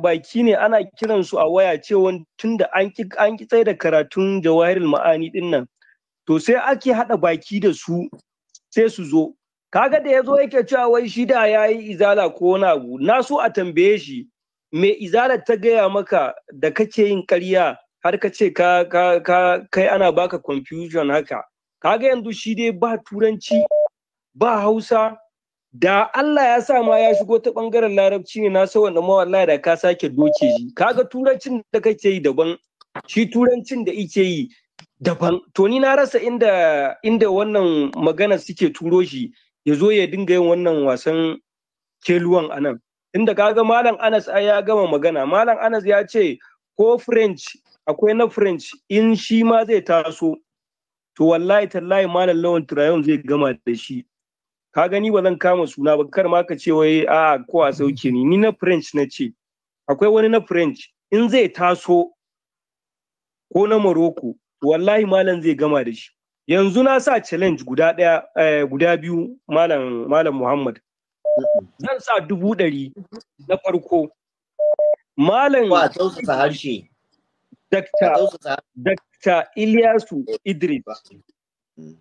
baki ne ana kiran su a waya cewa tunda an ki an ki da karatun jawahirul ma'ani din nan to sai ake hada baki da su sai su zo kaga da yazo yake cewa wai shi da yayi izala ko wani abu na so a tambaye shi me izala ta gaya maka da kake yin ƙarya har ka ce ka ka ka kai ana baka confusion haka kaga yanzu shi dai ba turanci ba hausa da Allah ya sa ma ya shigo ta bangaren larabci ne na san wanda mawalla da ka sake doke shi kaga turancin da kake yi daban shi turancin da ike yi daban to ni na rasa inda inda wannan magana suke turo shi ya zo ya dinga yin wannan wasan keluwan anan inda kaga malam Anas ya gama magana malam Anas ya ce ko French akwai na French in shi ma zai taso to wallahi tallahi malam lawan turayon zai gama da shi ka gani ba zan kama suna ba kar ma ka ce wai a ko a sauke ni ni na french na ce akwai wani na french in zai taso ko na morocco wallahi malam zai gama da shi yanzu na sa challenge guda daya eh, guda biyu malam malam muhammad zan sa dubu ɗari na farko malam wa tausasa harshe dakta dakta ilyasu idris hmm.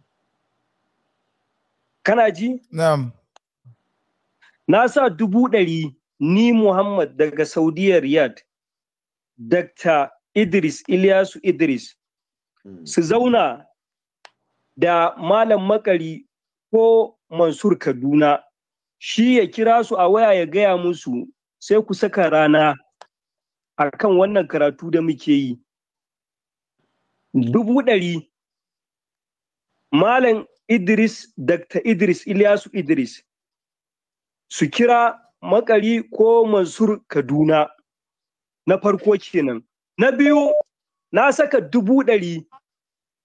kana ji na sa dubu ɗari ni muhammad daga saudiya Riyad, dr idris ilyasu idris hmm. su zauna da malam makari ko mansur kaduna shi ya kira su a waya ya gaya musu sai ku saka rana a kan wannan karatu da muke yi dubu ɗari malam Idris Dr. Idris Ilyasu Idris su kira makari ko Mansur Kaduna na farko kenan na biyu na saka dubu ɗari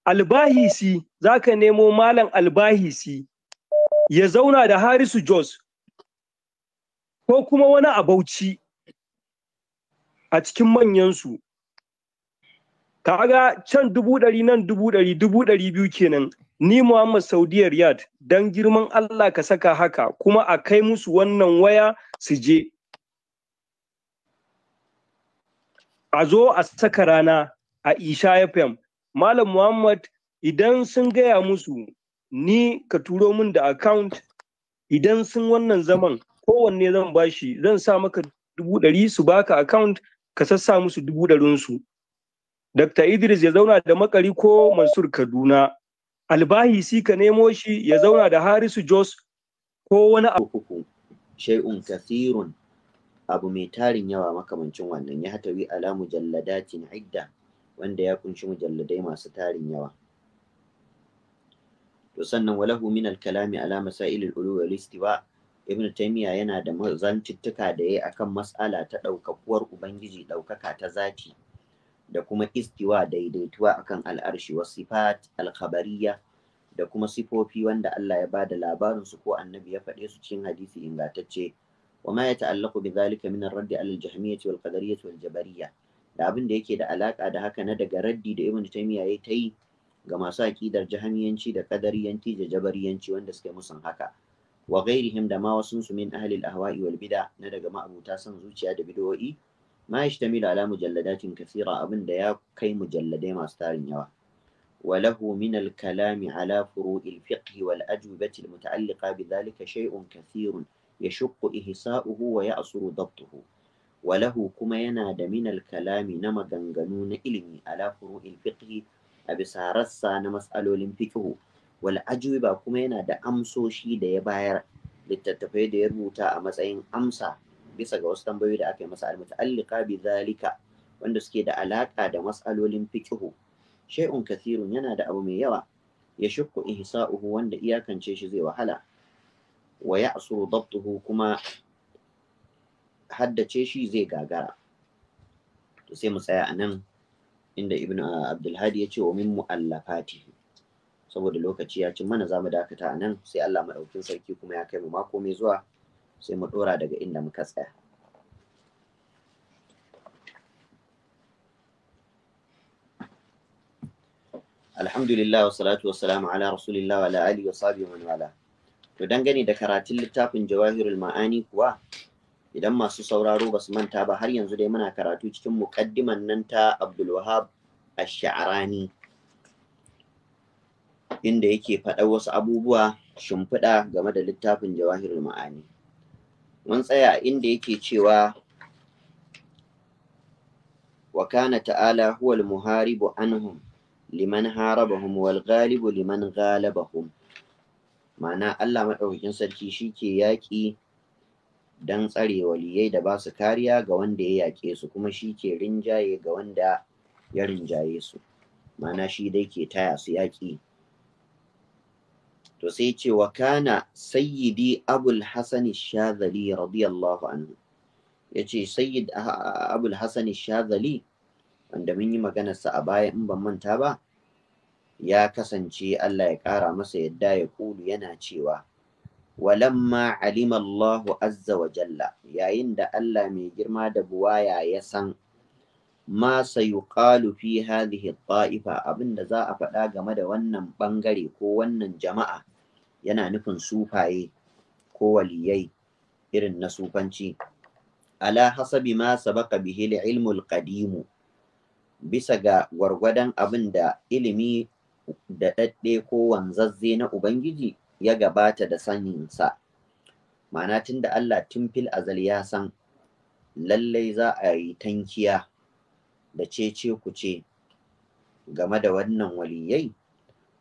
albahisi za ka nemo malam albahisi ya zauna da harisu jos ko kuma wani abauci a cikin manyansu kaga can dubu ɗari nan dubu ɗari dubu ɗari biyu kenan ni Muhammad Saudi Riyad dan girman Allah ka saka haka kuma a kai musu wannan waya su je a zo a saka rana a Isha FM Malam Muhammad idan sun gaya musu ni ka turo min da account idan sun wannan zaman kowanne zan bashi zan sa maka dubu ɗari su baka account ka sassa musu dubu ɗarinsu. Dr. Idris ya zauna da makari ko Mansur Kaduna albahisi ka nemo shi ya zauna da harisu jos ko wani abu shay'un kathirun abu mai tarin yawa makamancin wannan ya hatawi ala mujalladatin idda wanda ya kunshi mujalladai masu tarin yawa to sannan walahu min al-kalami ala masail al wal istiwa ibnu taymiya yana da zantuttuka da yayi akan mas'ala ta daukakuwar ubangiji daukaka ta zati da kuma istiwa daidaituwa akan al'arshi wa sifat al-khabariya da kuma sifofi wanda Allah ya bada labarin su ko annabi ya faɗe su cikin hadisi ingantacce wa ma yata'allaqu bi zalika min ar-radd 'ala al-jahmiyyah wal qadariyyah wal jabariyyah da abin da yake da alaka da haka na daga raddi da Ibn Taymiyyah yayi ta yi ga masu aƙidar jahmiyanci da kadariyanci da jabariyanci wanda suke musun haka wa ghairihim da ma wasu su min ahli al-ahwa'i wal bid'a na daga ma'abuta san zuciya da bid'o'i ma yashtamilu ala mujalladatin kasira abin da ya kai mujalladai masu tarin yawa وله من الكلام على فروع الفقه والأجوبة المتعلقة بذلك شيء كثير يشق إحصاؤه ويعصر ضبطه وله كما ينادى من الكلام نما غنغنون إلمي على فروع الفقه أبسارسا نمسألو الفقه والأجوبة كما ينادى أمسو شي دا يباير littattafai da ya rubuta a matsayin amsa bisa ga wasu tambayoyi da aka yi masa almuta'alliqa bi zalika wanda suke da alaka da mas'alolin fiqhu shay'un kathirun yana da abu mai yawa ya shukku ihsa'uhu wanda iyakance shi zai wahala wa ya'suru dabtuhu kuma haddace shi zai gagara to sai mu tsaya anan inda ibnu abdulhadi ya ce wa min mu'allafati saboda lokaci ya ci mana zamu dakata a nan sai Allah maɗaukin sarki kuma ya kai mu mako mai zuwa sai mu ɗora daga inda muka tsaya alhamdulillah wa salatu wa salamu ala rasulillah wa ala wa sabi wa wala to dangane da karatun littafin jawahirul ma'ani kuwa idan masu sauraro basu manta ba har yanzu dai muna karatu cikin muƙaddiman nan ta Abdul Wahhab Ash-Sha'rani inda yake faɗa wasu abubuwa shimfiɗa game da littafin jawahirul ma'ani mun tsaya inda yake cewa wa kana ta'ala huwal muharibu anhum liman harabahum wal ghalibu liman ghalabahum ma'ana Allah maɗaukakin sarki shike ke yaƙi don tsare waliyai da ba su kariya ga wanda ya yaƙe su kuma shike rinjaye ga wanda ya rinjaye su ma'ana shi dai ke taya su yaƙi to sai ce wa kana sayyidi abul hasani shazali radiyallahu anhu ya ce sayyid ah, ah, abul hasani shazali wanda mun yi maganarsa a baya in ban manta ba ya kasance Allah ya ƙara masa yadda ya kulu yana cewa walamma alima Allahu azza wa jalla yayin da Allah mai girma da buwaya ya san ma sayuqalu fi hadhihi ta'ifa abinda za a faɗa game da wannan bangare ko wannan jama'a yana nufin sufaye ko waliyai irin na sufanci ala hasabi ma sabaka bihi ilmul qadimu bisa ga gwargwadon abin da ilimi da ɗaɗɗe ko wanzazze na ubangiji ya gabata da saninsa ma'ana tun da Allah tun fil azal ya san lallai za a yi tankiya da cece ku ce game da wannan waliyai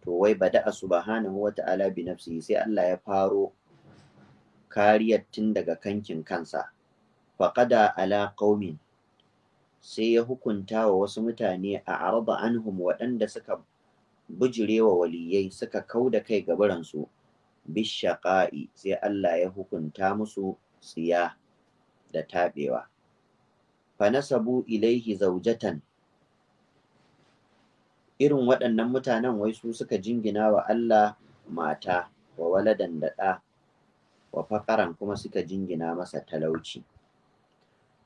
to wai ba su subhanahu wa ta'ala bi nafsi sai Allah ya faro kariyar tun daga kankin kansa faqada ala qaumin sai ya hukunta wa wasu mutane a arba anhum waɗanda suka bujire wa waliyai suka kau da kai gabaransu bishaqa'i sai Allah ya hukunta musu tsiya da taɓewa fanasabu ilaihi zaujatan irin waɗannan mutanen wai su suka jingina wa Allah mata wa waladan da ɗa wa fakaran kuma suka jingina masa talauci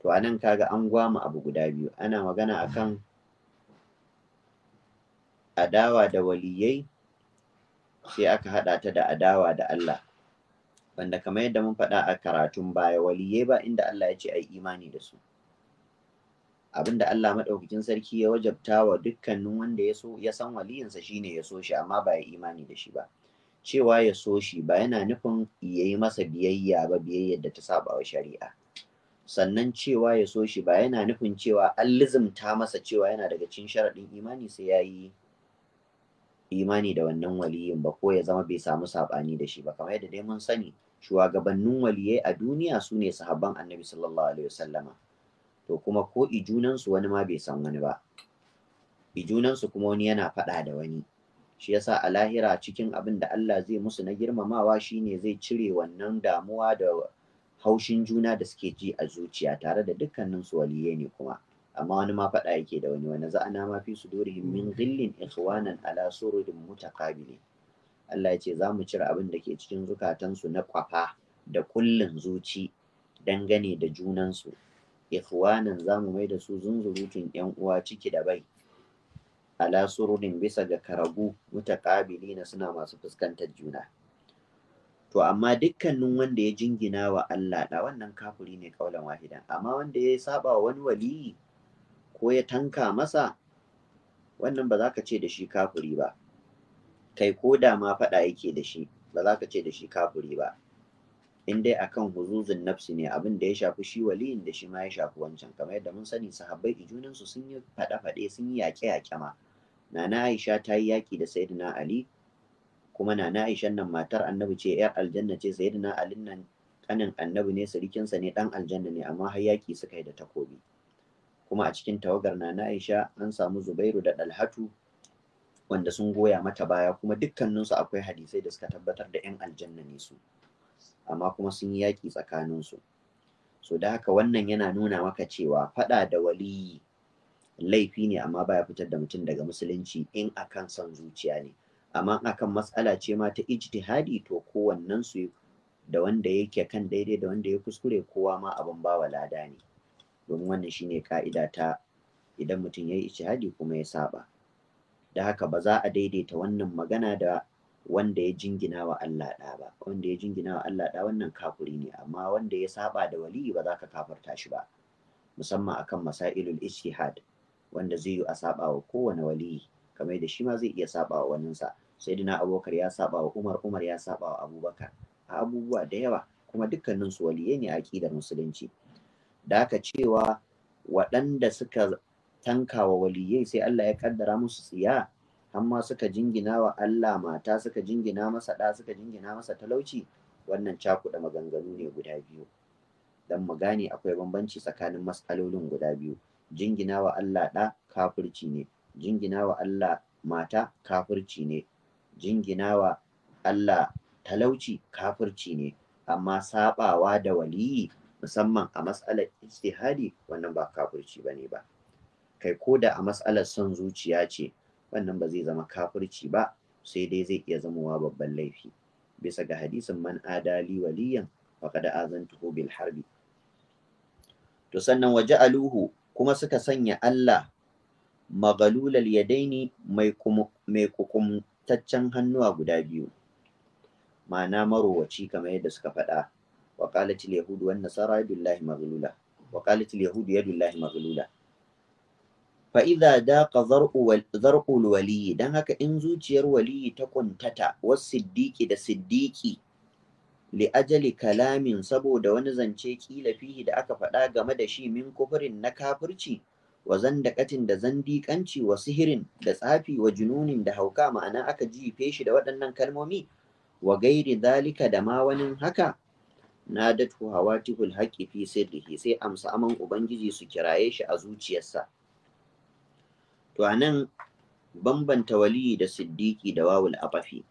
to a nan kaga an ma abu guda biyu ana magana akan adawa da waliyai sai aka haɗa ta da adawa da Allah wanda kamar yadda mun faɗa a karatun baya waliyai ba inda Allah ya ce ai imani da su Abin da Allah maɗaukakin sarki ya wajabta wa dukkanin wanda ya so ya san waliyinsa shine ya so shi amma ba ya imani da shi ba cewa ya so shi ba yana nufin ya yi masa biyayya ba biyayya da ta saba wa shari'a sannan cewa ya so shi ba yana nufin cewa an lizimta masa cewa yana daga cikin sharaɗin imani sai ya yi imani da wannan waliyin ba ko ya zama bai samu saɓani da shi ba kamar yadda dai mun sani Shuwagabannin waliyai a duniya su ne sahabban annabi sallallahu alaihi wasallama to kuma ko ijunansu wani ma bai san wani ba ijunansu kuma wani yana faɗa da wani shi yasa a lahira cikin abin da Allah zai musu na girmamawa shine zai cire wannan damuwa da haushin juna da suke ji a zuciya tare da dukkanin su waliye ne kuma amma wani ma faɗa yake da wani wani za'ana ma fi su sudurihim min mm. ghillin ikhwanan ala sururin mutaqabili Allah ya ce za mu cire abin da ke cikin zukatansu na kwafa da kullun zuci dangane da junansu ikhwanan zamu mai da su zunzurutun yan uwa ciki da bai ala sururin bisa ga karagu mutaqabilina suna masu fuskantar juna to amma dukkanin wanda ya jingina wa Allah da wannan kafuri ne kaulan wahidan amma wanda ya saba wa wani waliyi ko ya tanka masa wannan ba za ka ce da shi kafuri ba kai ko da ma faɗa yake da shi ba za ka ce da shi kafuri ba in dai akan huzuzun nafsi ne abin da ya shafi shi waliyin da shi ma ya shafi wancan kamar yadda mun sani sahabbai ijunan su sun yi fada fade sun yi yaƙe yaƙe ma nana Aisha ta yi yaƙi da sayyidina Ali kuma nana Aisha nan matar annabi ce yar aljanna ce sayyidina Ali nan kanin annabi ne sirikinsa ne dan aljanna ne amma har yaƙi suka yi da takobi kuma a cikin tawagar nana Aisha an samu Zubairu da Dalhatu wanda sun goya mata baya kuma dukkaninsu akwai hadisai da suka tabbatar da 'yan aljanna ne su. amma kuma sun yi yaƙi tsakaninsu so da haka wannan yana nuna maka cewa faɗa da waliyi laifi ne amma baya fitar da mutum daga musulunci in akan son zuciya ne amma akan matsala ce ma ta ijtihadi to kowannen su da wanda yake kan daidai da wanda ya kuskure kowa ma abin bawa lada ne domin wannan shine ka'ida ta idan mutum ya yi ijtihadi kuma ya saba da haka ba za a daidaita wannan magana da wanda ya jingina wa Allah ɗa ba wanda ya jingina wa Allah ɗa wannan kafuri ne amma wanda ya saba da wali ba za ka kafarta shi ba musamman akan masailul ijtihad wanda zai yi a saba wa kowane wali, kamar da shi ma zai iya saba wa waninsa sai dina abokar ya saba wa umar umar ya saba wa abubakar a abubuwa da yawa kuma dukkanin su waliyai ne a aƙidar musulunci da aka cewa waɗanda suka tankawa waliyai sai Allah ya kaddara musu tsiya amma suka jingina wa Allah mata suka jingina masa ɗa suka jingina masa talauci wannan cakuɗa maganganu ne guda biyu dan mu gane akwai bambanci tsakanin matsalolin guda biyu jingina wa Allah ɗa kafirci ne jingina wa Allah mata kafirci ne jingina wa Allah talauci kafirci ne amma saɓawa da waliyi musamman a matsalar istihadi wannan ba kafirci bane ba kai ko da a matsalar son zuciya ce wannan ba zai zama kafirci ba sai dai zai iya zamowa babban laifi bisa ga hadisin man adali waliyan faqad azantuhu bil harbi to sannan waje aluhu kuma suka sanya Allah magalulal yadaini mai kukumtaccen hannuwa guda biyu ma'ana marowaci kamar yadda suka faɗa wa yahudu wan nasara yadullahi maghlula wa yahudu yadullahi maghlula Fa'iza idza daqa zar'ul waliyi dan haka in zuciyar waliyi ta kuntata was siddiƙi da siddiƙi li ajali kalamin saboda wani zance kila fihi da aka faɗa game da shi min kufurin na kafirci wa zandakatin da zandiƙanci wa sihirin da tsafi wa jununin da hauka ma'ana aka jife shi da waɗannan kalmomi wa gairi dalika da ma wani haka na datu hawatihul haqqi fi sirrihi sai amsa aman ubangiji su kiraye shi a zuciyarsa to a nan bambanta waliyi da siddiƙi da wawul abafi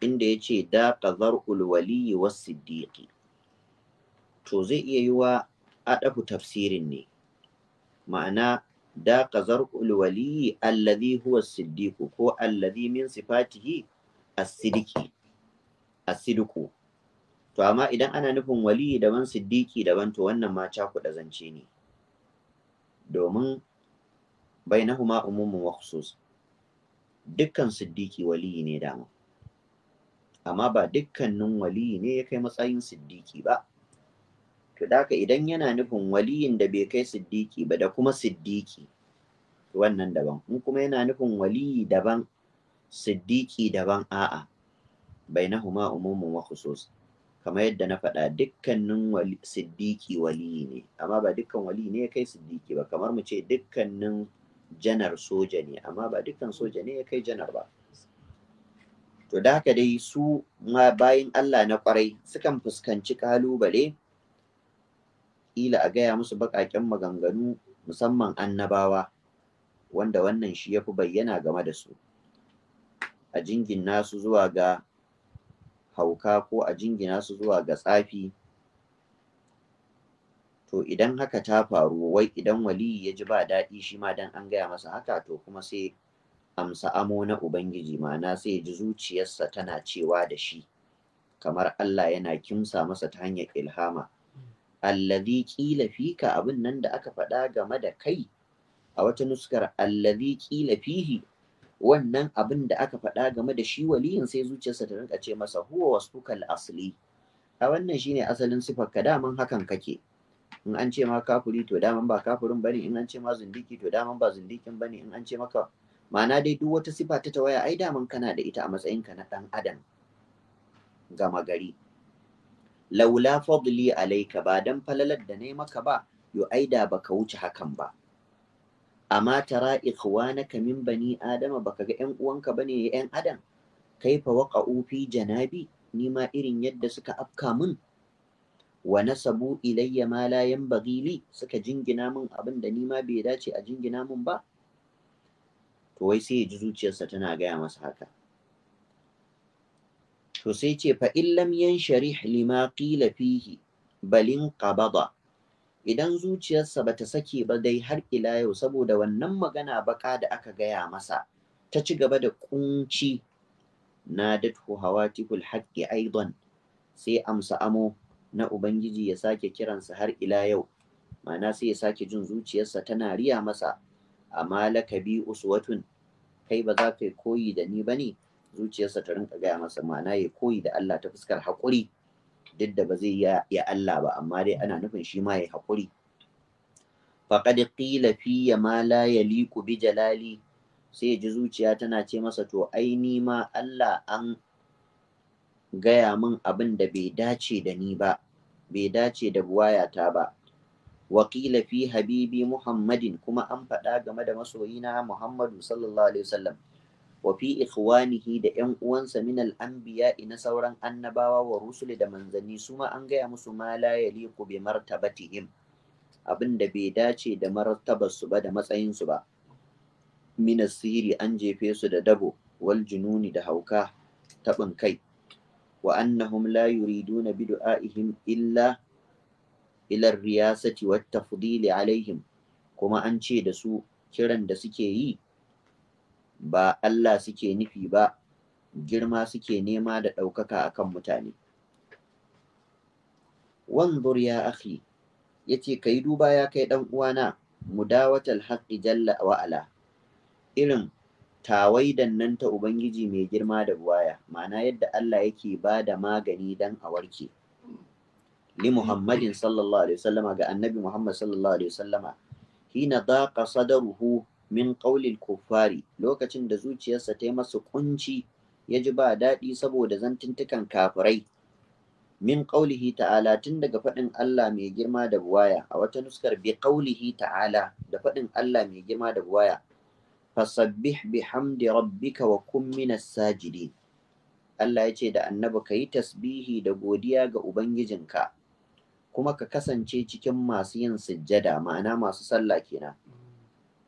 inda ya ce da ƙazar'ul waliyi was siddiƙi to zai iya yi wa adafu tafsirin ne ma'ana da ƙazar'ul waliyi allazi huwa siddiƙu ko allazi min sifatihi as-sidiki as-sidiku to amma idan ana nufin waliyi daban siddiƙi daban to wannan ma cakuɗa zance ne domin bainahuma umumun wa khusus dukkan siddiki waliyi ne dama amma ba dukkanin waliyi ne ya kai matsayin siddiki ba to daka idan yana nufin waliyin da bai kai siddiki ba da kuma siddiki wannan daban in kuma yana nufin waliyi daban siddiki daban a'a bainahuma umumun wa khusus kamar yadda na faɗa dukkanin siddiki waliyi ne amma ba dukkan waliyi ne ya kai siddiki ba kamar mu ce dukkanin janar soja ne amma ba dukkan soja ne ya kai janar ba to da haka dai su ma bayin Allah na kwarai sukan fuskanci kalubale ila a gaya musu baƙaƙen maganganu musamman annabawa wanda wannan shi ya fi bayyana game da su a jingina su zuwa ga hauka ko a jingina su zuwa ga tsafi to idan haka ta faru wai idan waliyi ya ji ba daɗi shi ma dan an gaya masa haka to kuma sai amsa amo na ubangiji ma'ana sai ji zuciyarsa tana cewa da shi kamar Allah yana kimsa masa ta hanyar ilhama allazi kila fika abin nan da aka faɗa game da kai a wata nuskar allazi kila fihi wannan abin da aka faɗa game da shi waliyin sai zuciyarsa ta rinka ce masa huwa wasfukal asli a wannan shine asalin sifar ka daman hakan kake in an ce ma kafiri to daman ba kafirin bane in an ce ma zindiki to daman ba zindikin bane in an ce maka ma'ana dai duk wata sifa ta tawaya ai daman kana da ita a matsayinka na dan adam gama gari laula fadli alaika ba dan falalar da nayi maka ba yo da baka wuce hakan ba amma tara ikhwanaka min bani adama baka ga yan uwanka bane yan adam kaifa waqa'u fi janabi nima irin yadda suka afka mun wa nasabu ilayya ma la yanbaghi li suka jingina min abin da ni ma bai dace a jingina min ba to wai sai ya ji zuciyarsa tana gaya masa haka to sai ce fa in lam yansharih lima qila fihi balin qabada idan zuciyarsa bata sake ba dai har ila yau saboda wannan magana baka da aka gaya masa ta ci gaba da kunci nadathu hawatikul haqqi aidan sai amsa amo na Ubangiji ya sake kiransa har ila yau, ma'ana sai ya sake jin zuciyarsa tana riya masa, amma lakabi uswatun kai ba za ka koyi da ni ba ne, zuciyarsa ta rinka gaya masa ma'ana ya koyi da Allah ta fuskar haƙuri, duk da ba zai ya Allah ba, amma dai ana nufin shi ma ya haƙuri. Faƙad qila fiyya ma la yaliku bi jalali sai ya ji zuciya tana ce masa to ai ni ma Allah an gaya min abin da bai dace da ni ba bai dace da buwayata ba wakila fi habibi muhammadin kuma an faɗa game da masoyina muhammadu sallallahu alaihi wasallam wa fi ikhwanihi da 'yan uwansa min al-anbiya sauran annabawa wa rusuli da manzanni su ma an gaya musu ma la yaliqu bi martabatihim abin da bai dace da martabarsu ba da matsayinsu ba min asiri an jefe su da dabo wal jununi da hauka taɓin kai wa annahum la yuriduna bi du'aihim illa ila riyasati wat tafdili alaihim kuma an ce da su kiran da suke yi ba Allah suke nufi ba girma suke nema da ɗaukaka a kan mutane wanzur ya akhi yace kai duba ya kai ɗan uwana mudawatal haqqi jalla wa'ala. irin tawaidan nan ta Ubangiji mai girma da buwaya, ma'ana yadda Allah yake ba da magani dan a warke. Li Muhammadin sallallahu Alaihi wasallama ga annabi Muhammad sallallahu Alaihi wasallama, hina daqa sadaruhu min ƙaulil kuffari lokacin da zuciyarsa ta yi masa kunci ya ji ba daɗi saboda zantuntukan kafirai. Min ƙaulihi ta'ala tun daga faɗin Allah mai girma da buwaya a wata nuskar bi ƙaulihi ta'ala da faɗin Allah mai girma da buwaya fasabbih bihamdi rabbika wa kun minas sajidin Allah ya ce da annabi ka yi tasbihi da godiya ga ubangijinka kuma ka kasance cikin masu yin sujjada ma'ana masu sallah kenan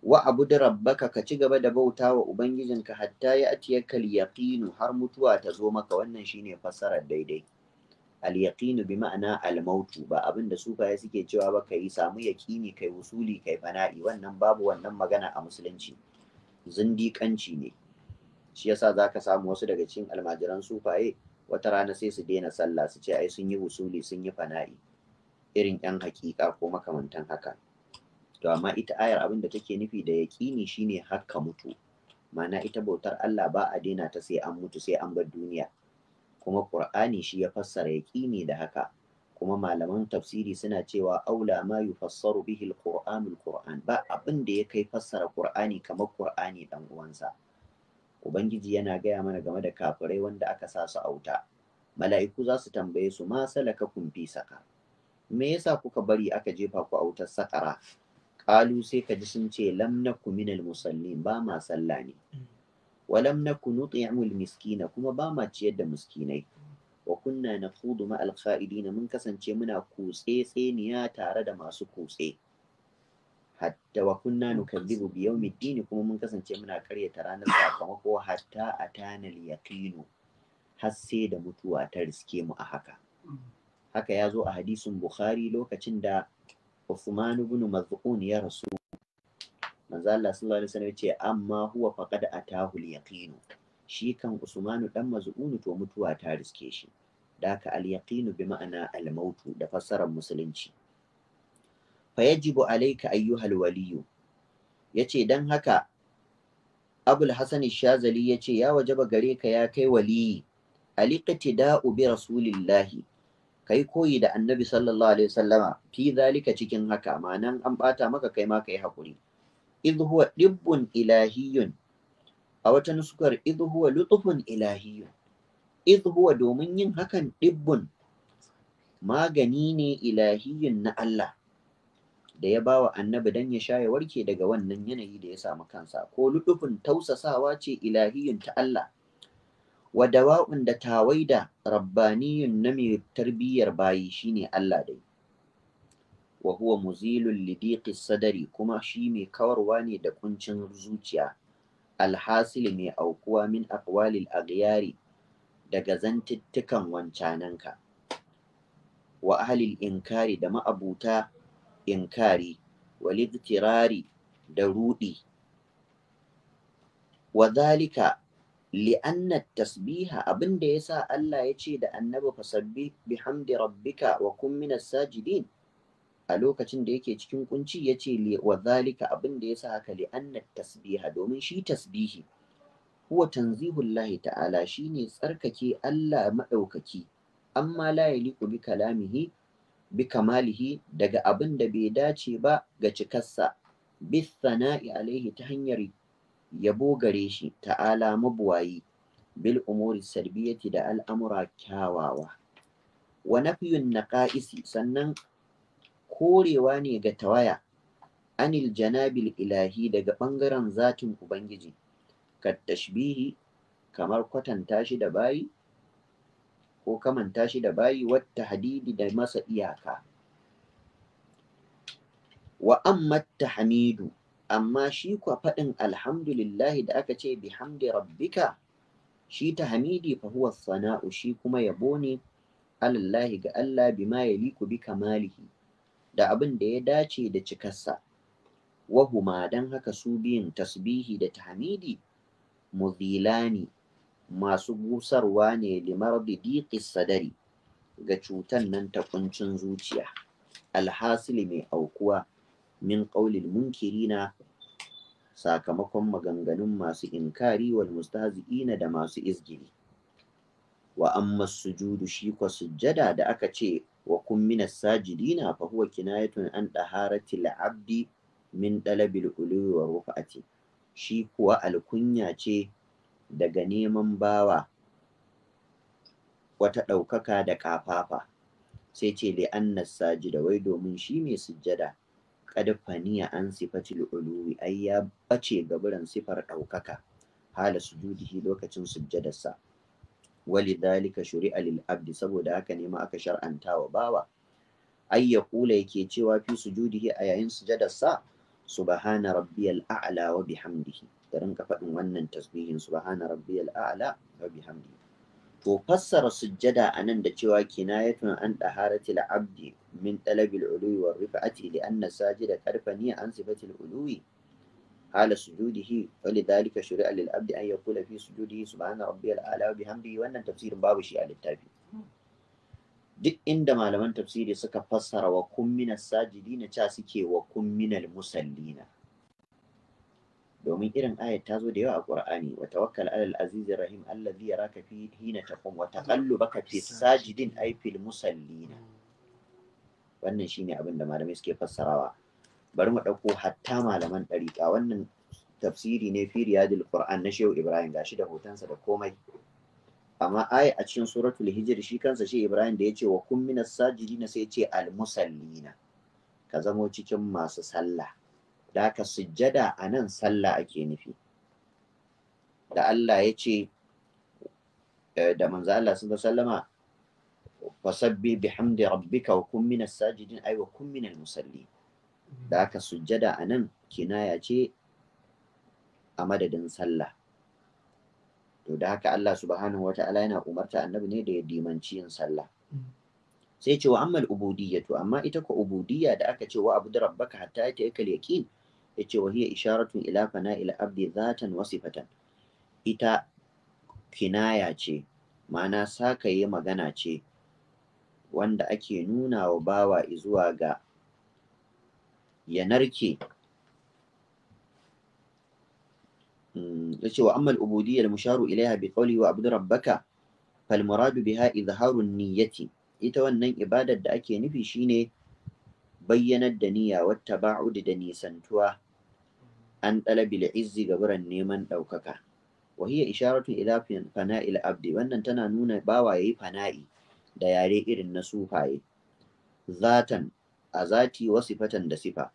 wa abu da rabbaka ka ci gaba da bauta wa ubangijinka hatta ya kal yaqinu har mutuwa ta zo maka wannan shine fassarar daidai al yaqinu bi ma'ana al mautu ba abinda da sufaye suke cewa ba kai samu yaqini kai wusuli kai fana'i wannan babu wannan magana a musulunci zindiƙanci ne shi yasa za ka samu wasu daga cikin almajiran sufaye wata rana sai su daina sallah su ce ai sun yi wusuli sun yi fana'i irin yan hakika ko makamantan haka to amma ita ayar abin da take nufi da yaƙini shine haka mutu ma'ana ita bautar Allah ba a daina ta sai an mutu sai an bar duniya kuma Qur'ani shi ya fassara yaƙini da haka kuma malaman tafsiri suna cewa aula ma yufassaru bihi alqur'anu alqur'an ba abin da ya kai fassara qur'ani kamar qur'ani dan uwansa ubangiji yana gaya mana game da kafirai wanda aka sa su auta mala'iku za su tambaye su ma salaka kun fi saka me yasa kuka bari aka jefa ku autar sakara qalu sai ka ji sun ce lam nakum minal musallin ba ma sallah ne mm. wa lam nut'imul miskina kuma ba ma ciyar da miskinai wa kunna nakhudu ma'al kha'idina mun kasance muna kutse tseniya tare da masu kutse hatta wa kunna nukadzibu bi dini, kuma mun kasance muna karyata ranar sakamako hatta atana al-yaqinu har sai da mutuwa ta riske mu a haka haka ya zo a hadisin bukhari lokacin da Uthman ibn Maz'un ya rasu manzo Allah sallallahu alaihi wasallam ya ce amma huwa faqad atahu al-yaqinu shi kan usmanu dan maz'unu to mutuwa ta riske shi daka al-yaqinu bi ma'ana al-mautu da fassarar musulunci fa yajibu alayka ayyuhal waliyu yace dan haka abul hasan shazali yace ya wajaba gare ka ya kai waliyi da'u bi rasulillahi kai koyi da annabi sallallahu alaihi wasallama fi zalika cikin haka ma'anan an bata maka kai ma kai hakuri idh huwa dibbun ilahiyyun a wata nuskar idh huwa lutufun ilahiyu huwa domin yin hakan ɗibbin magani ne ilahiyun na Allah da ya bawa annabi dan ya sha ya warke daga wannan yanayi da ya samu kansa ko lutufin tausasawa ce ilahiyun ta Allah wa dawa'un da tawaida rabbaniyun na mai tarbiyyar bayi shine Allah dai Wahuwa huwa muzilul lidiqis sadari kuma shi mai kawarwa ne da kuncin zuciya alhasili mai aukuwa min akwalil aghyari daga zantuttukan wancananka wa ahlil inkari da ma'abuta inkari walidtirari da ruɗi. wa zalika li'anna tasbiha abinda yasa Allah ya ce da annabi fasabbih bihamdi rabbika wa kun minas sajidin a lokacin da yake cikin kunci ya ce wa zalika abin da ya sa haka li tasbiha domin shi tasbihi huwa tanzihullahi ta'ala shi ne tsarkake Allah maɗaukaki amma la liku bi kalamihi bi kamalihi daga abin da bai dace ba ga cikarsa bi sana'i alaihi ta hanyar yabo gare shi ta'ala mabuwayi bil umuri sarbiyati da al'amura kyawawa wa nafiyun naqaisi sannan korewa ne ga tawaya anil janabil ilahi daga ɓangaren zatin ubangiji ka tashbihi kamar kwatanta shi da bayi ko kamanta shi da bayi wata hadidi da masa iyaka wa amma Hamidu. amma shi kwa faɗin alhamdulillahi da aka ce bi hamdi rabbika shi Hamidi fa huwa sana'u shi kuma yabo ne alallahi ga Allah bi ma yaliku bi kamalihi da abin da ya dace da cikarsa wahuma don haka su biyun tasbihi da tahmidi muzilani masu busarwa ne limar da sadari ga cutan nan ta kuncin zuciya alhasili mai aukuwa min ƙaulil munkirina sakamakon maganganun masu inkari wal mustahzi'ina da masu izgiri wa amma sujudu shi kwa sujjada da aka ce wa kun minas dina fa huwa kinayatun an daharati abdi min dalabil ulwi wa rufa'ati shi kuwa alkunya ce daga neman bawa wata ɗaukaka da ƙafafa sai ce li annas da wai domin shi mai sujjada qad faniya an sifatil uluwi ai ya ga gaburan sifar ɗaukaka hala sujudihi lokacin sujjadarsa walidhalika shuri'a lil abdi saboda haka ne ma aka shar'anta wa bawa ay yaqula yake cewa fi sujudihi a yayin sujadarsa subhana rabbiyal a'la wa bihamdihi da rinka faɗin wannan tasbihin subhana rabbiyal a'la wa bihamdihi to fassara sujjada anan da cewa kinayatun an daharatil abdi min talabil uluwi war rifa'ati li anna sajida karfani an sifatil uluwi حال سجوده ولذلك شرع للعبد أن يقول في سجوده سبحان ربي الأعلى وبحمده وأن تفسير باب شيء على duk inda malaman tafsiri suka fassara wa kun minas sajidina ca suke wa kun musallina domin irin ayat ta zo da yawa a Qur'ani wa tawakkal alal aziz rahim allazi yaraka fi hina taqum wa taqallubaka fi sajidin ay fil musallina wannan shine abin da malamai suke fassarawa bari mu ɗauko hatta malaman ɗariƙa wannan tafsiri ne fi riyadil qur'an na shehu ibrahim gashi da hotonsa da komai amma ai a cikin suratul hijr shi kansa shi ibrahim da ce, wa kun minas sajidina sai yace al musallina ka zamo cikin masu sallah da ka sujjada a nan sallah ake nufi da Allah ya ce eh, da manzo Allah sun sallama fasabbi bihamdi rabbika wa minas sajidin ay wa kun minal da aka sujjada a nan kinaya ce a madadin sallah to da haka Allah subhanahu wata'ala yana umarta annabi ne da ya dimanci yin sallah sai ce wa ammal ubudiyya amma ita ko ubudiyya da aka ce wa abu da rabbaka hatta kai kal yaqin yace wa hiya isharatun ila fana'il abdi zatan wa sifatan ita kinaya ce ma'ana sakaye magana ce wanda ake nuna wa bawa zuwa ga ya narke hmm, ya ce wa ammal Ubudiyyar musharu ilaiha bi qawli wa abdu rabbaka fal muradu biha izharun niyyati ita wannan ibadar da ake nufi shine bayyanar da niyya wata ba'ud da nisantuwa an talabil izzi gaburan neman ɗaukaka wa hiya isharatu ila fana'il abdi wannan tana nuna bawa yayi fana'i da yare irin na sufaye zatan a zati wa sifatan da sifa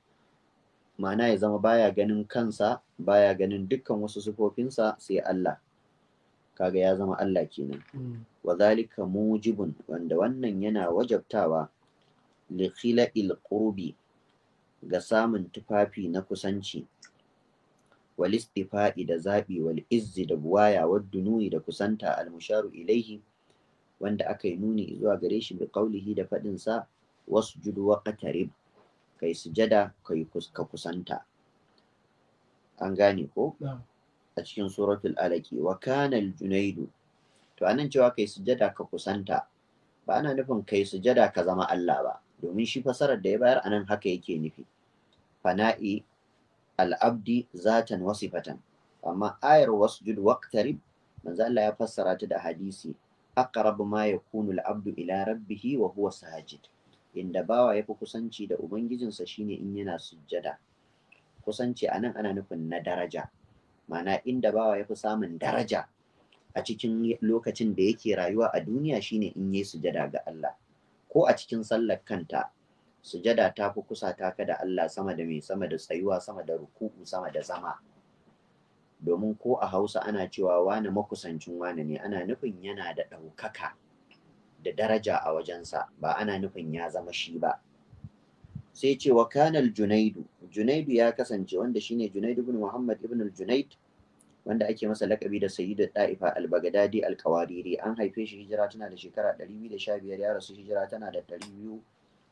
ma'ana ya zama baya ganin kansa baya ganin dukkan wasu sifofinsa sai Allah kaga ya zama Allah kenan hmm. wa zalika mujibun wanda wannan yana wajabtawa li khila'il qurbi ga samun tufafi na kusanci wal istifa'i da zabi wal izzi da buwaya wa dunuyi da kusanta al musharu ilaihi wanda aka yi nuni zuwa gare shi bi qaulihi da fadin sa Wasu wasjud waqtarib kai sujada kai ka kusanta an gane ko a cikin suratul alaki wa Kanal junaidu to anan cewa kai sujada ka kusanta ba ana nufin kai sujada ka zama Allah ba domin shi fasarar da ya bayar anan haka yake nufi fana'i al'abdi zatan wasifatan amma ayar wasjud waqtarib manzo Allah ya fassara ta da hadisi aqrabu ma yakunu al'abdu ila rabbihi wa huwa sajid inda bawa ya fi kusanci da ubangijinsa shine in yana sujjada kusanci a nan ana nufin na daraja mana inda bawa ya fi samun daraja a cikin lokacin da yake rayuwa a duniya shine in yi sujada ga Allah ko a cikin sallar kanta sujada ta fi kusa taka da Allah sama da mai sama da tsayuwa sama da ruku'u sama da zama domin ko a hausa ana cewa wani makusancin wani ne ana nufin yana da ɗaukaka da daraja a wajensa ba ana nufin ya zama shi ba sai ce wa kanal junaidu junaidu ya kasance wanda shine junaidu bin muhammad ibn junaid wanda ake masa lakabi da sayyidu da'ifa al-bagdadi al-qawariri an haife shi hijira tana da shekara 215 ya rasu hijira tana da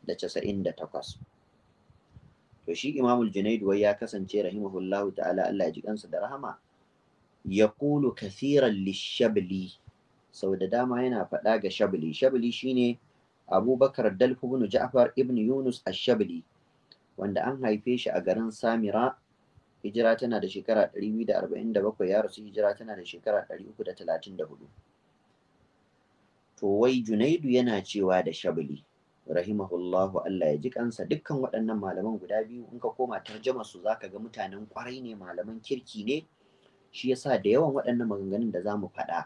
298 to shi imamul junaidu wai ya kasance rahimahullahu ta'ala Allah ya ji kansa da rahama yaqulu kathiran lishabli sau da dama yana faɗa ga shabili shabili shine abubakar dalfu ja'far ibn yunus ashabli shabili wanda an haife shi a garin samira hijira tana da shekara 247 ya rasu hijira tana da shekara 334 to wai junaidu yana cewa da shabili rahimahullahu Allah ya ji kansa dukkan waɗannan malaman guda biyu in ka koma tarjama su zaka ga mutanen kwarai ne malaman kirki ne shi yasa da yawan waɗannan maganganun da za mu faɗa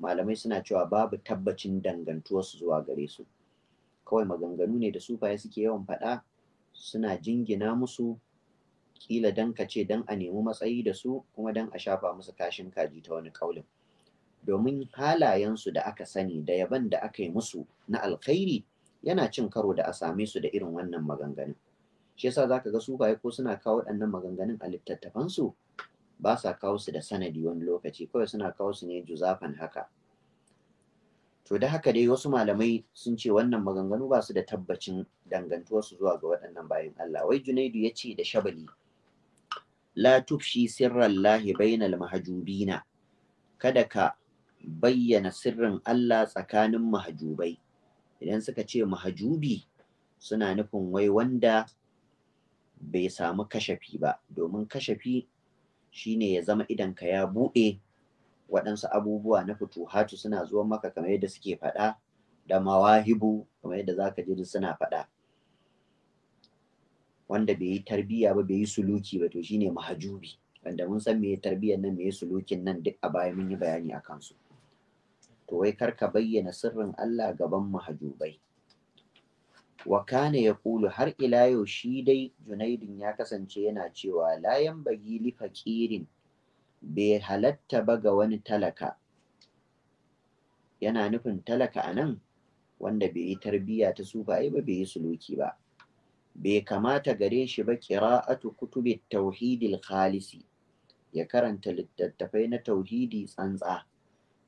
malamai suna cewa babu tabbacin dangantuwarsu zuwa gare su kawai maganganu ne da sufaye suke yawan faɗa suna jingina musu kila dan kace dan a nemi matsayi da su kuma dan a shafa musu kashin kaji ta wani kaulin domin halayensu da aka sani da yaban da aka yi musu na alkhairi yana cin karo da a same su da irin wannan maganganun shi yasa zaka ga sufaye ko suna kawo waɗannan maganganun a littattafansu ba sa kawo su da sanadi wani lokaci kawai suna kawo su ne juzafan haka to da haka dai wasu malamai sun ce wannan maganganu ba su da tabbacin dangantuwar su zuwa ga waɗannan bayan Allah wai Junaidu ya ce da Shabali la tufshi sirran lahi bainal mahajubina kada ka bayyana sirrin Allah tsakanin mahajubai idan suka ce mahajubi suna nufin wai wanda bai samu kashafi ba domin kashafi shine ya zama idanka ya buɗe waɗansu abubuwa na fituhatu suna zuwa maka kamar yadda suke faɗa da mawahibu kamar yadda zaka ji suna faɗa wanda bai yi tarbiyya ba bai yi suluki ba to shine mahajubi wanda mun san me tarbiyyar nan me sulukin nan duk a baya mun yi bayani a kansu to wai kar ka bayyana sirrin Allah gaban mahajubai wa ya kulu har ila yau shi dai junaidin ya kasance yana cewa layan bagi li fakirin bai halatta ba ga wani talaka yana nufin talaka a nan wanda bai yi tarbiyya ta su ba bai yi suluki ba bai kamata gare shi ba qira'atu kutubi tauhidil khalisi ya karanta littattafai na tauhidi tsantsa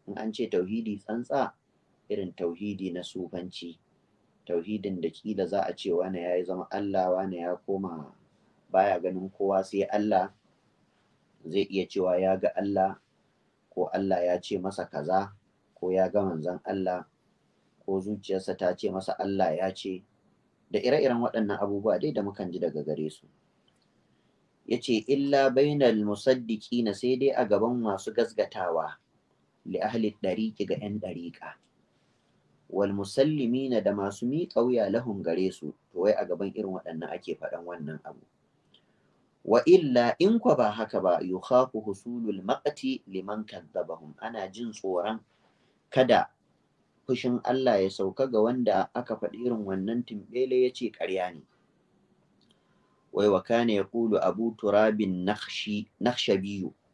in an ce tauhidi tsantsa irin tauhidi na sufanci tauhidin da kila za a ce wani ya yi zama Allah wani ya koma baya ganin kowa sai Allah zai iya cewa ya ga Allah ko Allah ya ce masa kaza ko ya ga manzan Allah ko zuciyarsa ta ce masa Allah ya ce da ire-iren waɗannan abubuwa dai da mukan ji daga gare su ya ce illa bainal musaddiki na sai dai a gaban masu gasgatawa li ahli ɗariƙi ga 'yan ɗariƙa wal musallimina da masu miƙa wuya lahum gare su to wai a gaban irin waɗannan ake faɗan wannan abu wa illa in kwa ba haka ba yukhafu husulul maqti liman kadzabahum ana jin tsoron kada fushin Allah ya sauka ga wanda aka faɗi irin wannan timbele ya ce ƙarya ne wai wa kana yaqulu abu turabin nakhshi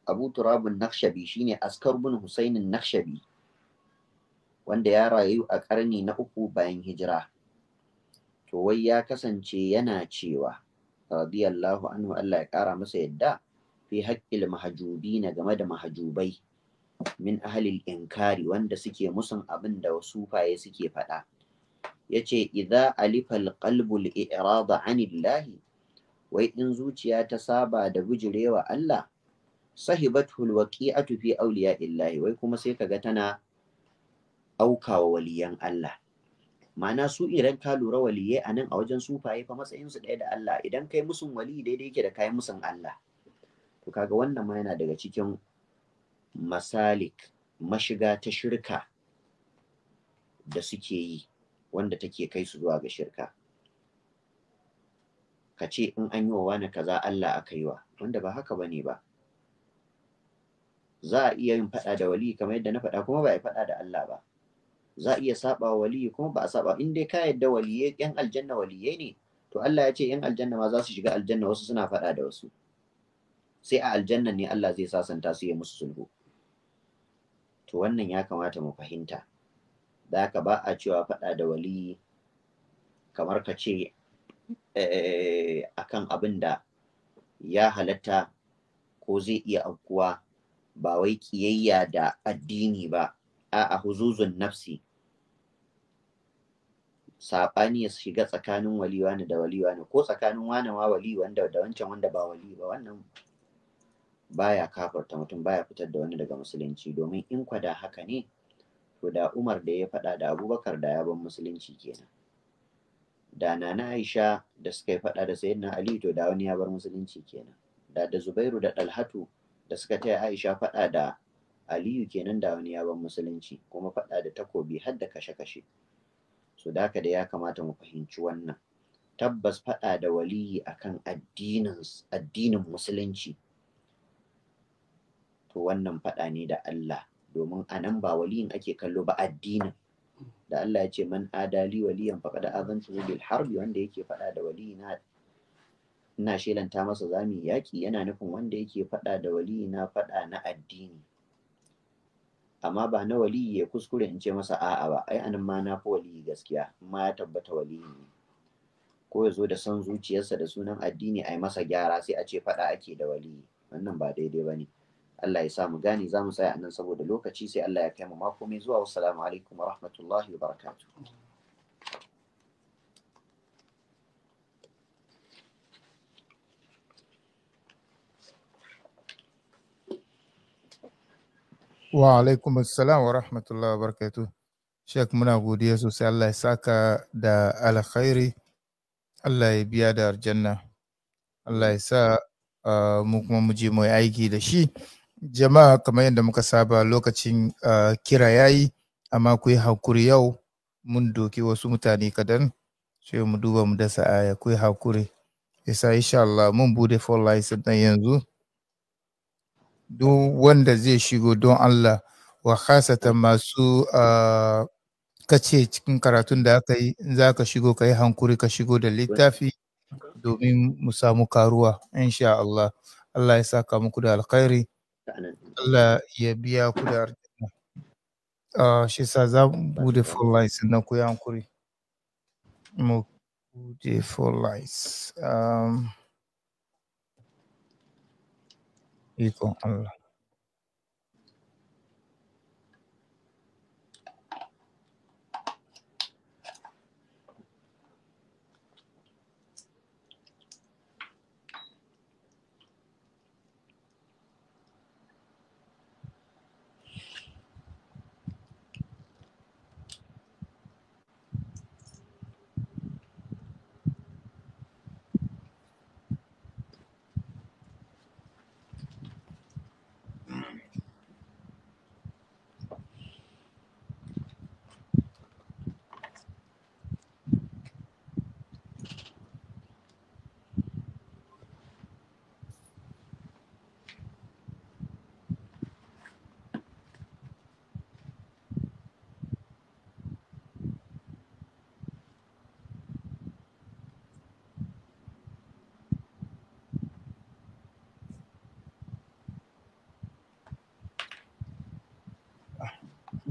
abu turabin nakhshabi shine askar bin husainin nakhshabi wanda ya rayu a ƙarni na uku bayan hijira to wai ya kasance yana cewa radiyallahu anhu Allah ya ƙara masa yadda fi haƙƙil na game da mahajubai min ahalil inkari wanda suke musun abin da wasu faye suke faɗa yace idza alifa ƙalbul al-i'rada anillahi wai in zuciya ta saba da bijirewa Allah sahibatul waqi'atu fi awliyaillahi wai kuma sai kaga tana aukawa waliyan Allah ma'ana su idan ka lura waliyai a nan a wajen sufaye fa matsayinsu ɗaya da Allah idan kai musun wali daidai yake da kai musun Allah to kaga wannan ma yana daga cikin masalik mashiga ta shirka da suke yi wanda take kai su zuwa ga shirka ka ce in an yi wa wani kaza Allah aka yi wa wanda ba haka bane ba za a iya yin faɗa da wali kamar yadda na faɗa kuma ba a faɗa da Allah ba za a iya saba wa waliyi kuma ba a saba in dai ka yadda waliyai yan aljanna waliyai ne to Allah ya ce yan aljanna ma za su shiga aljanna wasu suna faɗa da wasu sai a aljanna ne Allah zai sasanta su ya musu sulhu to wannan ya kamata mu fahimta da haka ba a cewa faɗa da waliyi kamar ka ce eh, akan abin da ya halatta ko zai iya aukuwa ba wai kiyayya da addini ba a'a huzuzun nafsi saɓani ya shiga tsakanin waliwa ne da waliwa ne ko tsakanin wani wa wali wanda da wancan wanda ba wali ba wannan baya kafarta mutum baya fitar da wani daga musulunci domin in kwada haka ne to da Umar da ya faɗa da Abubakar da ya bar musulunci kenan da Nana Aisha da suka yi faɗa da Sayyidina Ali to da wani ya bar musulunci kenan da da Zubairu da Dalhatu da suka taya Aisha faɗa da aliyu kenan da wani yaban musulunci kuma faɗa da takobi har da kashe-kashe so da da ya kamata mu fahimci wannan tabbas faɗa da waliyi akan addinin addinin musulunci to wannan faɗa ne da Allah domin a nan ba waliyin ake kallo ba addinin da Allah ya ce man adali waliyan faqad azantu bil harbi wanda yake faɗa da na. ina shelanta masa zami yaƙi, yana nufin wanda yake faɗa da na faɗa na addini amma ba na waliyi ya kuskure in ce masa a'a ba ai anan ma na fi waliyi gaskiya ma ya tabbata waliyi ne ko ya zo da son zuciyarsa da sunan addini ai masa gyara sai a ce faɗa ake da waliyi wannan ba daidai ba ne Allah ya sa mu gane za mu tsaya a nan saboda lokaci sai Allah ya kai mu mako mai zuwa wassalamu alaikum wa rahmatullahi wa barakatuh Wa alaikum assalam wa rahmatullahi wa barakatu Sheikh muna godiya sosai Allah ya saka da alkhairi. Allah ya biya da aljanna. Allah ya sa mu kuma mu je mai aiki da shi. Jama'a kamar yadda muka saba lokacin kira yayi amma ku yi hakuri yau mun doki wasu mutane kadan sai mu duba mu dasa aya ku yi hakuri. Isa insha Allah mun bude phone lines yanzu. duk wanda zai shigo don Allah wa khasata masu kace cikin karatun da aka yi za ka shigo ka yi hankuri ka shigo da littafi domin mu samu karuwa insha Allah Allah ya saka muku da alkhairi Allah ya biya ku da arziki shi sa za mu bude full lines na ku yi hankuri mu bude full lines um, y con Allah.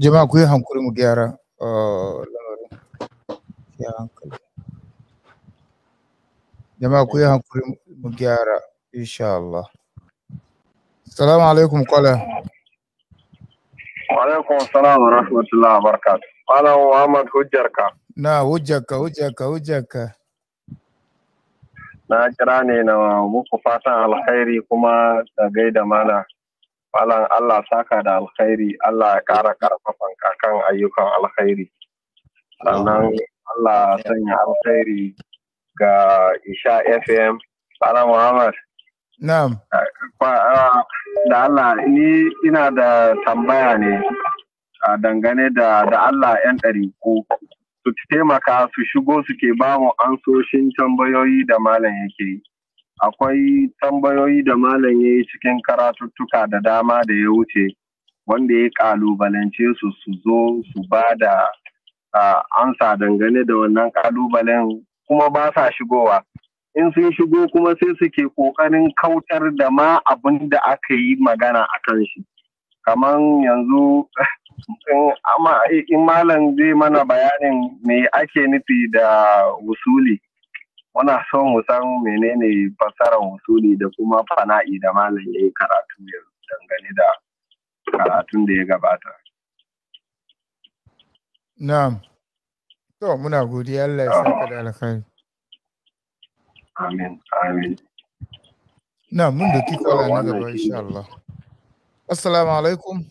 jama'a ku yi hankuri mu gyara uh, lamarin ya hankali jama'a ku yi hankuri mu gyara insha Allah salamu alaikum kwala wa alaikum salam wa rahmatullahi wa barakatuh muhammad Muhammad hujjarka na hujjarka hujjarka hujjarka na kira ne na muku fatan alkhairi kuma da gaida mana Malam Allah saka da alkhairi, Allah ya ƙara ƙarfafan kakan ayyukan alkhairi. Sannan Allah sanya alkhairi ga Isha FM. Sana Muhammad. Na'am. Da Allah, ni ina da tambaya ne dangane da Allah 'yan ɗari ɗariku. Su taimaka su shigo suke bamu ansoshin tambayoyi da malam yake yi. akwai tambayoyi da malam ya yi cikin karatuttuka da dama da ya wuce wanda ya kalubalance su su zo su ba da amsa dangane da wannan ƙalubalen kuma ba sa shigowa in sun shigo kuma sai suke ƙoƙarin kautar da ma abin da aka yi magana a kan shi kamar yanzu in malam zai mana bayanin me ake nufi da wusuli muna son mu san menene fassarar usuli da kuma fana'i da malam ya yi karatu ya dangane da karatun da ya gabata. Na'am. To muna godiya Allah ya saka da alkhairi. Amin. Amin. Na mun da kika kwala na gaba insha Allah. Assalamu alaikum.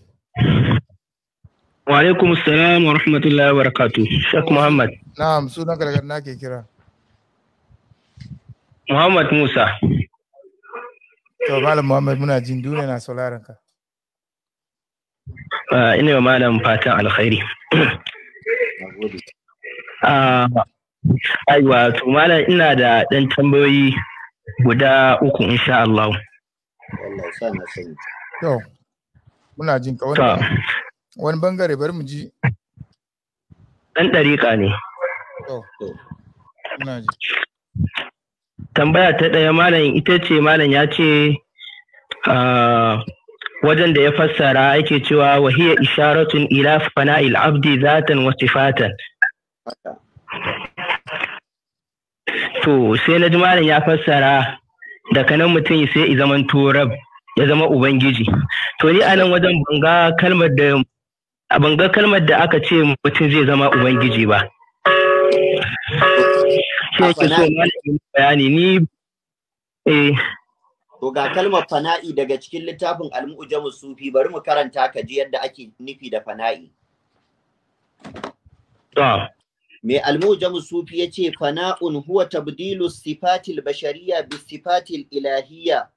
Wa alaikum assalam wa rahmatullahi wa barakatuh. Sheikh Muhammad. Na'am sunan gargar nake kira. Muhammad Musa. To Malam Muhammad muna jin duniya na sauraron ah, Ina yi wa malam fatan alkhairi. Ah, aiwa, to malam ina da ɗan tambayoyi guda uku insha Allah. To, muna jin ka wani bangare bari mu ji. Ɗan ɗariƙa ne. To, To, muna ji. tambaya ta ɗaya malam ita ce malam ya ce ah, wajen da ya fassara ake cewa wahiya isharatun ila fana'il abdi zatan wa sifatan to sai na ji malam ya fassara daga nan mutum sai i zaman turab ya zama ubangiji to ni anan wajen banga kalmar da banga kalmar da aka ce mutum zai zama ubangiji ba shi so ni eh to ga kalmar fana'i daga cikin littafin al-mu'jamu sufi bari mu karanta ka ji yadda ake nufi da fana'i me al-mu'jamu sufi yace fana'un huwa tabdilu sifatil Bashariya bi sifatil ilahiyya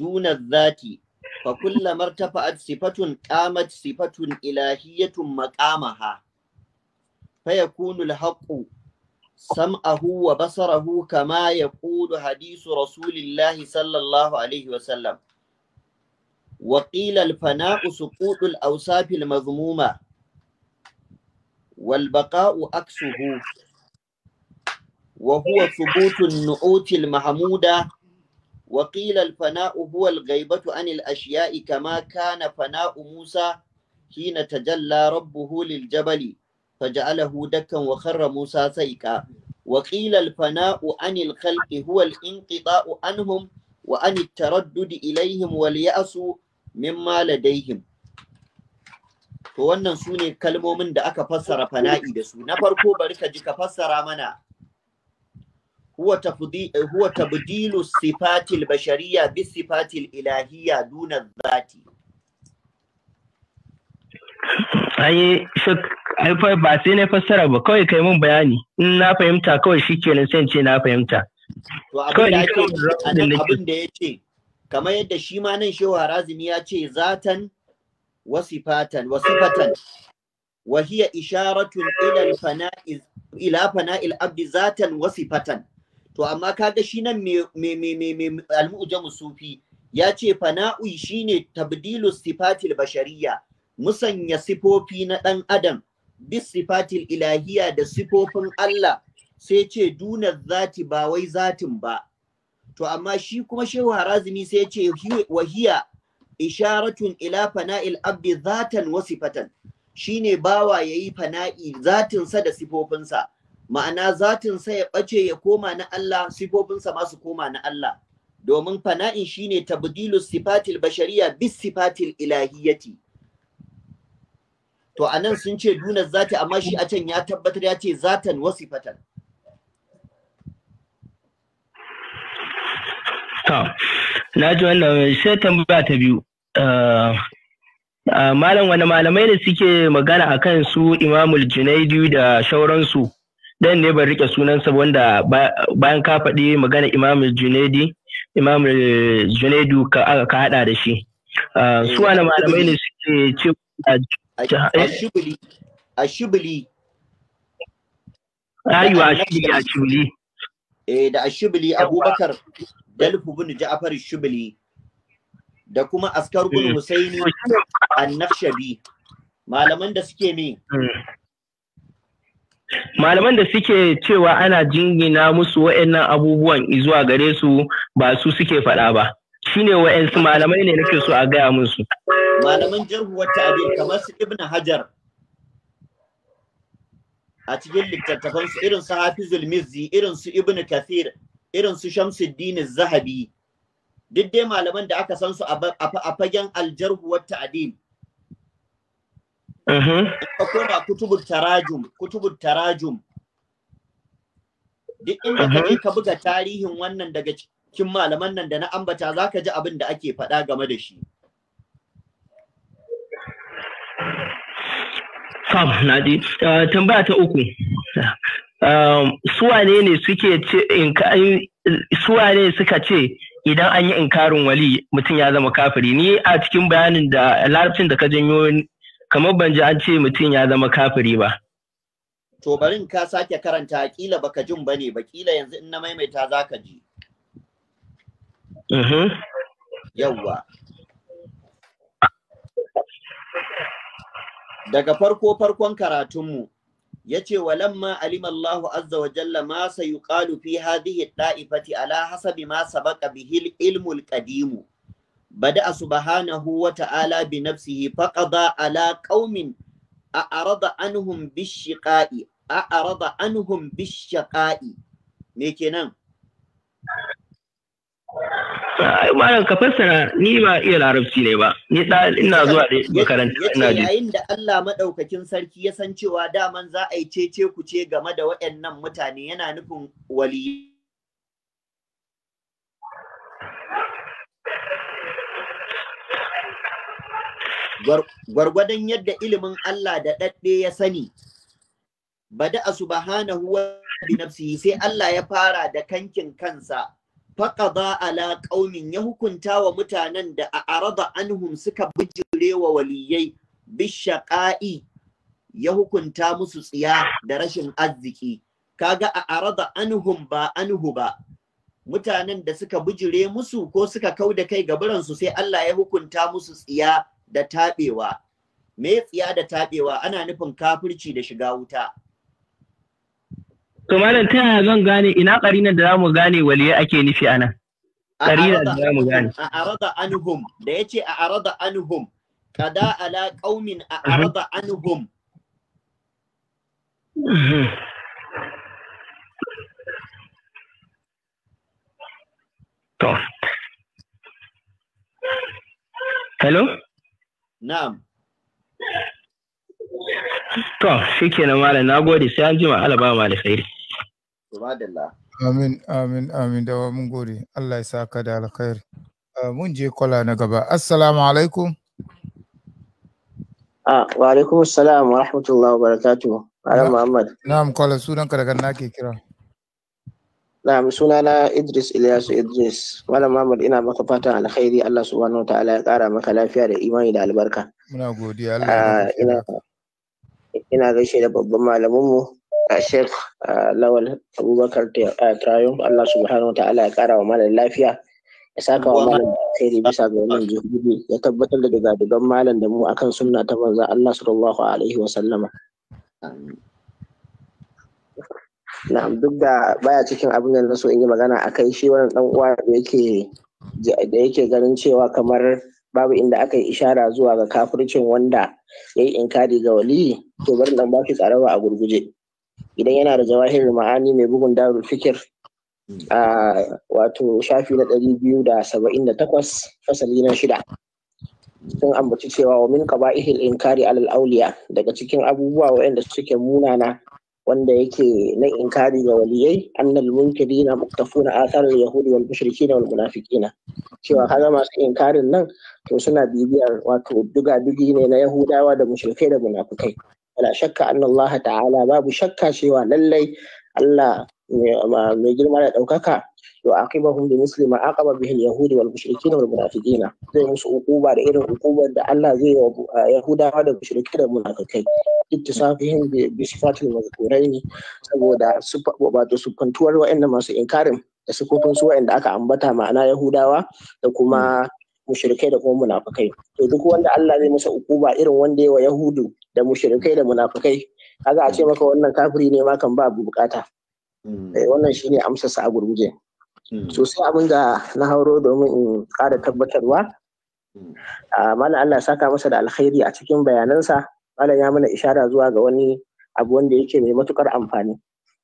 duna dhati fa kullama irtafa'at sifatun ƙamat sifatun ilahiyyatun maƙamaha, fa yakunu al sam'ahu wa basarahu kama ya ƙudu hadisu rasulillahi sallallahu alaihi wasallam وقيل الفناء سقوط الأوصاف المذمومة والبقاء أكسه وهو ثبوت النعوت المحمودة وقيل الفناء هو الغيبة عن الأشياء كما كان فناء موسى حين تجلى ربه للجبل faja'alahu dakkan wa kharra Musa saika wa qila fanau 'anil khalqi huwal al-inqita'u 'anhum wa 'anit taraddud ilaihim wal ya'asu min maladaihim. to wannan su ne kalmomin da aka fassara fana'i da su na farko bari ka ji ka fassara mana huwa tabdilu sifatil bashariya bis sifatil ilahiyya duna zati Aye, ai ai ba sai na fassara ba kawai kai mun bayani in na fahimta kawai shikenan sai ce na fahimta kawai abin da ya ce kamar yadda shi ma nan wa harazimi ya ce zatan wasifatan wasifatan wa isharatun ila fana'i ila fana'il abdi zatan wasifatan to amma kaga shi nan mai al'ujamu sufi ya ce fana'u shi ne tabdilu sifatil Bashariya. musanya sifofi na ɗan adam bis sifatil ilahiya da sifofin Allah sai ce duna zati ba wai zatin ba to amma shi kuma shehu harazimi sai ce wahiya isharatun ila fana'il abdi zatan wa sifatan shine bawa yayi fana'i zatinsa da sifofinsa ma'ana zatinsa ya ɓace ya koma na Allah sifofinsa ma koma na Allah domin fana'in shine tabdilu sifatil bashariya bis sifatil ilahiyati to a nan sun ce duna zati amma shi a can ya tabbatar ya ce zatan wasifatan na ji wannan sai tambaya ta biyu eh, malam wani malamai da suke magana a kan su imamul junaidu da shauransu dan ne ban rike sunansa wanda bayan ka faɗi magana imamul junaidi imamul junaidu ka haɗa da shi eh, su wani malamai ne suke ce A ashubuli ayuwa ashubuli ashubuli eh, eh da ashubuli abubakar dalfu bin ja'far ashubuli da kuma askar bin eh. husaini annafshabi malaman da suke me eh. malaman da suke cewa ana jingina musu wa'annan abubuwan zuwa gare su ba su suke faɗa ba shine wa'ansu malamai ne nake so a gaya musu malaman jarhu wata abin kamar su ibn hajar a cikin littattafan su irin su hafizul mizzi irin su ibn kathir irin su shamsuddin zahabi duk dai malaman da aka san su a fagen aljarhu wata ta'dil ka koma kutubu tarajum kutubu tarajum duk inda ka ka buga tarihin wannan daga kin malaman nan da na ambata za ka ji abin da ake faɗa game da shi. Sam, Nadi, uh, tambaya ta uku. Um, suwane ne suke ce, suwane suka ce idan an yi inkarin wali mutum ya zama kafiri. Ni a cikin bayanin da larabcin da ka janyo kamar ban ji an ce mutum ya zama kafiri ba. To barin ka sake karanta kila baka jin bane ba kila yanzu in na maimaita za ka ji. yawwa daga farko farkon karatunmu yace walamma lamma Allahu azza wa jalla ma sayuqalu fi hadhihi da'ifati ala hasabi ma sabaqa bihi ilmu al-qadim subhanahu wa ta'ala bi nafsihi faqada ala qaumin a'rada anhum bishiqa'i a'rada anhum bishaqa'i me kenan Malam ka fassara ni ba iya larabci ne ba ni da ina zuwa da makaranta ina ji yayin da Allah madaukakin sarki ya san cewa daman za a yi cece ku ce game da waɗannan mutane yana nufin wali gwargwadon yadda ilimin Allah da ɗaɗɗe ya sani bada a subhanahu wa bi nafsihi sai Allah ya fara da kankin kansa faƙaba ala ƙaumin ya hukunta wa mutanen da a arada anhum suka bujire wa waliyai bishaƙa'i ya hukunta musu tsiya da rashin arziki kaga a arada anhum ba anhu ba mutanen da suka bijire musu ko suka kau da kai biransu sai Allah ya hukunta musu tsiya da taɓewa me tsiya da taɓewa ana nufin kafirci da shiga wuta To malam ta yaya zan gane ina ƙarinan da zamu gane waliyai ake nufi anan? Ƙarinan da zamu gane. A arada anhum da yace a arada anhum kada ala qaumin a mhm. arada anhum. Mhm. To. Hello? Na'am. To, shikenan malam, nagode sai an jima Allah ba mu alkhairi. Amin, amin, amin, da mun gode. Allah ya saka da alkhairi. Ah, mun je kwala na gaba. Assalamu alaikum. Ah, wa alaikum assalam wa rahmatullahi wa barakatu. Malam Muhammad. Na'am kwala sunan ka daga nake kira. Na'am na Idris Ilyasu Idris. Malam Muhammad ina maka fatan alkhairi Allah subhanahu wa ta'ala ya kara maka lafiya da imani da albarka. Muna godiya Allah. Ah, ina gaishe da babban malamin mu Sheikh Lawal Abubakar Trayon Allah subhanahu wa ta'ala ya kara wa malam lafiya ya saka wa malam alheri bisa ga wannan jihudi ya tabbatar da daga dugan malam da mu akan sunna ta manzo Allah sallallahu alaihi wa sallama na'am duk da baya cikin abin da na so in yi magana akai shi wannan dan uwa da yake da yake ganin cewa kamar babu inda aka yi ishara zuwa ga kafircin wanda ya yi inkari ga waliyi to bari dan baki tsarawa a gurguje idan yana da jawahir ma'ani mai bugun darul fikir a wato shafi na ɗari biyu da saba'in da takwas fasali na shida sun ambaci cewa wa min qaba'ihil inkari alal auliya daga cikin abubuwa waɗanda suke munana wanda yake na inkari ga waliyai annal munkirina muktafuna asarar yahudi wal mushrikina wal munafiqina cewa kaga masu inkarin nan to suna bibiyar wato duga dugi ne na yahudawa da mushrikai da munafikai wala shakka anna Allah ta'ala babu shakka cewa lallai Allah mai girma da ɗaukaka yau aqibahum bi misli ma aqaba bihi al-yahudi wal mushrikin wal munafiqina zai musu ukuba da irin ukubar da Allah zai yi wa uh, yahudawa da mushrikai da munafikai ittisafihim bi sifatil mazkuraini saboda wato sufantuwar wa'annan masu inkarin da sukufin su wa'anda aka ambata ma'ana yahudawa da kuma Mushirikai da kuma munafukai to duk wanda Allah zai masa ukuba irin wanda yawa yahudu da mushrikai da munafukai kaga a ce maka wannan kafiri ne ma kan ba bukata hmm. eh, wannan shine amsa sa a gurguje hmm. so sai abin da na hauro domin in kara tabbatarwa hmm. mana Allah saka masa da alkhairi a cikin bayanansa malam ya mana ishara zuwa ga wani abu wanda yake mai matukar amfani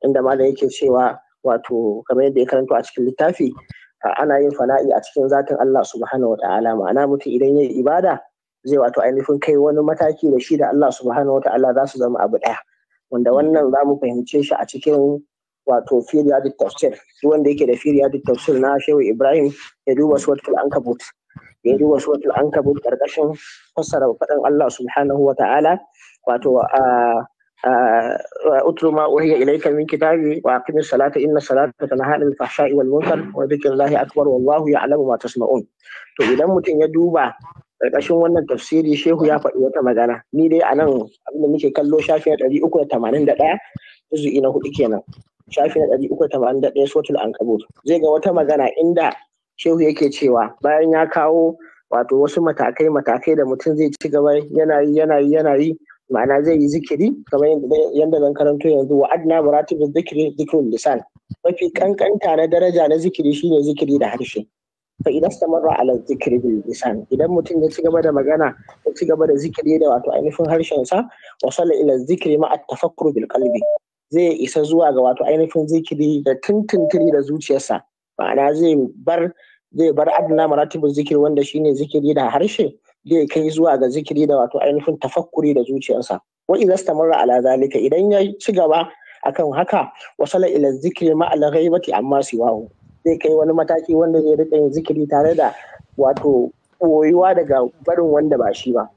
inda malam yake cewa wato kamar yadda ya karanto a cikin littafi ana yin fana'i a cikin zatin Allah subhanahu wata'ala ma'ana mutum idan ya yi ibada zai wato ainihin kai wani mataki da shi da Allah subhanahu wata'ala za su zama abu ɗaya wanda wannan za mu fahimce shi a cikin wato firiya tafsir wanda yake da firiya tafsir na shehu ibrahim ya duba suwatul ankabut ya duba suwatul ankabut karkashin fassara faɗin Allah subhanahu wata'ala wato a اتلو ما اوحي اليك من كتابي واقم الصلاه ان الصلاه تنهى عن الفحشاء والمنكر وذكر الله اكبر والله يعلم ما تصنعون to idan mutum ya duba ƙarƙashin wannan tafsiri shehu ya faɗi wata magana ni dai a nan abinda muke kallo shafi na ɗari uku da tamanin da ɗaya juzu'i na hudu kenan shafi na ɗari uku da tamanin da ɗaya sotul ankabut zai ga wata magana inda shehu yake cewa bayan ya kawo wato wasu matakai matakai da mutum zai ci gaba yana yi yana yi yana yi ma'ana zai yi zikiri kamar yadda zan karanto yanzu wa adna zikiri zikrul lisan mafi kankanta na daraja na zikiri shine zikiri da harshe fa idan samarra ala zikiri bil lisan idan mutum ya ci gaba da magana ya ci gaba da zikiri da wato ainihin harshen sa wa salla ila zikiri ma at tafakkur bil qalbi zai isa zuwa ga wato ainihin zikiri da tuntuntuni da zuciyarsa ma'ana zai bar zai bar adna maratibul zikiri wanda shine zikiri da harshe zai kai zuwa ga zikiri da wato ainihin tafakkuri da zuciyarsa wa idza stamarra ala zalika idan ya ci gaba akan haka wasala ila zikri ma al ghaibati amma siwahu zai kai wani mataki wanda zai rika yin zikiri tare da wato koyuwa daga barin wanda ba shi ba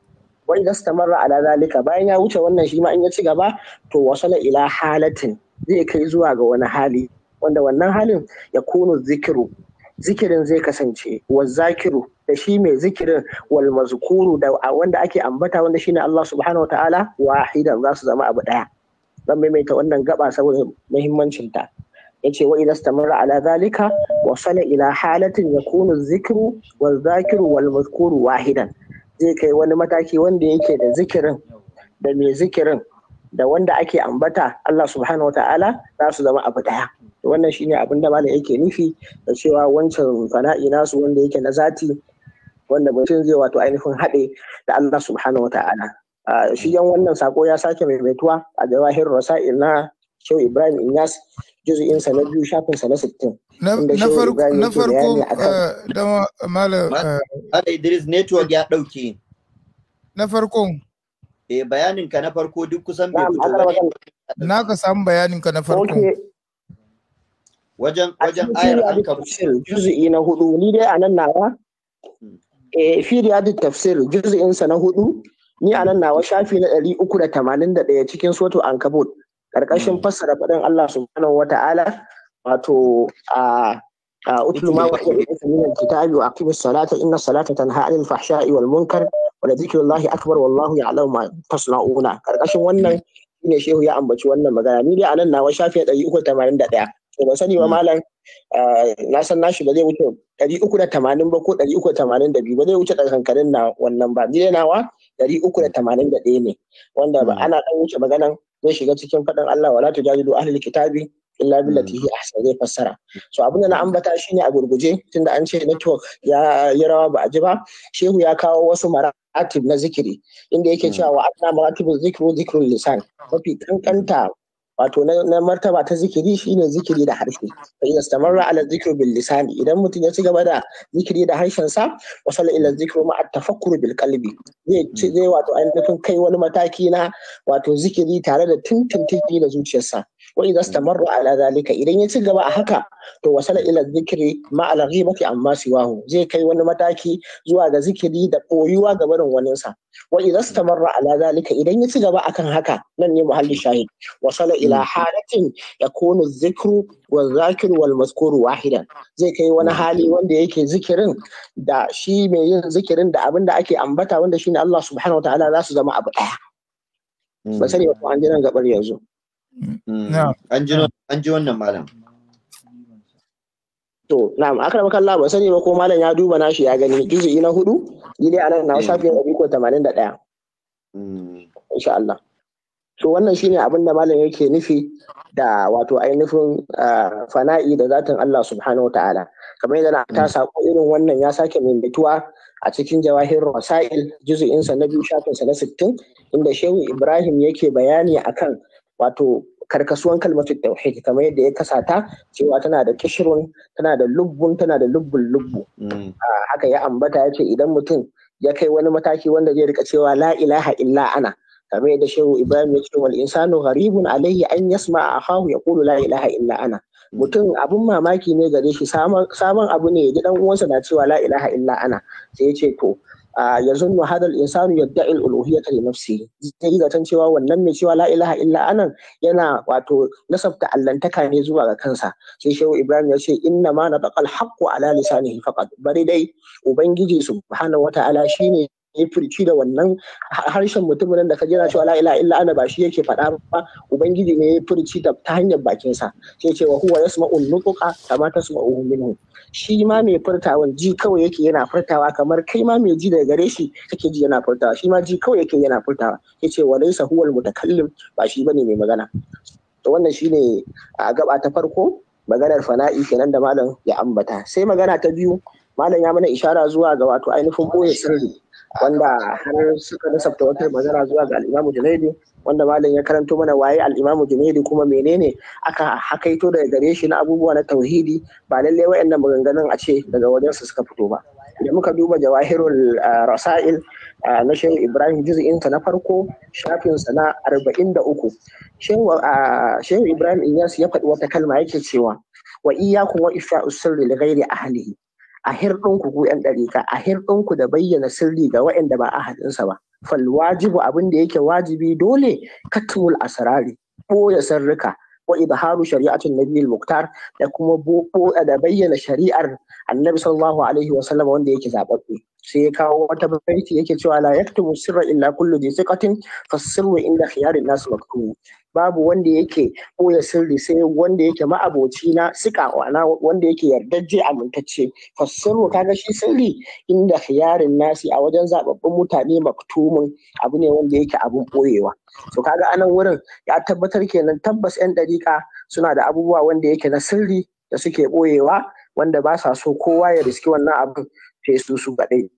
wa idza stamarra ala zalika bayan ya wuce wannan shi ma in ya ci gaba to wasala ila halatin zai kai zuwa ga wani hali wanda wannan halin ya kunu zikiru zikirin zai kasance wa zakiru da shi mai zikirin wal mazkuru da wanda ake ambata wanda shine Allah subhanahu wataala wahidan za su zama abu daya zan maimaita wannan gaba saboda muhimmancin ta yace wa idza istamara ala zalika wasala ila halatin yakunu zikru wal zakiru wal mazkuru wahidan zai kai wani mataki wanda yake da zikirin da mai zikirin da wanda ake ambata Allah subhanahu wataala za su zama abu daya wannan shine abin da malam yake nufi da cewa wancan fana'i nasu wanda yake na zati wanda mutum zai wato ainihin haɗe da Allah subhanahu wata'ala shi yan wannan sako ya sake maimaituwa a jawahir rasa'il na Shehu Ibrahim Inyas juz'in sa na biyu shafin sa na sittin, na farko na farko eh, da eh, malam Idris network ya dauke na farko eh bayanin ka na farko duk kusan bai fito na ka samu bayanin ka na farko wajen wajen ayar an ka juzu'i na hudu ni dai anan nawa eh fi riyadu tafsir juz'insa na hudu ni anan nawa shafi na ɗari uku da tamanin da ɗaya cikin soto an kabot ƙarƙashin hmm. fassara faɗin Allah subhanahu wa ta'ala wato a utlu ma wahiya ilayka min alkitabi wa aqimis salata inna salata tanha 'anil fahsha'i wal munkar wa la dhikrullahi akbar wallahu ya'lamu ma tasna'una ƙarƙashin wannan shine shehu ya ambaci wannan magana ni dai anan nawa shafi na ɗari uku da tamanin da ɗaya to ban sani ba hmm. malam ah, na san nashi ba zai wuce ɗari uku da tamanin ba ko ɗari uku da tamanin da biyu ba zai wuce tsakankanin na wannan ba ni nawa ɗari uku da tamanin da ɗaya ne wanda ba hmm. ana ɗan wuce maganan zai shiga cikin faɗin Allah wala tujadilu ahlul kitabi illa hmm. billati hi ahsan zai fassara so abin da na ambata ne a gurguje tunda an ce network ya yi rawa ba a ji ba shehu ya kawo wasu mara atib na zikiri inda yake cewa wa anna maratibu zikru zikrul lisan mafi kankanta wato na martaba ta zikiri shine zikiri da harshe fa in istamarra ala zikru bil lisani idan mutum ya ci gaba da zikiri da harshen sa wasal ila zikru ma tafakkur bil qalbi zai hmm. zai wato ainihin kai wani mataki na wato zikiri tare da tintintiki da zuciyarsa wa idan istamarra hmm. ala zalika idan ya ci gaba a haka to wasal ila zikri ma ala ghibati amma siwahu zai kai wani mataki zuwa ga zikiri da koyuwa ga barin waninsa wa idza istamarra ala zalika idan ya ci gaba akan haka nan ne muhalli shahid wasala ila mm. halatin yakunu dhikru wa zakiru wal mazkuru wahidan zai kai wani mm. hali wanda yake zikirin da shi mai yin zikirin da abinda ake ambata wanda shine Allah subhanahu wa ta'ala zama abu daya ba mm. sani ba nan gabar yanzu an ji wannan malam To, na'am, aka da kalla ban sani ba ko malam ya duba nashi ya gani juzu'i na hudu, ni dai anan na safiyan mm. ɗari ko tamanin da ɗaya. Mm. Insha Allah. So wannan shine abin da malam yake nufi da wato ainihin ah, fana'i da zatin Allah subhanahu wa ta'ala. Kamar yadda na mm. ta sako irin wannan ya sake maimaituwa a cikin jawahir rasail juzu'insa na biyu shafinsa na sittin inda shehu Ibrahim yake bayani akan wato karkasuwan kalmatu tauhid kamar yadda ya kasata cewa tana da kishirun tana da lubbun tana da lubbun lubbu mm. haka ya ambata ya ce idan mutum ya kai wani mataki wanda zai rika cewa la ilaha illa ana kamar yadda shehu ibrahim ya ce wal insanu gharibun alayhi an yasma akahu yaqulu la ilaha illa ana mm. mutum abun mamaki ne gare shi saman abu ne ya ji dan uwansa na cewa la ilaha illa ana sai ya ce to ya zunnu hadal insanu yadda al-uluhiyyata li nafsi zai zaton cewa wannan mai cewa la ilaha illa anan yana wato nasabta allantaka ne zuwa ga kansa sai shehu ibrahim ya ce inna ma nataqa a haqqu ala lisanihi faqat bari dai ubangiji subhanahu wata'ala shine ya furci da wannan harshen mutumin da ka jira cewa la'ila illa ana ba shi yake faɗa ba ubangiji ne ya furci ta hanyar bakin sa sai ce wa huwa yasma'u nutuqa kama tasma'u minhu shi ma mai furtawan ji kawai yake yana furtawa kamar kai ma mai ji daga gare shi kake ji yana furtawa shi ma ji kawai yake yana furtawa ce wa laysa huwa al-mutakallim ba shi bane mai magana to wannan shine a gaba ta farko maganar fana'i kenan da malam ya ambata sai magana ta biyu malam ya mana ishara zuwa ga wato ainihin boye sirri wanda har suka nasabta wata magana zuwa ga al'imamu junaidi wanda malam ya karanto mana waye al'imamu junaidi kuma menene aka hakaito da gare shi na abubuwa na tauhidi ba lallai wayannan maganganun a ce daga wajen wajensu suka fito ba idan muka duba jawahirul ah, rasail ah, na shehu ibrahim ta na farko shafinsa na arba'in da uku shehu ah, ibrahim inyasu ya faɗi wata kalma yake cewa wa iyyakum wa ifsha'us sirri li ghairi ahlihi a hirɗinku ku ‘yan ɗarika a hirɗinku da bayyana sirri ga waɗanda ba ahadinsa ba fal wajibu abin da yake wajibi dole katmul asrari ɓoye sirrika wa idharu shari'atun nabiyil muktar da kuma da bayyana shari'ar annabi sallallahu alaihi wa sallam wanda yake zababbe sai ya kawo wata baiti yake cewa la yaktubu sirra illa kullu bi thiqatin fasirru inda khiyarin nasu maktubu babu wanda yake koya sirri sai wanda yake ma'aboci na sika wana wanda yake yardajje amintacce fasirru kaga shi sirri inda khiyarin nasi a wajen zababbun mutane maktumun abu ne wanda yake abun boyewa to kaga anan wurin ya tabbatar kenan tabbas yan dariƙa suna da abubuwa wanda yake na sirri da suke boyewa wanda ba sa so kowa ya riski wannan abin sai su su kaɗai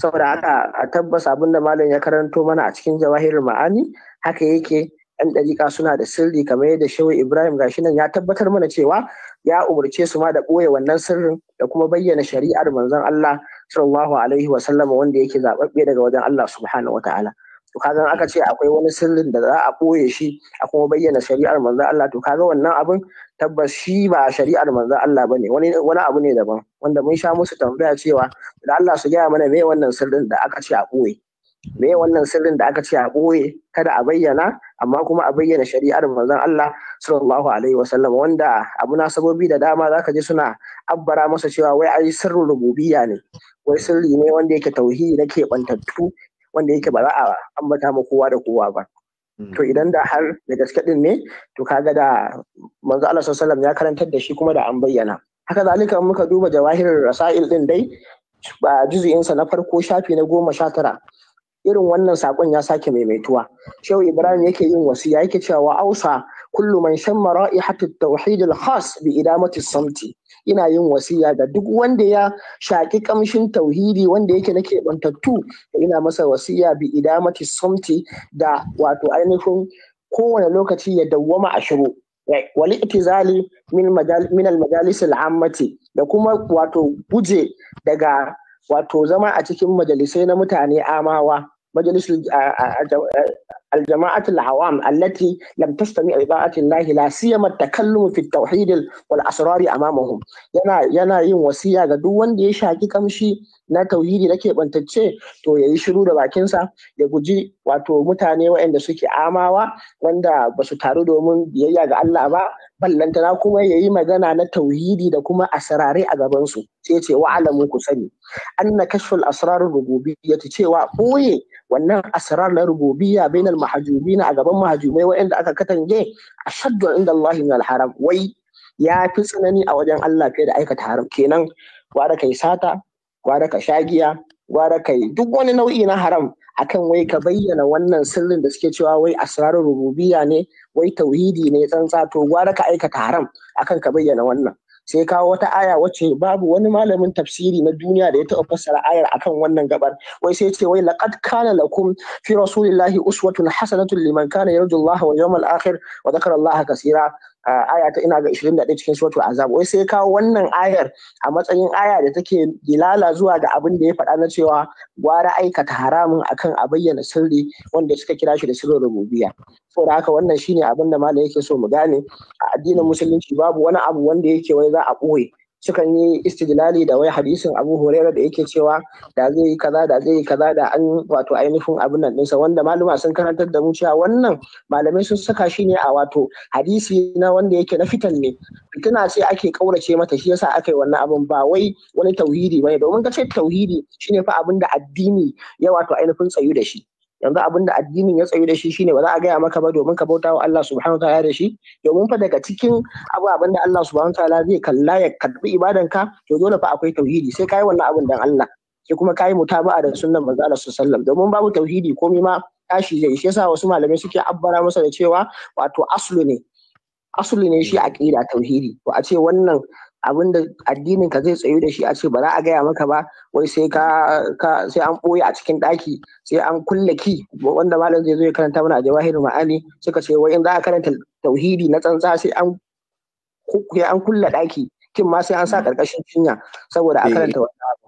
saboda haka a tabbas abin da malam ya karanto mana a cikin jawahirin ma'ani haka yake yan ɗariƙa suna da sirri kamar yadda shehu ibrahim gashi nan ya tabbatar mana cewa ya umarce su ma da ɓoye wannan sirrin da kuma bayyana shari'ar manzon Allah sallallahu alaihi wa sallama wanda yake zaɓaɓɓe daga wajen Allah subhanahu wa ta'ala to kaga aka ce akwai wani sirrin da za a ɓoye shi a kuma bayyana shari'ar manzon Allah to kaga wannan abin tabbas shi ba a shari'ar manzon Allah bane wani wani abu ne daban wanda mun sha musu tambaya cewa da Allah su gaya mana me wannan sirrin da aka ce a ɓoye me wannan sirrin da aka ce a ɓoye kada a bayyana amma kuma a bayyana shari'ar manzon Allah sallallahu alaihi wasallam wanda abu na sabobi da dama zaka ji suna abbara masa cewa wai ai sirrin rububiyya ne wai sirri ne wanda yake tauhidi na ɓantattu wanda yake ba za a ambata ma kowa da kowa ba Mm. to idan da har da gaske din ne to kaga da manzo Allah sallallahu ya karantar da shi kuma da an bayyana haka zalika muka duba jawahirin rasail din dai ba juzu'insa na farko shafi na goma sha tara irin wannan sakon ya sake maimaituwa shehu ibrahim yake yin wasiya yake cewa ausa kullu man shamma ra'ihatat tauhid al khas bi idamati samti ina yin wasiya ga duk wanda ya shaki kamshin tauhidi wanda yake na keɓantattu ina masa wasiya bi idamati somti da wato ainihin kowane lokaci ya dawwama a shiru eh, wali itizali min majalis da kuma wato guje daga wato zama a cikin majalisai na mutane amawa majalisul الجماعة العوام التي لم تستمع لطاعة الله لا سيما التكلم في التوحيد والأسرار أمامهم yana yana yin wasiya ga duk wanda ya shaki kamshi na tauhidi na keɓantacce to ya yi shiru da bakinsa ya guji wato mutane waɗanda suke amawa wanda ba su taru domin biyayya ga Allah ba ballantana kuma ya yi magana na tauhidi da kuma asirare a gabansu sai ce wa alamu ku sani an na kashful asrar rububiyya ta cewa ɓoye wannan asrar na rububiyya bainal na a gaban mahajubai waɗanda aka katange ashaddu inda Allah min haram wai ya fi tsanani a wajen Allah fiye da aikata haram kenan gwara kai sata gwara ka shagiya gwara kai duk wani nau'i na haram akan wai ka bayyana wannan sirrin da suke cewa wai asrarin rububiya ne wai tauhidi ne tsantsa to gwara ka aikata haram akan ka bayyana wannan sai kawo wata aya wacce babu wani malamin tafsiri na duniya da ya taɓa fassara ayar akan wannan gabar wai sai ce wai laqad kana lakum fi rasulillahi uswatun hasanatun liman kana yarju Allah wal yawmal akhir wa dhakara Allah kaseera aya ta ina ga 21 cikin a azab wai sai kawo wannan ayar a matsayin aya da take dilala zuwa ga abin da ya faɗa na cewa gwara aikata haramun akan a bayyana sirri wanda suka kira shi da sirrin so da haka wannan shine abin da malam yake so mu gane a addinin musulunci babu wani abu wanda yake wai za a ɓoye sukan yi istidlali da wai hadisin Abu Hurairah da yake cewa da zai yi kaza da zai yi kaza da an wato ainihin abin nan ɗinsa wanda maluma sun karantar da mu cewa wannan malamai sun saka shi ne a wato hadisi na wanda yake na fitan ne fitina ce ake kaurace mata shi yasa aka yi wannan abin ba wai wani tauhidi bane domin ka ce tauhidi shine fa abin da addini ya wato ainihin tsayu da shi yanzu abin da addinin ya tsayu da shi shine ba za a gaya maka ba domin ka bauta wa Allah subhanahu wa ta'ala da shi domin fa daga cikin abu da Allah subhanahu wa ta'ala zai kalla ya karbi ibadan ka to dole fa akwai tauhidi sai kai wannan abin dan Allah sai kuma kai mutaba'a da sunnan manzo Allah sallallahu domin babu tauhidi komai ma tashi zai shi yasa wasu malamai suke abbara masa da cewa wato aslu ne aslu ne shi aqida tauhidi to a ce wannan abin da addinin ka zai tsayu da shi a ce ba za a gaya maka ba wai sai ka sai an ɓoye a cikin ɗaki sai an kulle ki wanda malam zai zo ya karanta mana a jawahirul ma'ani suka ce wai in za a karanta tauhidi na tsantsa sai an an kulle ɗaki kin ma sai an sa mm. ƙarƙashin cinya saboda a karanta eh. wannan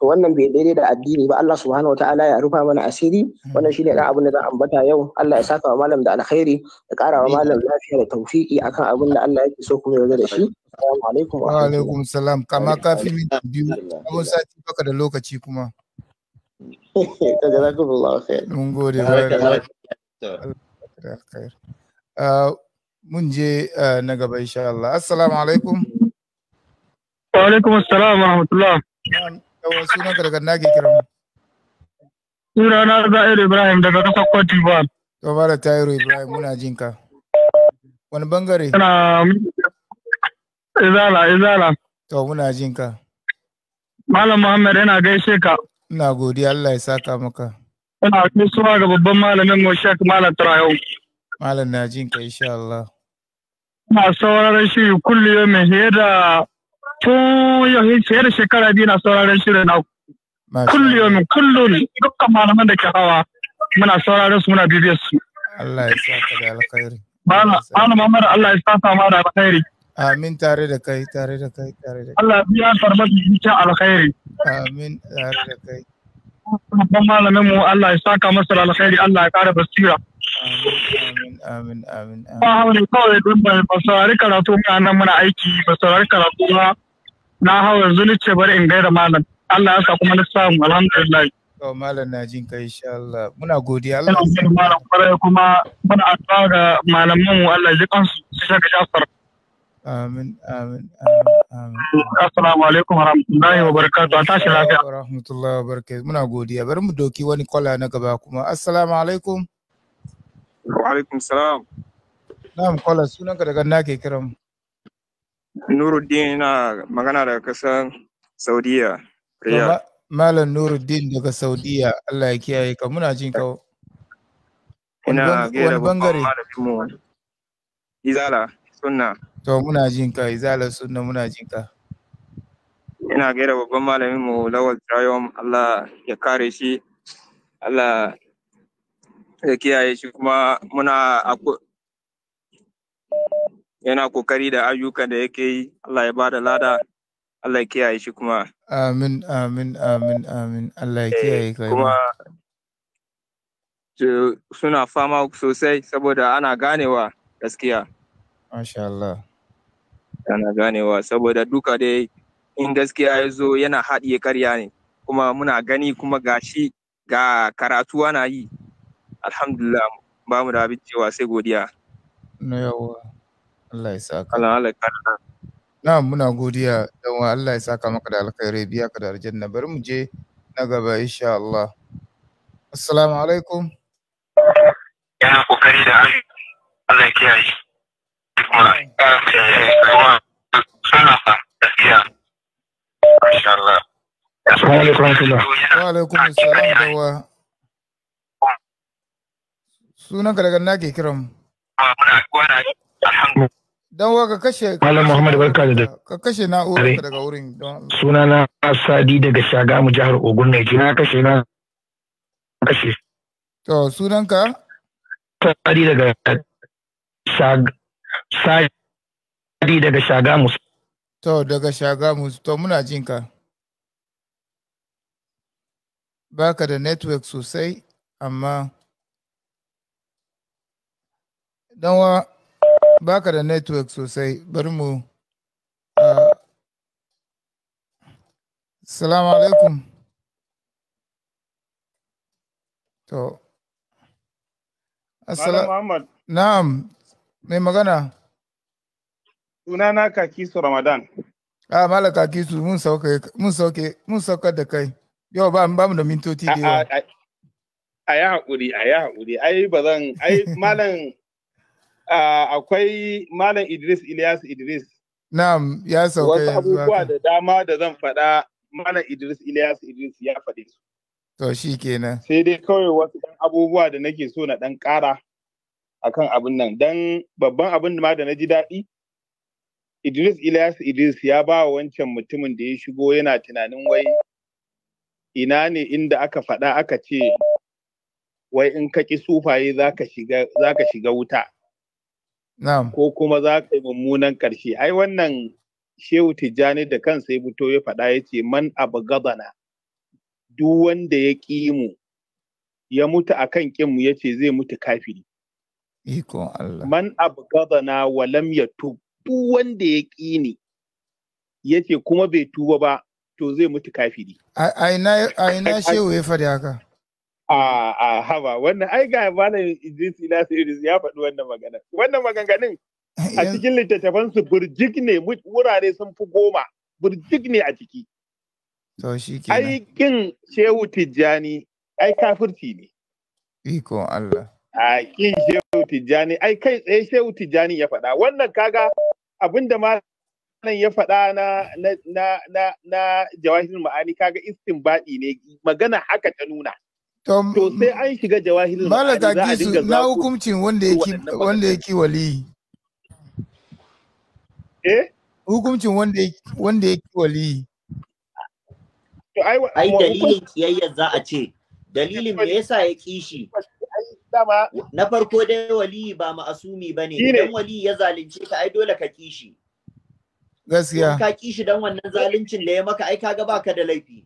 wannan bai daidai da addini ba Allah subhanahu wataala ya rufa mana asiri hmm. wannan shine dan abin da zan ambata yau Allah ya saka wa malam da alkhairi da wa malam lafiya da tawfiki akan abin da Allah yake so kuma zo da shi assalamu alaikum wa alaikum salam kama kafi min biyu abun sati baka da lokaci kuma jazakumullahu khair mun gode uh, mun je uh, na gaba insha Allah assalamu alaikum wa alaikum assalam wa rahmatullah Yawa sunan ka daga nake kiran mu. Sunana Za'iru Ibrahim daga ƙasar Cote d'Ivoire. To mara Tairo Ibrahim muna jin ka. Wani bangare? Ina Izala Izala. To muna jin ka. Malam Muhammad yana gaishe ka. Ina godiya Allah ya saka maka. Ina gaisuwa ga babban malamin mu Sheikh Malam Trayo. Malam na jin ka insha Allah. Ina sauraron shi kullu yau mai da tun yau fiye da shekara biyu na sauraron shirin na kullum kullum dukkan malaman da ke hawa muna sauraron su muna bibiyar su. Allah ya saka da alkhairi. Malam Muhammad Allah ya saka ma da alkhairi. Amin tare da kai tare da kai tare da kai. Allah biya farmaki cikin alkhairi. Amin tare da kai. Kuma malamin mu Allah ya saka masa da alkhairi Allah ya kara basira. Amin amin amin. Ba ne kawai don ba saurari karatu muna nan muna aiki ba saurari karatu ba na hau yanzu ni ce bari in gaira malam Allah ya sa kuma na samu alhamdulillah to malam na jin kai insha Allah muna godiya Allah ya sa malam kwarai kuma muna addu'a ga malaman mu Allah ya kansu su shaka shafar amin amin amin assalamu alaikum wa wa barakatuh a tashi lafiya Wa wa barakatuh muna godiya bari mu doki wani kwala na gaba kuma assalamu alaikum wa alaikum salam na'am kwala sunanka daga nake ke kiran mu Nuruddin na magana daga kasar Saudiya. Malam Nuruddin daga Saudiya, Allah ya kiyaye ka muna jin kawo. Ina gaira bangare. Izala sunna. To muna jin ka Izala sunna muna jin ka. Ina gaira babban malamin mu Lawal Trayom, Allah ya kare shi. Allah ya kiyaye shi kuma muna yana kokari da ayyukan da yake yi Allah ya bada lada Allah ya kiyaye shi kuma amin amin amin amin Allah ya eh, kiyaye kai kuma suna fama sosai saboda ana ganewa gaskiya masha Allah ana ganewa saboda duka dai in gaskiya ya zo yana haɗiye karya ne kuma muna gani kuma gashi ga karatu ana yi alhamdulillah ba mu da abin cewa sai godiya na yawa Allah ya saka. Allah Allah ya Na muna godiya don Allah ya saka maka da alkhairi biya ka da aljanna bari mu je na gaba insha Allah. Assalamu alaikum. Yana kokari da Allah ya kiyaye. Kuma suna fa gaskiya. Masha alaikum. Wa alaikum assalam wa sunan ka daga nake kiran mu. Ah, alhamdulillah. Don wa ka kashe Malam Muhammad barka da ka kashe na'urar daga wurin don suna na Sadi daga Shagamu jihar Ogun ne na kashe na kashe To sunan ka Sadi daga Shag Sadi daga Shagamu To daga Shagamu to muna jin ka Baka da network sosai amma don wa baka da network sosai bari mu salamu alaikum to na'am mai magana sunana kakisu ramadan a mala kakisu mun sauke mun sauke mun sauka da kai yau ba mu da mintoti da yawa a yi haƙuri a yi haƙuri ai ba zan ai malam Ah, akwai Malam Idris Ilyas Idris. Na'am, ya sauka Wasu abubuwa da dama da zan faɗa Malam Idris Ilyas Idris ya faɗi su. To shi kenan. Sai dai kawai wasu ɗan abubuwa da nake so na ɗan ƙara a kan abin nan. Don babban abin ma da na ji daɗi Idris Ilyas Idris ya ba wa wancan mutumin da ya shigo yana tunanin wai ina ne inda aka faɗa aka ce wai in ka ƙi sufaye za ka shiga wuta. ko kuma za ka yi mummunan ƙarshe ai wannan shehu tijjani da kansa ya fito ya faɗa ya ce man abu gabana duk wanda ya ƙi mu ya mutu a kan ƙinmu ya ce zai mutu kafiri Iko Allah. Man abu gabana walam ya duk wanda ya ƙi ni ya ce kuma bai tuba ba to zai mutu kafiri. A ina shehu ya faɗi haka? a haba wannan ai ga malam Idris Ilyasu Idris ya faɗi wannan magana wannan maganganun a cikin littattafan su burjik ne wurare sun fi goma burjik ne a ciki to shi ai kin Shehu Tijjani ai kafirci ne iko Allah a kin Shehu Tijjani ai kai tsaye Shehu Tijjani ya faɗa wannan kaga abinda ma nan ya faɗa na na na na, na ma'ani kaga istinbadi ne magana haka ta nuna to sai an shiga jawahirul ma'ani za a na hukuncin wanda ya ki yake wali eh hukuncin wanda wanda yake wali ai dalilin kiyayyar za a ce dalilin me yasa ya kishi na farko dai wali ba ma'asumi ne, idan wali ya zalunce ka ai dole ka kishi gaskiya ka kishi dan wannan zaluncin da ya maka ai kaga ka da laifi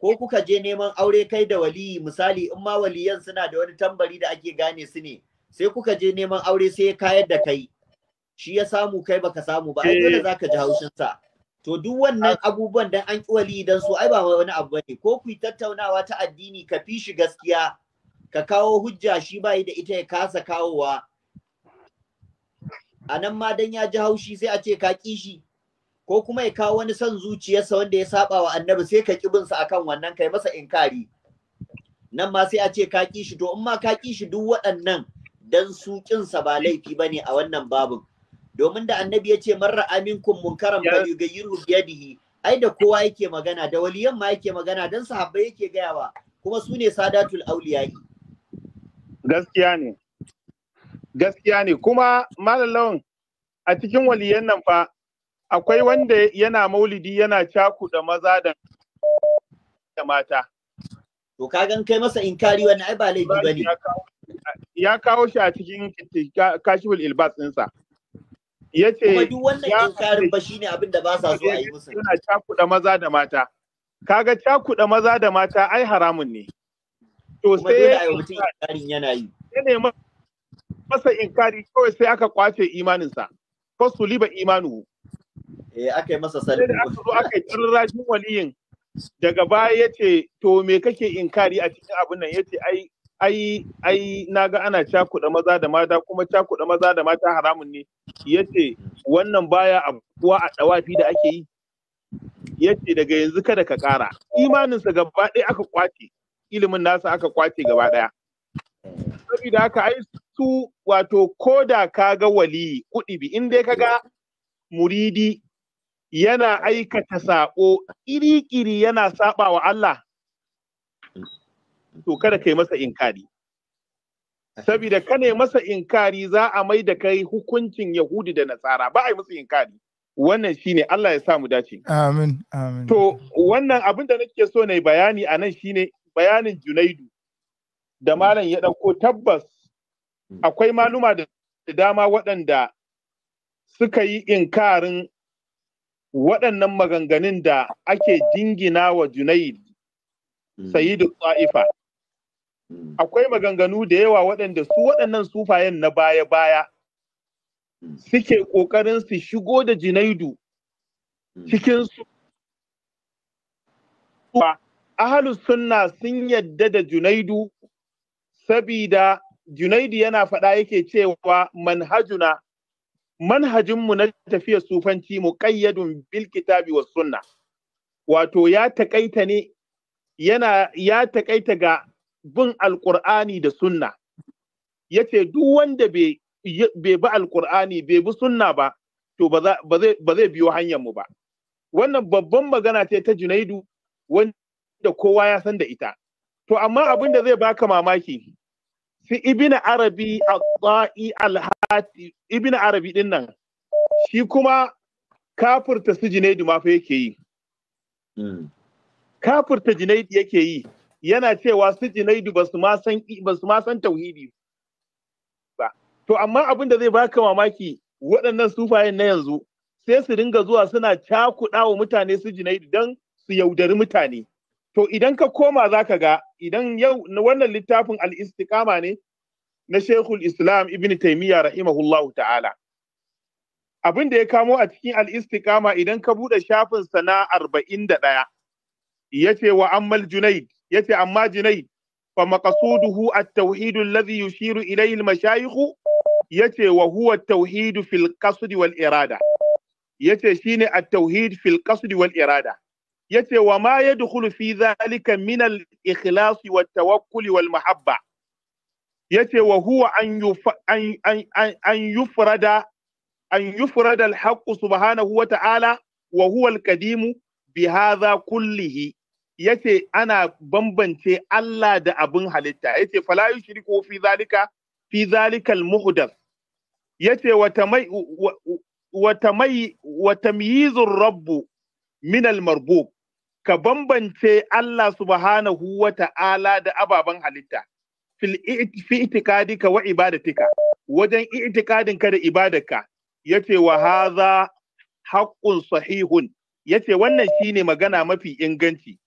ko kuka je neman aure kai da waliyi misali in ma waliyan suna da wani tambari da ake gane su ne sai kuka je neman aure sai ya kayar da kai shi ya samu kai baka samu ba ai eh. dole zaka ji haushin sa to duk wannan abubuwan dan an waliyi dan su ai ba wani abu bane ko ku tattaunawa ta addini ka fi shi gaskiya ka kawo hujja shi bai da ita ya kasa kawowa a nan ma dan ya ji haushi sai a ce ka shi. ko kuma ya kawo wani son zuciyarsa wanda ya saba wa annabi sai ka ki binsa akan wannan kai masa inkari nan ma sai a ce ka kishi to in ma ka kishi duk waɗannan dan su sa ba laifi bane a wannan babin domin da annabi ya ce marra aminkum munkaran fa yughayyiru biyadihi ai da kowa yake magana da waliyan ma yake magana dan sahabbai yake gayawa kuma su ne sadatul auliyai gaskiya ne gaskiya ne kuma malalawan a cikin waliyan nan fa akwai wanda yana maulidi yana caku da maza da mata. To ka gan kai masa inkari wani ai ba laifi bane. Ya kawo shi a cikin kashiful ilbas ɗinsa. Ya ce kuma duk wannan inkarin ba shine abin da ba sa so a yi musu. Yana cakuɗa maza da mata. Kaga cakuɗa maza da mata ai haramun ne. To sai ya yi yana yi. Ya nema masa inkari kawai sai aka kwace imaninsa. Fasuli ba imanu. E, aka yi masa sani. da aka zo aka yi rashin waliyin daga baya ce, to me kake inkari a cikin abin nan yace ai ai ai ana cakuɗa maza da mata kuma cakuɗa maza da mata haramun ne ce, wannan baya abuwa a dawafi da ake yi ce, daga yanzu kada ka ƙara imaninsa gaba ɗaya aka kwace ilimin nasa aka kwace gaba ɗaya saboda haka ai su wato ko da ka ga waliyi kuɗi bi in dai ka ga muridi yana aikata saƙo iri-iri yana saɓa wa Allah, to kada kai masa inkari. Sabida ka masa inkari za a mai da kai hukuncin Yahudi da Nasara, ba a yi inkari. Wannan shi ne Allah ya samu dace. Amin, amin. To, wannan abin da nake so na bayani a nan shi bayanin Junaidu da Malam ya ɗauko tabbas akwai maluma da dama waɗanda suka yi inkarin waɗannan maganganun da ake jingina wa Junaid hmm. Sayyidu tsa'ifa. Hmm. Akwai maganganu da yawa waɗanda su waɗannan sufayen na baya-baya hmm. suke ƙoƙarin su shigo da Junaidu cikin su. Ahalus sunna sun yadda da Junaidu sabida Junaidu yana faɗa yake cewa manhajuna manhajinmu na tafiyar sufanci muƙayyadun bil wa sunna wato ya taƙaita ne yana ya taƙaita ga bin alƙur'ani da sunna yace duk wanda bai bi alƙur'ani bai bi sunna ba to ba zai biyo hanyar mu ba wannan babban magana ce ta Junaidu wanda kowa ya san da ita to amma abin da zai baka mamaki fi ibn arabi al al-hati ibn arabi din nan shi kuma kafirta su junaidu ma fa yake yi hmm. ta junaidu yake yi yana cewa su junaidu ba ma san tauhidi ba to amma abin da zai baka mamaki waɗannan sufayen na yanzu sai su dinga zuwa suna cakuɗa wa mutane su junaidu don su yaudari mutane to idan ka koma zaka ga idan yau wannan littafin al ne na shekul Islam Ibn taimiyya rahimahullahu ta'ala abin da ya kamo a cikin al idan ka buɗe shafin da ɗaya, ya yace wa ammal Junaid yace amma Junaid fa maqsuduhu at-tauhid alladhi yushiru ilayhi al-mashayikh yace wa huwa at-tauhid fil qasd wal irada yace shine at-tauhid fil qasd wal irada yace wa ma yadkhulu fi zalika min al-ikhlas wa tawakkul wal mahabba yace wa huwa an an an yufrada an yufrada al-haqq subhanahu wa ta'ala wa huwa al-qadim bi hadha kullihi yace ana bambance Allah da abin halitta yace fala yushriku fi zalika fi zalika al-muhdath yace wa tamay wa tamay wa tamyizur rabb min al-marbub ka bambance Allah subhanahu wa ta'ala da ababen halitta fil itikadika wa ibadatika wajen itikadin ka da ya ce wa haza haƙƙun sahihun Ya ce wannan shi ne magana mafi inganci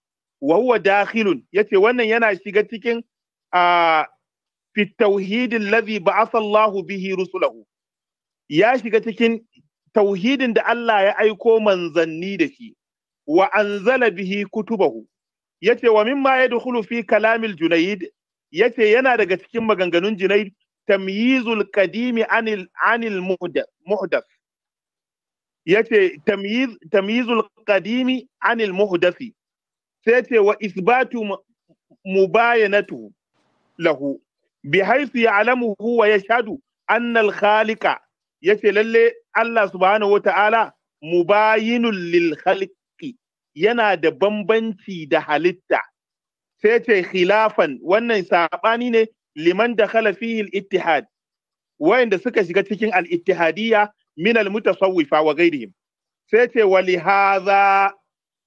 wa huwa dakhilun ce wannan yana shiga cikin a fitauhidin lazi alladhi ba'atha bihi rusulahu ya shiga cikin tauhidin da Allah ya aiko manzanni da shi wa anzala bihi kutubahu yace wa mimma yadkhulu fi kalamil junayd yace yana daga cikin maganganun junayd tamyizul qadimi anil anil muhdath yace tamyiz tamyizul qadimi anil muhdathi sai yace wa isbatu mubayanatu lahu bihaythu ya'lamuhu wa Ya anna al khaliqa yace lalle Allah subhanahu wata'ala mubayinul lil khaliq yana da bambanci da halitta sai ce khilafan wannan saɓani ne liman da fihi ittihad wayanda suka shiga cikin al-ittihadiyya min al-mutasawwifa wa ghairihim sai ce wali hadha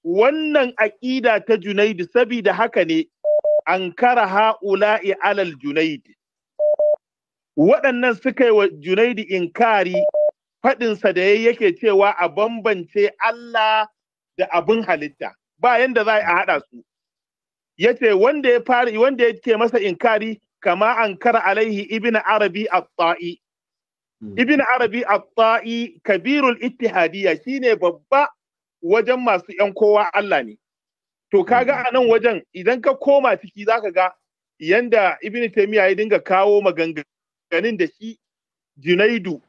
wannan aqida ta Junaid saboda haka ne ankara ha'ula'i alal Junaid waɗannan suka yi wa Junaid inkari faɗinsa da yake cewa a bambance Allah da abin halitta ba yanda za a haɗa su Ya ce wanda ya fari wanda ya ke masa inkari kama ankara alaihi ibn arabi at-ta'i hmm. ibn arabi at-ta'i kabirul ittihadiyya shine babba wajen masu yan kowa Allah ne to kaga a nan wajen idan ka koma ciki zaka ga yanda ibn taymiya ya dinga kawo maganganun da shi junaidu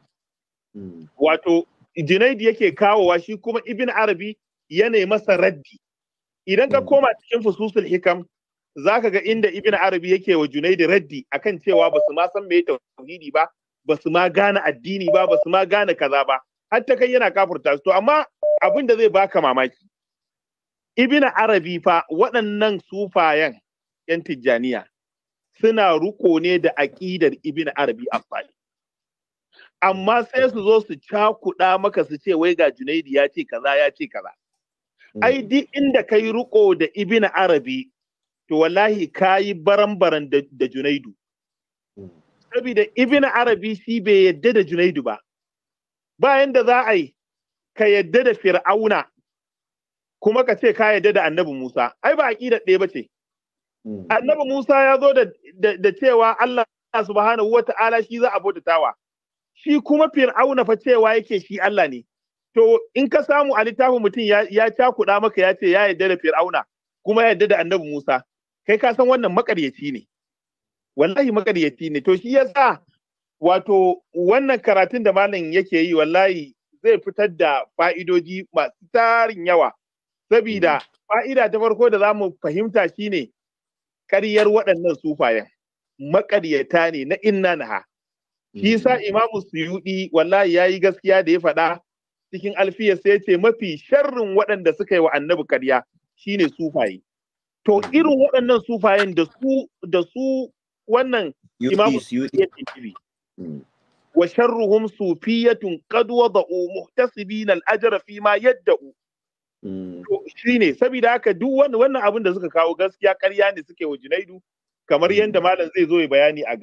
hmm. wato junaidu yake kawowa shi kuma ibn arabi yanayi masa raddi idan ka hmm. koma cikin fususul hikam za ka ga inda ibn arabi yake wa junaidi raddi akan cewa ba su ma san me tauhidi ba ba su ma gane addini ba ba su ma gane kaza ba Har ta kai yana kafurta su to amma abin da zai baka mamaki ibn arabi fa waɗannan sufayan yan tijjaniya suna ruko ne da aƙidar ibn arabi afali amma sai su zo su cakuɗa maka su ce wai ga junaidi ya ce kaza ya ce kaza ai mm. duk inda kai riko da ibina arabi to wallahi kayi baran-baran da junaidu mm. saboda ibina arabi si bai yadda da junaidu ba bayan da za a yi ka yadda da fir'auna kuma ka ce ka yadda da annabi musa ai ba aƙida ɗaya ba ce mm. annabi musa ya zo da cewa allah subhanahu wa ta'ala shi za a bautatawa shi kuma fir'auna fa cewa yake shi allah ne to in ka samu a littafin mutum ya cakuɗa maka ya ce ya yarda da fir'auna kuma ya yarda da annabi musa kai ka san wannan makaryaci ne wallahi makaryaci ne to shi yasa wato wannan karatun da malam yake yi wallahi zai fitar da fa'idoji masu tarin yawa sabida mhm. fa'ida ta farko da za mu fahimta shine karyar waɗannan sufayen makaryata ne na inna naha shi sa mhm. imamu suyudi wallahi ya yi gaskiya da ya faɗa cikin alfiyar sai ce mafi sharrin waɗanda suka yi wa annabi karya shine sufaye to hmm. irin waɗannan sufayen da su da su wannan imamu hmm. wa sharruhum sufiyatun qad wada'u muhtasibin al-ajra fi ma yad'u hmm. shine saboda haka duk wannan wannan abin da suka kawo gaskiya karya ne suke wa Junaidu kamar yadda malam zai zo bayani a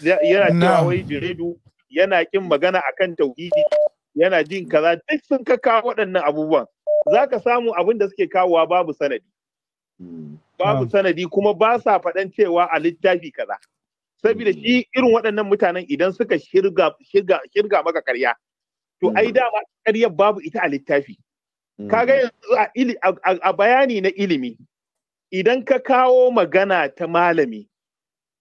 yana cewa wai Junaidu yana kin magana akan tauhidi yana jin kaza duk sun ka kawo waɗannan abubuwan za ka samu abin da suke kawowa babu sanadi hmm. babu sanadi kuma ba sa faɗan cewa a littafi kaza saboda shi hmm. irin waɗannan mutanen idan suka shirga maka karya, to ai hmm. dama karya babu ita a littafi Ka ga yanzu a bayani na ilimi idan ka kawo magana ta malami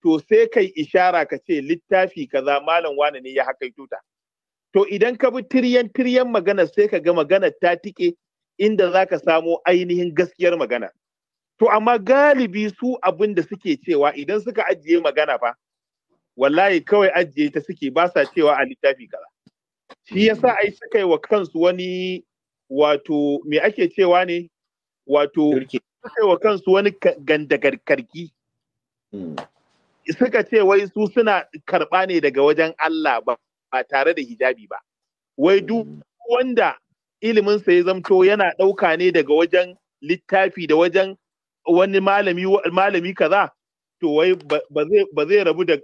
to sai kai ishara ka ce littafi kaza malam wane ne ya haka tuta. to idan ka bi tiryan tiryan magana sai ka ga magana ta tike inda za ka samo ainihin gaskiyar magana to amma galibi su abin da suke cewa idan suka ajiye magana fa wallahi kawai ajiye ta suke ba sa cewa a littafi kaza shi yasa ai suka yi wa kansu wani wato me ake cewa ne wato suka yi wa kansu wani gandagarkarki hmm. suka ce wai su suna karɓa ne daga wajen Allah ba ba tare da hijabi ba wai duk wanda iliminsa ya zamto yana ɗauka ne daga wajen littafi da wajen wani malami malami kaza to wai ba zai rabu da,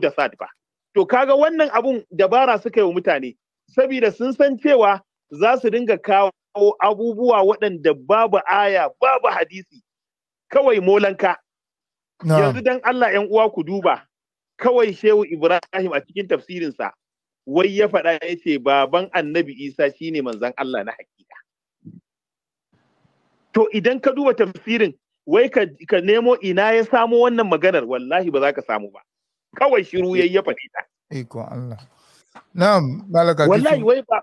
da sad ba to kaga wannan abun dabara suka yi wa mutane saboda sun san cewa za su dinga kawo abubuwa waɗanda babu aya babu hadisi kawai molanka yanzu dan Allah ‘yan uwa ku duba kawai shehu Ibrahim a cikin tafsirinsa wai ya faɗa ya ce baban annabi isa shine manzan Allah na hakika to idan ka duba tafsirin wai ka, nemo ina ya samo wannan maganar wallahi ba za ka samu ba kawai shiru ya ya faɗi ta iko Allah na'am malaka wallahi wai ba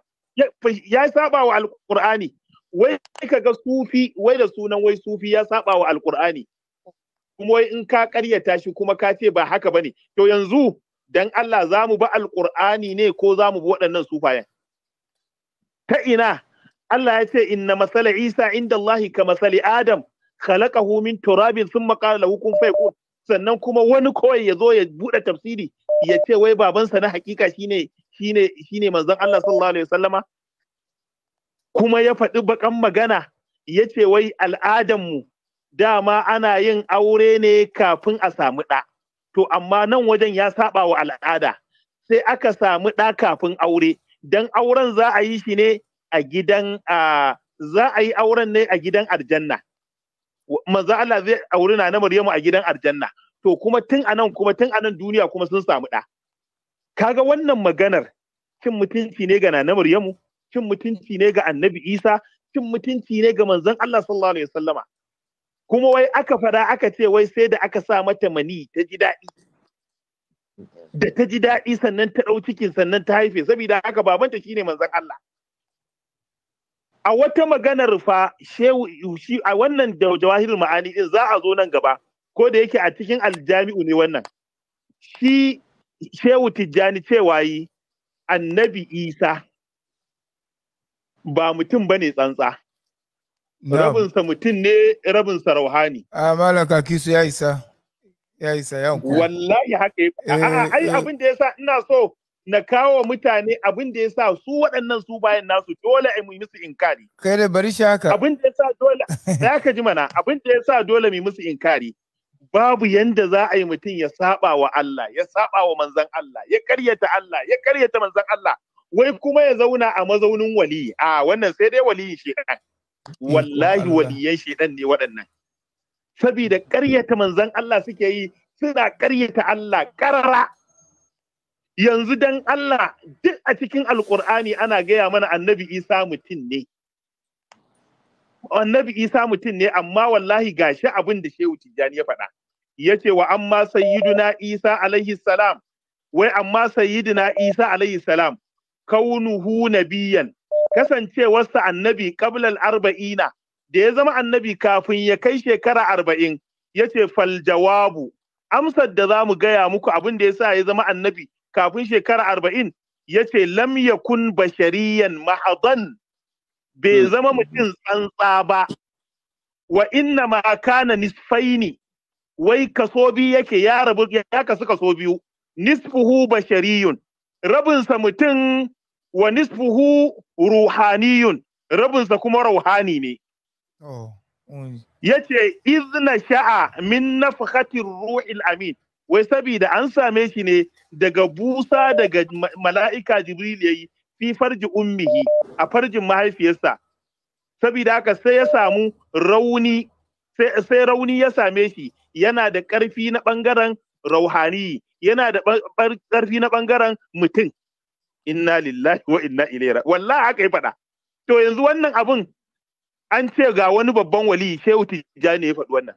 ya saba wa alqur'ani wai ka ga sufi wai da sunan wai sufi ya saba wa alqur'ani kuma wai in ka karyata shi kuma ka ce ba haka ba ne? to yanzu dan Allah za mu bi alqur'ani ne ko za mu bi waɗannan sufayen ta ina Allah ya ce inna masala Isa inda Allah ka masali Adam khalaqahu min turabin thumma qala lahu kun sannan kuma wani kawai ya zo ya buɗe tafsiri ya ce wai babansa na hakika shine shine shine manzon Allah sallallahu alaihi wasallama kuma ya faɗi bakan magana ya ce wai al'adanmu dama ana yin aure ne kafin a samu ɗa to amma nan wajen ya saba wa al'ada sai aka samu ɗa kafin aure Don auren za a yi shi ne a gidan za a yi auren ne a gidan aljanna manzo Allah zai auri na Maryamu a gidan aljanna to kuma tun anan kuma tun anan duniya kuma sun samu ɗa kaga wannan maganar cin mutunci ne ga na Maryamu cin mutunci ne ga Annabi Isa cin mutunci ne ga manzon Allah sallallahu alaihi wasallama kuma wai aka fada aka ce wai sai da aka sa mata mani ta ji daɗi da ta ji daɗi sannan ta ɗau cikin sannan ta haife saboda haka babanta shine manzon Allah a wata maganar fa shehu shi a wannan jawahirul ma'ani din za a zo nan gaba ko da yake a cikin aljami'u ne wannan shi shehu tijjani cewa yi annabi isa ba mutum bane tsantsa rabinsa mutum ne rabinsa rauhani a ah, malaka kisu ya isa ya isa ya wallahi haka a'a eh, ai eh. abin da sa ina so na kawo mutane abin da sa su waɗannan su bayan nasu dole a mu musu inkari kai da bari shi haka abin da sa dole ya ka ji mana abin da sa dole mu musu inkari babu yanda za a yi mutum ya saba wa Allah ya saba wa manzan Allah ya karyata Allah ya karyata manzan Allah wai kuma ya zauna a mazaunin wali a ah, wannan sai dai waliyin shi wallahi waliyan shaidan ne waɗannan saboda ƙaryata manzan Allah suke yi suna ƙaryata Allah ƙarara yanzu dan Allah duk a cikin Alƙur'ani ana gaya mana annabi Isa mutum ne annabi Isa mutum ne amma wallahi gashi abin da Shehu Tijjani ya faɗa Ya ce wa amma sayyiduna Isa alaihi salam wai amma sayyiduna Isa alaihi salam kaunuhu nabiyan kasancewarsa annabi ƙablal arba'ina da ya zama annabi kafin ya kai shekara arba'in ya ce fal jawabu amsar da za mu gaya muku abin da ya sa ya zama annabi kafin shekara arba'in ya ce lam yakun bashariyan mahadan bai hmm. zama mutum tsantsa ba wa inna ma kana nisfaini wai kaso biyu yake ya rabu ya kasu kaso biyu nisfuhu bashariyun rabinsa mutum wa nisfuhu ruhaniyun rabinsa kuma ruhani ne yace izna sha'a min nafhatir ruhil amin wai sabida an same shi ne daga busa daga mala'ika jibril yayi fi farji ummihi a farjin mahaifiyarsa sabida haka sai ya samu rauni sai rauni ya same shi yana da ƙarfi na ɓangaren rauhani yana da ƙarfi na ɓangaren mutum inna lillahi wa inna ilaihi raji'un wallahi haka ya faɗa to yanzu wannan abun an ce ga wani babban wali shehu tijjani ya faɗi wannan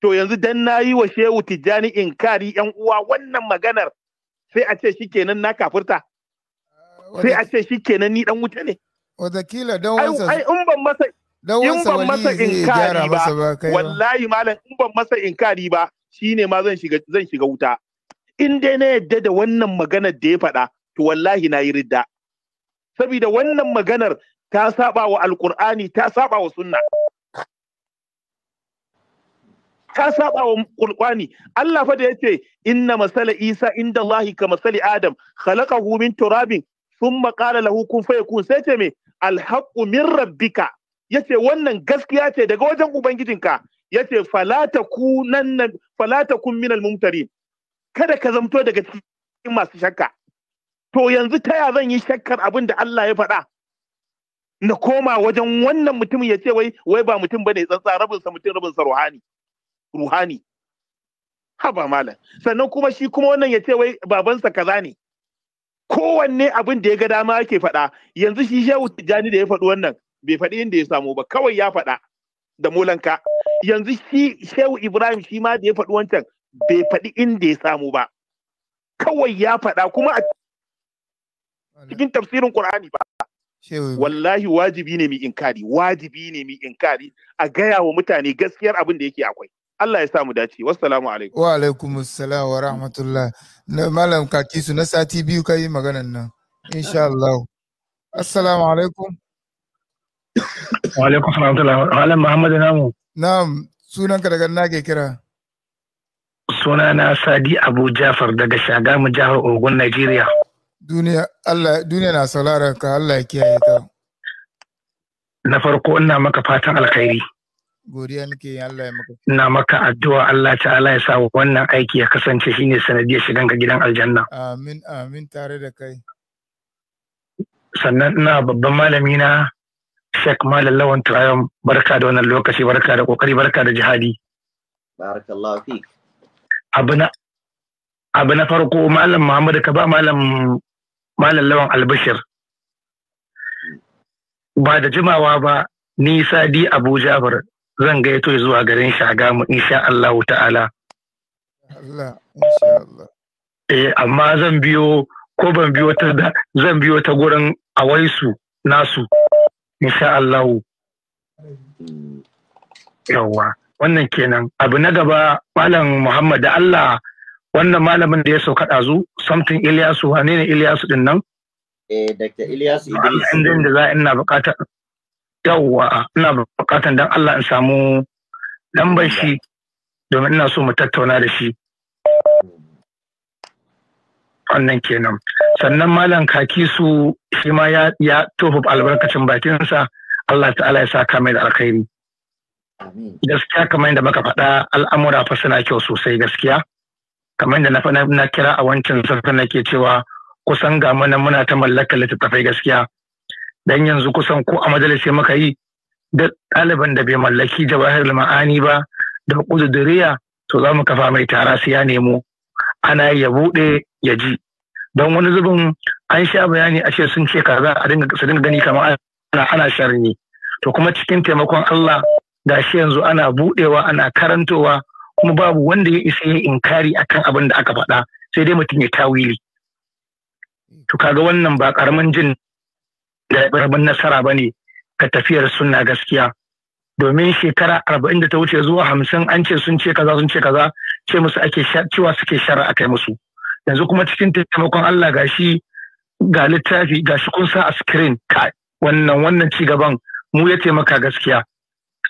to yanzu dan nayi wa shehu tijjani inkari yan uwa wannan maganar sai a ce shikenan na kafirta sai a ce shikenan ni dan wuta ne wataƙila dan wasa ai in ban masa in ban masa inkari ba wallahi malam in ban masa inkari ba shine ma zan shiga zan shiga wuta in dai na yadda da wannan maganar da ya faɗa to wallahi na yi ridda saboda wannan maganar ta saba wa ta saba wa sunna ta saba wa qur'ani Allah fa da yace inna masala isa inda Allah ka masali adam khalaka min turabin sun qala lahu kun fayakun sai ce me alhaqqu min rabbika yace wannan gaskiya ce daga wajen ubangijinka yace fala takunanna fala kun minal mumtarin kada ka zamto daga cikin masu shakka to yanzu ta ya zan yi shakkar abin da Allah ya faɗa na koma wajen wannan mutum ya ce wai wai ba mutum bane tsantsa rabin sa mutum rabin sa ruhani ruhani haba malam sannan kuma shi kuma wannan ya ce wai babansa kaza ne kowanne abin da ya ga dama yake faɗa yanzu shi shehu tijjani da ya faɗi wannan bai faɗi inda ya samu ba kawai ya faɗa da molanka yanzu shi shehu ibrahim shi ma da ya faɗi wancan bai faɗi inda ya samu ba kawai ya faɗa kuma a cikin tafsirin Qur'ani ba wallahi wajibi ne mai inkari wajibi ne mai inkari a gaya wa mutane gaskiyar abin da yake akwai Allah ya samu dace wassalamu alaikum wa alaikum assalam wa rahmatullah na malam kakisu na sati biyu ka yi maganan nan insha Allah assalamu alaikum wa alaikum wa malam Muhammad namu na'am sunan ka daga nake kira sunana Sadi Abu Jafar daga Shagamu jihar Ogun Najeriya duniya Allah duniya na sauraron ka Allah ya kiyaye ka na farko ina maka fatan alkhairi godiya nake Allah ya maka ina maka addu'a Allah ta'ala ya sa wannan aiki ya kasance shine sanadiyar shigan ka gidan aljanna amin amin tare da kai sannan ina babban malami na Sheikh Malam Lawan Trayon barka da wannan lokaci barka da kokari barka da jihadi barakallahu fik abu na farko malam Muhammadu ka ba malam malam lawan albashir ba da jimawa ba ni sadi abu jabir zan gaito zuwa garin shagamu insha Allah ta'ala eh amma zan biyo ko ban biyo ta da zan biyo ta gurin awaisu nasu insha Allah yawa wannan kenan abu na gaba malam Muhammad Allah wannan malamin da ya sauka ɗazu samtin Ilyasu wane ne Ilyasu din nan? Eh Dr. Ilyasu Idris. da za ina buƙatar yawwa ina buƙatar dan Allah in samu lambar shi domin ina so mu tattauna da shi. Wannan kenan. Sannan malam kaki su shi ma ya ya tofa albarkacin bakinsa Allah ta'ala ya sa mai da alkhairi. Gaskiya kamar yadda muka faɗa al'amura fa suna kyau sosai gaskiya. kamar da na kira a wancan na ke cewa kusan ga mana muna ta mallakar littattafai gaskiya dan yanzu kusan ko a majalisai muka yi da ɗaliban da bai mallaki jawahir ma'ani ba da kududuriya to za mu kafa mai tara su ya nemo ana ya buɗe ya ji don wani zubin an sha bayani a ce sun ce kaza a dinga su dinga gani kamar ana ana sharri to kuma cikin taimakon Allah ga shi yanzu ana buɗewa ana karantowa kuma babu wanda ya isa ya inkari akan abin da aka faɗa sai dai mutum ya tawili to kaga wannan ba karamin jin da rabin nasara ba ne ga tafiyar sunna gaskiya domin shekara arba'in da ta wuce zuwa hamsin an ce sun ce kaza sun ce kaza ce musu ake cewa suke shara a kai musu yanzu kuma cikin taimakon Allah ga shi ga littafi ga shi kun sa a screen ka wannan wannan ci gaban mu ya taimaka gaskiya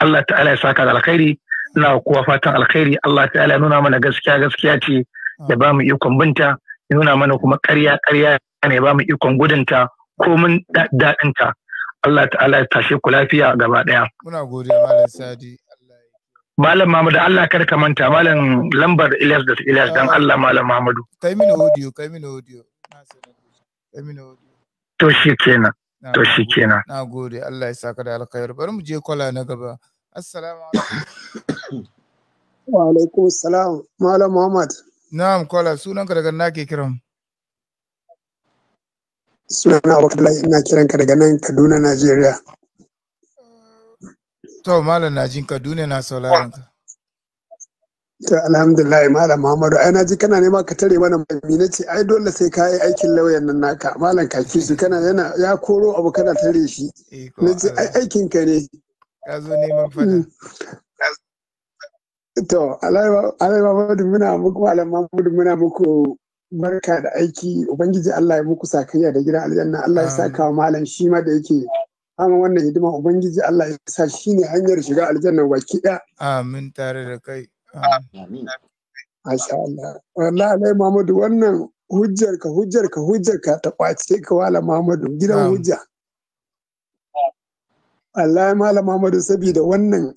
Allah ta'ala ya saka da alkhairi ina kuwa fatan alkhairi Allah ta'ala nuna mana gaskiya gaskiya ce ah. ya ba mu ikon binta ya nuna mana kuma ƙarya ƙarya ne ba mu ikon gudunta ko mun daɗinta Allah ta'ala ya tashe ku lafiya gaba ɗaya. Muna gode Malam Sadi. Malam Mahmudu Allah kar ka manta Malam lambar Ilyas da Ilyas dan ah. Allah Malam Mahmudu. Kai mini audio kai mini audio. Kai mini audio. To shi kenan. To shi kenan. Na gode Allah ya saka da alkhairi bari mu je kwala na gaba. Assalamu alaikum. Wa alaikum salam. Malam Muhammad. Na'am kola sunanka daga na ke kiran. Sunana Abdullahi ina kiran ka daga nan Kaduna Najeriya. To malam na jin Kaduna na ka. To alhamdulillah malam Muhammadu ai na ji kana nema ka tare mana mai na ce ai dole sai ka yi aikin lauyan nan naka malam kaki shi kana yana ya koro abu kana tare shi. Eh, na ai aikin ka ne. ka zo neman fada to alai mamudu muna muku malam mamudu muna muku barka da aiki ubangiji Allah ya muku sakayya da gidan aljanna Allah ya saka wa malam shi ma da yake amma wannan hidima ubangiji Allah ya sa shi ne hanyar shiga aljanna baki ɗaya amin tare da kai amin Masha Allah. Wallahi Alai Muhammadu wannan hujjar ka hujjar ka hujjar ka ta kwace ka wala Muhammadu gidan hujja. Allah ya malam Muhammadu saboda wannan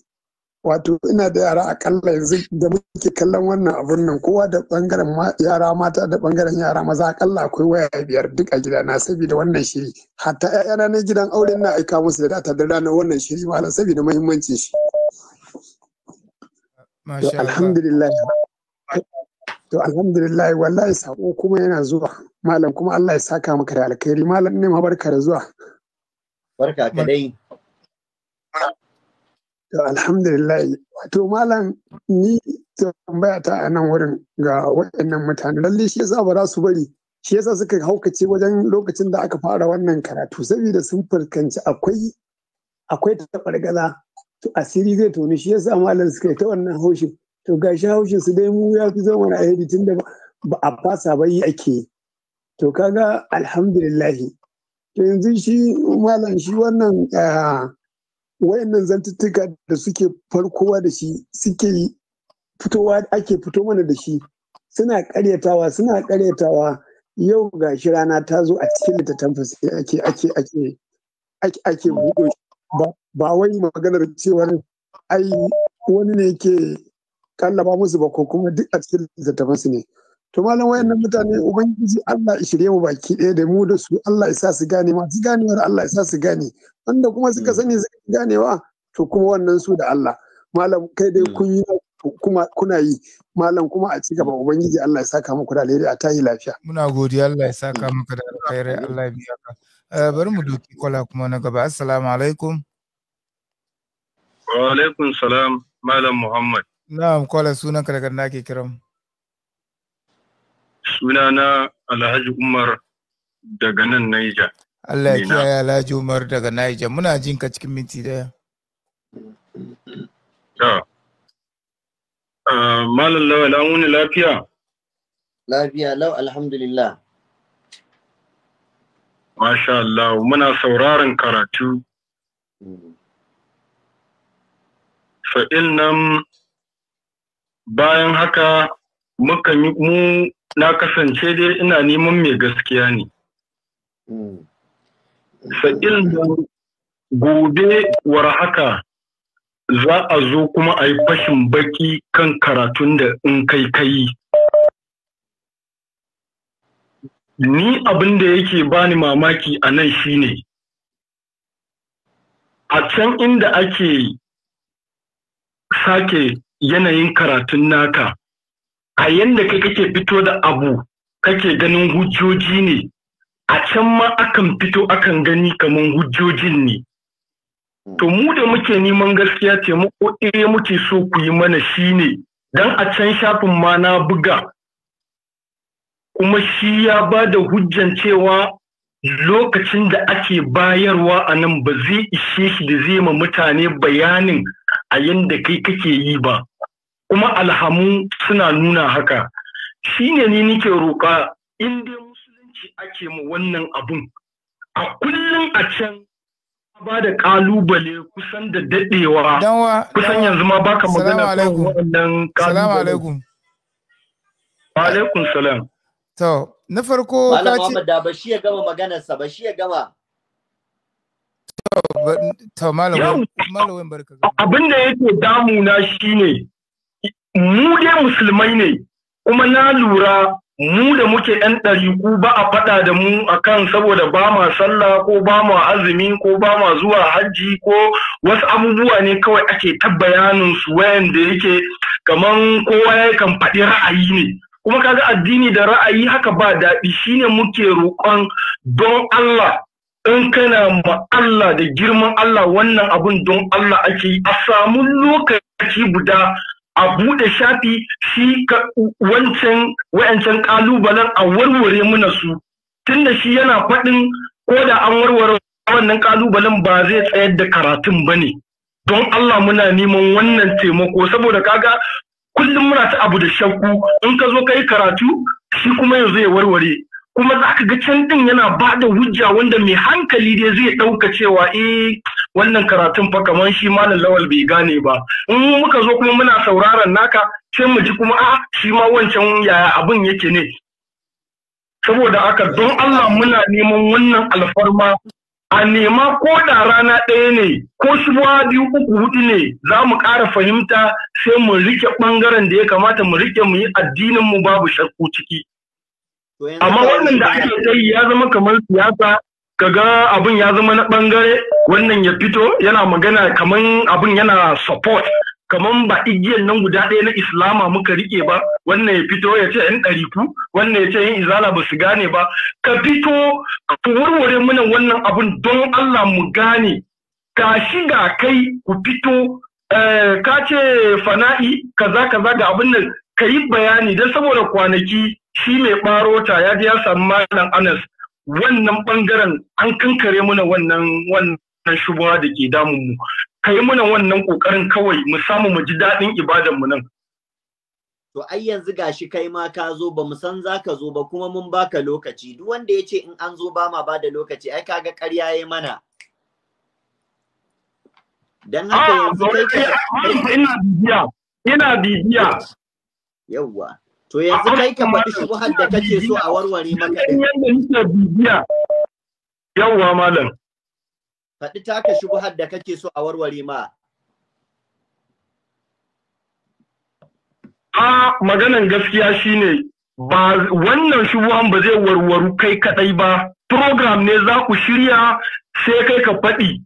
wato ina da yara akalla yanzu da muke kallon wannan abun nan kowa da bangaren yara mata da bangaren yara maza akalla akwai waya biyar duk a gidana saboda wannan shiri hatta ƴaƴana na gidan aure na aika musu da data da ranar wannan shiri malam saboda muhimmancin shi alhamdulillah to alhamdulillah wallahi sako kuma yana zuwa malam kuma Allah ya saka maka da alkhairi malam ne ma barka da zuwa barka ka dai To alhamdulillah wato malam ni tambaya ta a nan wurin ga waɗannan mutane lalle shi yasa ba za su bari shi yasa suka haukace wajen lokacin da aka fara wannan karatu saboda sun fuskanci akwai akwai tabargaza to asiri zai toni shi yasa malam suka yi ta wannan haushin to shi haushin su dai mu ya fi zama na ayyadi tun da ba a fasa ba yi ake to kaga alhamdulillah to yanzu shi malam shi wannan ah, wayannan zantuttuka da suke farkowa da shi suke fitowa ake fito mana da shi suna karyatawa suna karyatawa yau ga shi rana ta zo a cikin littattafan fasiri ake ake ake ake ake buɗe ba wai maganar cewar ai wani ne yake kallaba musu ba ko kuma duk a cikin littattafan su ne to malam wayannan mutane ubangiji Allah ya shirye mu baki ɗaya da mu da su Allah ya sa su gane masu ganewar Allah ya sa su gane wanda kuma suka hmm. sani su ganewa to kuma wannan su da Allah malam kai dai hmm. kun yi kuma kuna yi malam kuma a cigaba ubangiji Allah ya saka muku da alheri a tahi lafiya muna godiya Allah ya saka muku hmm. da alheri Allah ya biya ka eh, bari mu doki kwala kuma na gaba assalamu alaikum wa alaikum salam malam muhammad na'am kwala sunan ka daga nake kiran sunana Alhaji Umar daga nan Naija. Allah ya kiyaye Alhaji Umar daga Naija. Muna jin ka cikin minti daya. Ta. Ah, Malam Lawal, an wuni lafiya? Lafiya, lau alhamdulillah. Masha Allah, muna sauraron karatu. Fa'il nan bayan haka muka yi mu na kasance dai ina neman mai gaskiya ne. Sa'il hmm. da gobe war haka za a zo kuma a yi fashin baki kan karatun da in kai kai. Ni abin da yake bani mamaki a nan shine, a can inda ake sake yanayin karatun naka. a yanda kai kake fito da abu kake ganin hujjoji ne a can ma akan fito akan gani kamar hujjojin ne to mu da muke neman gaskiya taimako ɗaya muke so ku yi mana shi ne, don a can shafin ma na buga kuma shi ya ba da hujjan cewa lokacin da ake bayarwa a nan ba zai ishe shi da zai ma mutane bayanin a yadda kai kake yi ba kuma alhamu suna nuna haka Shi ne ni nike roƙa in dai musulunci ake mu wannan abun a kullum a can ba da kalubale kusan da dadewa kusan yanzu ma ba ka magana kan wannan ƙalubale. wa alaikum salam to na farko ka ce Malam ba shi ya gama maganarsa ba shi ya gama to malam malam barka abin da yake damuna shine mu dai musulmai ne kuma na lura mu da muke ɗan ɗariku ba a faɗa da mu a kan saboda ba ma sallah ko ba ma azumi ko ba ma zuwa hajji ko wasu abubuwa ne kawai ake ta bayanin su wayanda yake kaman kowa ya kan faɗi ra'ayi ne kuma kaga addini da ra'ayi haka ba daɗi shine muke roƙon don Allah in kana ma Allah da girman Allah wannan abun don Allah ake yi a samu lokaci guda a buɗe shafi shi wancan wa'ancan ƙalubalen a warware muna su tunda shi yana faɗin ko da an warware wannan ƙalubalen ba zai tsayar da karatun ba ne don Allah muna neman wannan taimako saboda kaga kullum muna ta abu da shakku in ka zo ka yi karatu shi kuma yanzu ya warware kuma za ka ga can ɗin yana ba da hujja wanda mai hankali dai zai ɗauka cewa e, wannan karatun fa kamar shi malam lawal bai gane ba in muka zo kuma muna sauraron naka sai mu ji kuma a shi ma wancan yaya abin yake ne saboda aka don Allah muna neman wannan alfarma a nema ko da rana ɗaya ne ko shubuwa biyu uku hudu ne za mu ƙara fahimta sai mu rike ɓangaren da ya kamata mu rike mu yi addinin mu babu shakku ciki amma wannan da ake kai ya zama kamar siyasa kaga abin ya zama na bangare wannan ya fito yana magana kamar abin yana support kamar ba igiyar nan guda ɗaya na islama muka rike ba wannan ya fito ya ce yan ɗariku wannan ya ce yan izala ba su gane ba ka fito ku warware mana wannan abin don allah mu gane ka shiga kai ku fito eh, ka ce fana'i kaza kaza ga abin nan ka yi bayani don saboda kwanaki shi mai ɓarota ya ji ya samu malam anas wannan ɓangaren. an kankare muna wannan wannan shubuwa da ke damun mu kai muna wannan ƙoƙarin kawai mu samu mu ji daɗin ibadan mu nan to ai yanzu gashi kai ma ka zo ba mu san za ka zo ba kuma mun baka lokaci duk wanda ya ce in an zo ba ma ba da lokaci ai kaga ƙarya ya mana dan haka ah, yanzu kai ina bibiya ina bibiya yawwa To yanzu kai ka faɗi shubuhar da kake so a warware maka ɗin. Yanda nake bibiya. Yawwa malam. Faɗi taka shubuhar da kake so a warware ma. A maganan gaskiya shine ba wannan shubuhan ba zai warwaru kai kadai ba program ne za ku shirya sai kai ka faɗi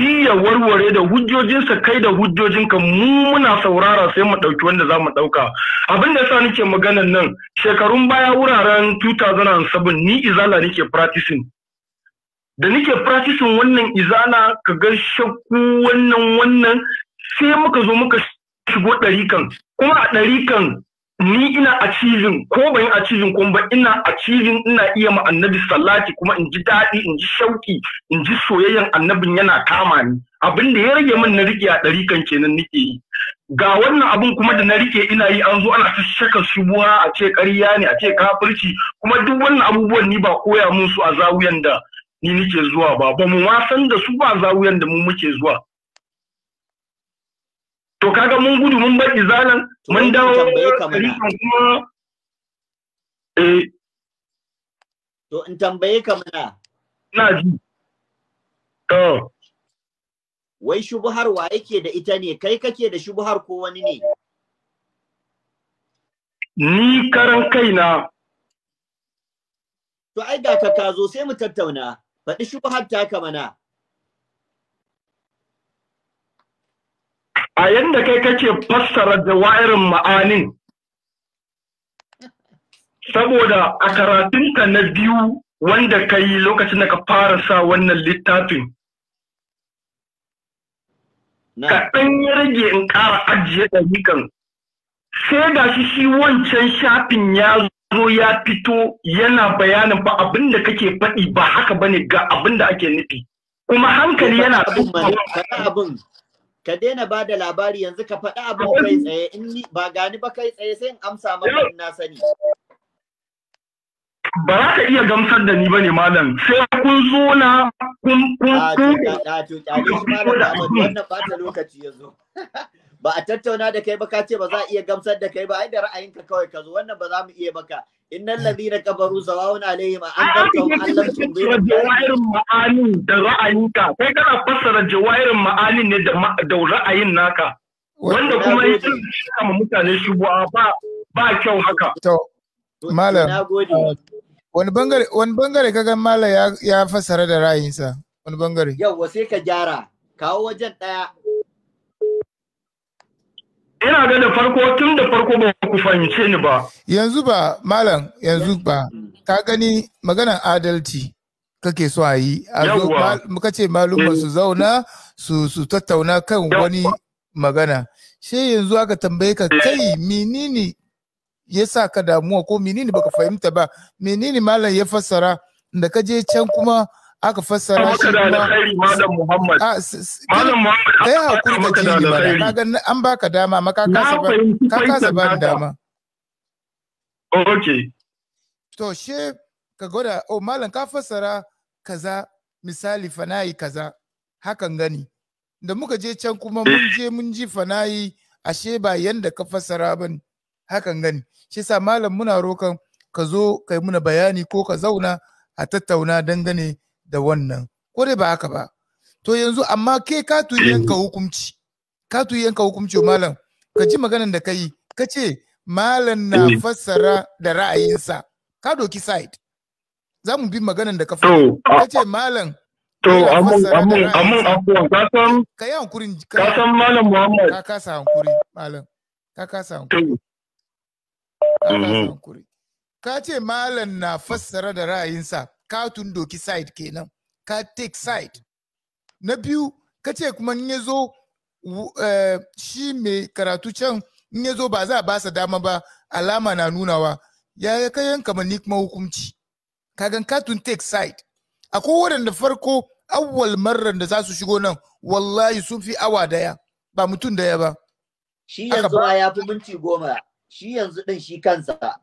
shi ya warware da hujjojinsa kai da hujjojinka mu muna saurara sai mu ɗauki wanda za mu ɗauka abin da sa nake maganan nan shekarun baya wuraren 2007 ni izala nake practicing da nake practicing wannan izala ka ga shakku wannan wannan sai muka zo muka shigo ɗarikan kuma a ɗarikan ni ina achieving ko ban achieving ko ba ina achieving ina iya ma annabi salati kuma in ji daɗi in ji shauki in ji soyayyan annabin yana kama ni abin da ya rage min na rike a ɗarikan kan kenan nike yi ga wannan abin kuma da na rike ina yi an zo ana ta shaka subuwa a ce ƙarya ne a ce kafirci kuma duk wannan abubuwan ni ba koya mun su a zawuyan da ni nike zuwa ba ba mu wasan da su ba zawiyan da mu muke zuwa to kaga mun gudu mun bar izalan mun dawo kuma eh. to in tambaye ka mana na ji to wai shubuhar wa yake da ita ne kai kake da shubuhar ko wani ne ni karan kaina to ai da ka ka zo sai mu tattauna faɗi shubuhar ta ka mana a yadda kai kake fassara jawa'irin ma'anin saboda a karatunka na biyu wanda ka yi lokacin da ka fara sa wannan littafin ka ɗan ya rage in ƙara ajiye ɗarikan sai ga shi shi wancan shafin ya zo ya fito yana bayanin ba abin da kake faɗi ba haka bane ga abin da ake nufi kuma hankali yana abin ka daina ba da labari yanzu ka faɗi abin kai tsaye in ni ba gani ba kai tsaye sai in amsa maka in na sani ba za ka iya gamsar da ni ba ne malam sai kun zo na kun kun kun a to a to malam wannan ba lokaci yanzu ba a tattauna da kai ba ka ce ba za a iya gamsar da kai ba ai da ra'ayinka kawai ka zo wannan ba za mu iya baka innal ladina kafaru sawawun alaihim an tarkau Allah tumbira jawairin ma'anin da ra'ayinka kai kana fassara jawairin ma'anin ne da da ra'ayin naka wanda kuma yake kama mutane shubuwa ba ba kyau haka to malam uh, wani bangare wani bangare kaga malam ya ya fassara da ra'ayinsa wani bangare yawa sai ka gyara kawo wajen daya ina ga farko tun da farko ba ku fahimce ni ba yanzu ba malam yanzu ba ka gani maganan adalci kake so a yi a muka ce malumma su eh. zauna su su tattauna kan wani magana she yanzu aka tambaye ka eh. kai menene ya sa ka damuwa ko menene baka fahimta ba menene malam ya fassara da ka je can kuma aka fassara shi kuma A Muhammad malam Muhammad ah, hakuri da ji ni ba an baka dama ma ka kasa ba ka dama okay to she ka gwada oh malam ka fassara kaza misali fanayi kaza hakan gani da muka je can kuma mun je mun ji fanayi ashe ba yanda ka fassara ba hakan gani shi sa malam muna rokan ka zo kai muna bayani ko ka zauna a tattauna dangane da wannan ko dai ba haka ba to yanzu amma ke ka tuyi yanka hukunci ka tuyi yanka hukunci malam ka ji maganan da ka yi ka ce malam na eh. fassara da ra'ayinsa ka doki side za mu bi maganan da ka faɗi ka ce malam to amun amun amun ka san ka yi hankurin ka san malam muhammad ka kasa hankuri malam ka kasa hankuri ka kasa mhm. hankuri ka ce malam na fassara da ra'ayinsa ka tun doki side kenan ka take side na biyu ka ce kuma in ya zo eh, shi mai karatu can in ya zo ba za a basa dama ba alama na nunawa ya ka yanka ni kuma hukunci kagan katun take side A akwai da farko awwal marran da za su shigo nan wallahi sun fi awa daya ba mutum daya ba shi yanzu ya fi minti goma shi yanzu din shi kansa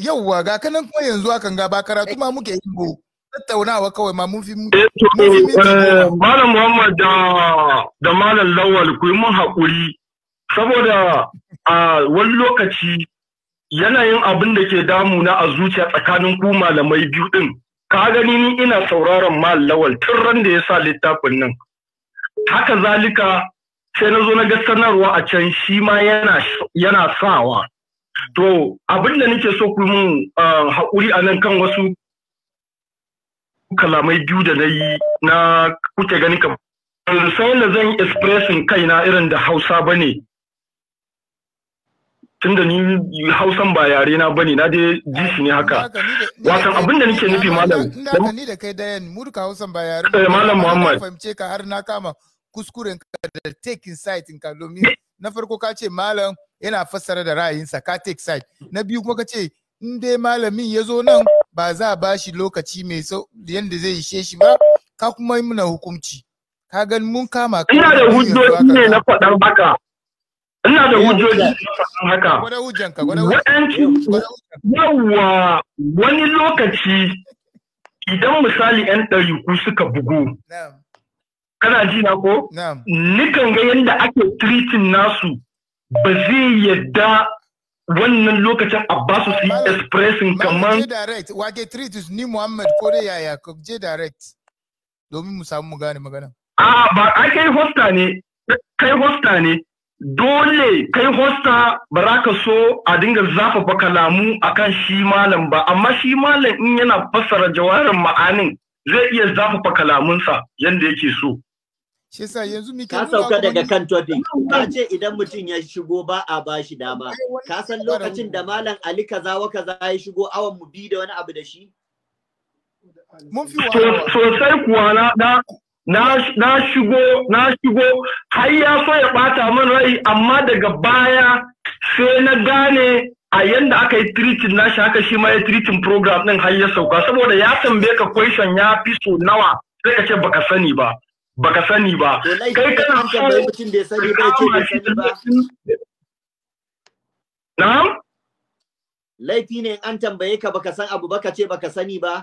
yauwa ga kanan kuma yanzu akan ga ba karatu ma muke yi bo tattaunawa kawai ma mun fi eh eh, malam muhammad da da malam lawal ku yi mun haƙuri saboda a wani lokaci yanayin abin da ke damuna a zuciya tsakanin ku malamai biyu din ka gani ni ina sauraron malam lawal tun ran da ya sa littafin nan haka zalika sai na zo na ga sanarwa a can shi ma yana sawa To abin da nake so ku mun haƙuri a nan kan wasu kalamai biyu da na yi na kuke gani kam. Sai yadda zan yi expressin kaina irin da Hausa ba ne. Tunda ni Hausan ba yare na ba ne, na dai ji shi ne haka. Watan abin da nake nufi malam. ka ni da kai dayan murka Hausan ba yare. Eh malam Muhammad. Fahimce ka har na kama kuskuren ka da taking side ka domin na farko ka ce malam yana fassara da ra'ayinsa ka take side na biyu kuma ka ce in dai malamin ya zo nan ba za a bashi lokaci mai sau yadda zai ishe shi ba ka kuma yi muna hukunci ka gan mun kama ka ina da hujjoji ne na faɗar baka ina da eh, hujjoji haka gwada hujjanka gwada hujjanka yawa wani lokaci idan misali yan ɗariku suka bugu kana ji na ko nikan ga yadda ake treating nasu ba zai yadda wannan lokacin Abbasu su yi espressin kamar. Je direct, wake ni Muhammad ko dai yaya ko je direct domin mu samu gane magana. A ba a kai hosta ne, kai hosta ne. Dole kai hosta ba za ka so a dinga zafafa kalamu akan shi malam ba, amma shi malam in yana fassara jawarin ma'anin zai iya zafafa kalamunsa yadda yake so. shi yanzu muke ka sauka daga kan topic ka ce idan mutum ya shigo ba a bashi dama ka san lokacin da malam Ali kaza wa kaza ya shigo awan mu bi da wani abu da shi mun fi sosai kuwa na da na shigo na shigo har ya so ya bata min rai amma daga baya sai na gane a yanda aka yi treating nashi haka shi ma ya treating program din har ya sauka saboda ya tambaye ka question ya fi so nawa sai ka ce baka sani ba baka sani ba kai kana so da sani ba sani ba laifi ne an tambaye ka baka san abu baka ce baka sani ba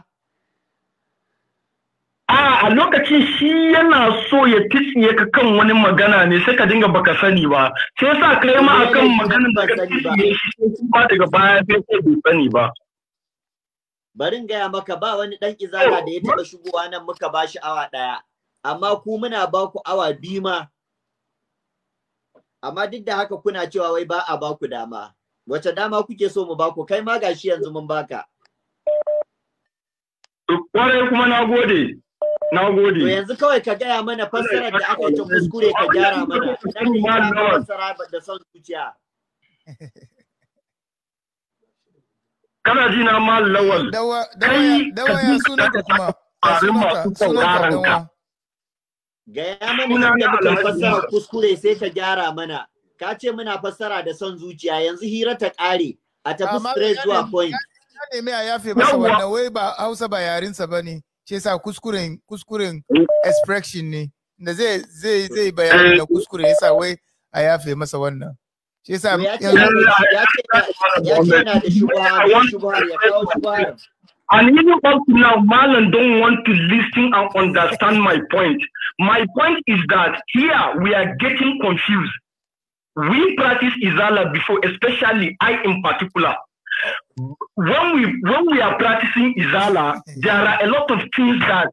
a a lokacin shi yana so ya titsiye ka kan wani magana ne sai ka dinga baka sani ba sai sa kai ma akan maganar da ka titsiye shi ba daga baya sai ka bai sani ba barin gaya maka ba wani dan izara da ya taba shigowa nan muka ba shi awa daya amma ku muna ba ku awa biyu ma amma duk da haka kuna cewa wai ba a ba ku dama wace dama kuke so mu ba ku kai ma gashi yanzu mun baka kwarai kuma na gode na gode to yanzu kawai ka gaya mana fassarar da aka yi kuskure ka gyara mana dan ni ka fassara da son zuciya kana ji na mal lawal dawaya sunanka kuma sunanka sunanka Gaya mana inda muka fassara kuskure sai ka gyara mana. Ka ce muna fassara da son zuciya yanzu hira ta ƙare a tafi straight zuwa point. Ya nemi a yafe masa wannan wai ba Hausa ba yarinsa ba ne. Shi yasa kuskuren kuskuren expression ne. Da zai zai zai bayani da eh. kuskure ya sa wai a yafe masa wannan. Shi yasa ya ce yana da shubha ya kawo shubha. And even up to now, Marlon don't want to listen and understand my point. My point is that here we are getting confused. We practice Izala before, especially I in particular. When we when we are practicing Izala, there are a lot of things that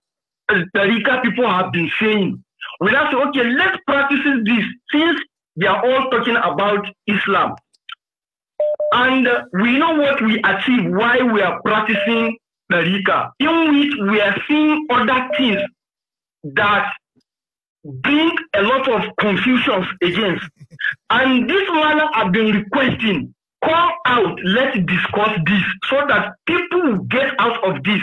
Tariqa people have been saying. We now say, okay, let's practice this since they are all talking about Islam. And we know what we achieve Why we are practicing Narika, in which we are seeing other things that bring a lot of confusions against. and this man have been requesting, come out, let's discuss this so that people will get out of this.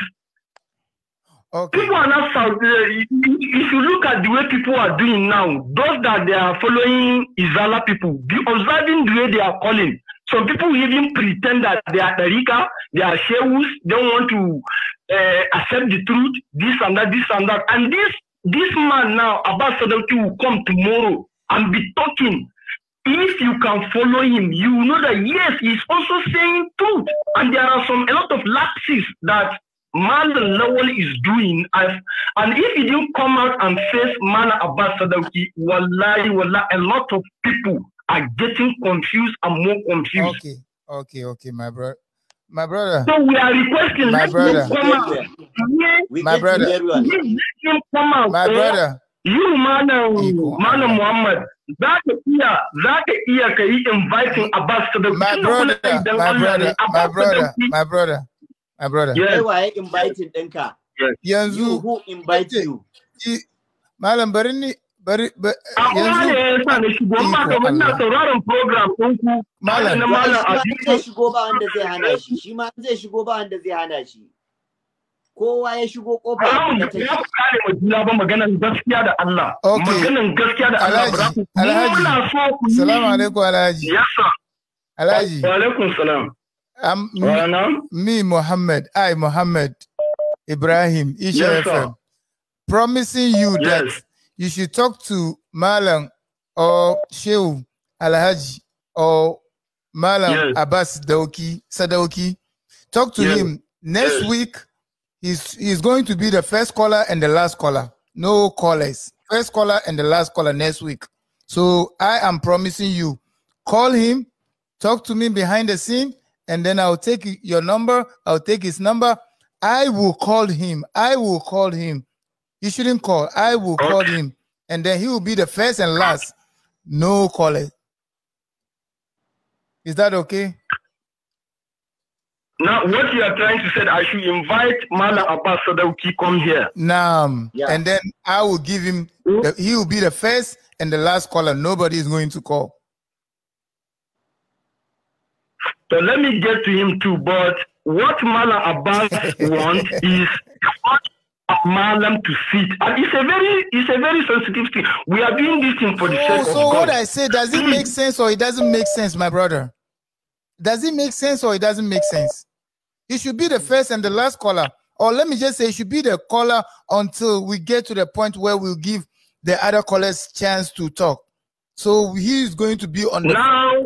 Okay. People are not uh, if you look at the way people are doing now, those that they are following Isala people, the observing the way they are calling, Some people even pretend that they are Erika, they are shehus. they don't want to uh, accept the truth, this and that, this and that. And this this man now, Abbas Sadauki, will come tomorrow and be talking. If you can follow him, you know that yes, he's also saying truth. And there are some a lot of lapses that Man Lowell is doing. As, and if he didn't come out and face Man Abbas Sadauki, wallahi, wallahi, a lot of people are getting confused and more confused. Okay, okay, okay, my brother. My brother. So we are requesting my brother. Come out. My brother. Come out. My eh? brother. You um, Muhammad iya za ka iya Abbas to the my brother my brother my brother my brother my brother yes. yanzu who invite you malam bari ni bari yanzu ne ya sa na shigo ma domin na sauraron program ɗinku malam na malam Abibu zai shigo ba wanda zai hana shi shi ma zai shigo ba wanda zai hana shi kowa ya shigo kofa ya ta ya kare mu juna ba maganan gaskiya da Allah maganan gaskiya da Allah alhaji alhaji assalamu alaikum alhaji yassa alhaji wa alaikum salam um, me Muhammad I Muhammad Ibrahim Isha yes, FM promising you that you should talk to Malam or Shehu Alhaji or Malam yes. Abbas Daoki, Sadaoki. Talk to yes. him. Next yes. week, he's, he's going to be the first caller and the last caller. No callers. First caller and the last caller next week. So I am promising you, call him, talk to me behind the scene, and then I'll take your number. I'll take his number. I will call him. I will call him you shouldn't call. I will okay. call him, and then he will be the first and last. No caller. Is that okay? Now, what you are trying to say, I should invite Mala Abbas so that he come here. Nam. Yeah. And then I will give him, the, he will be the first and the last caller. Nobody is going to call. So let me get to him too. But what Mala Abbas wants is Malam to sit. And it's a very it's a very sensitive thing. We are doing this thing for the so, sake so of God. So what I say, does it make hmm. sense or it doesn't make sense, my brother? Does it make sense or it doesn't make sense? It should be the first and the last caller. Or let me just say it should be the caller until we get to the point where we'll give the other callers chance to talk. So he is going to be on the now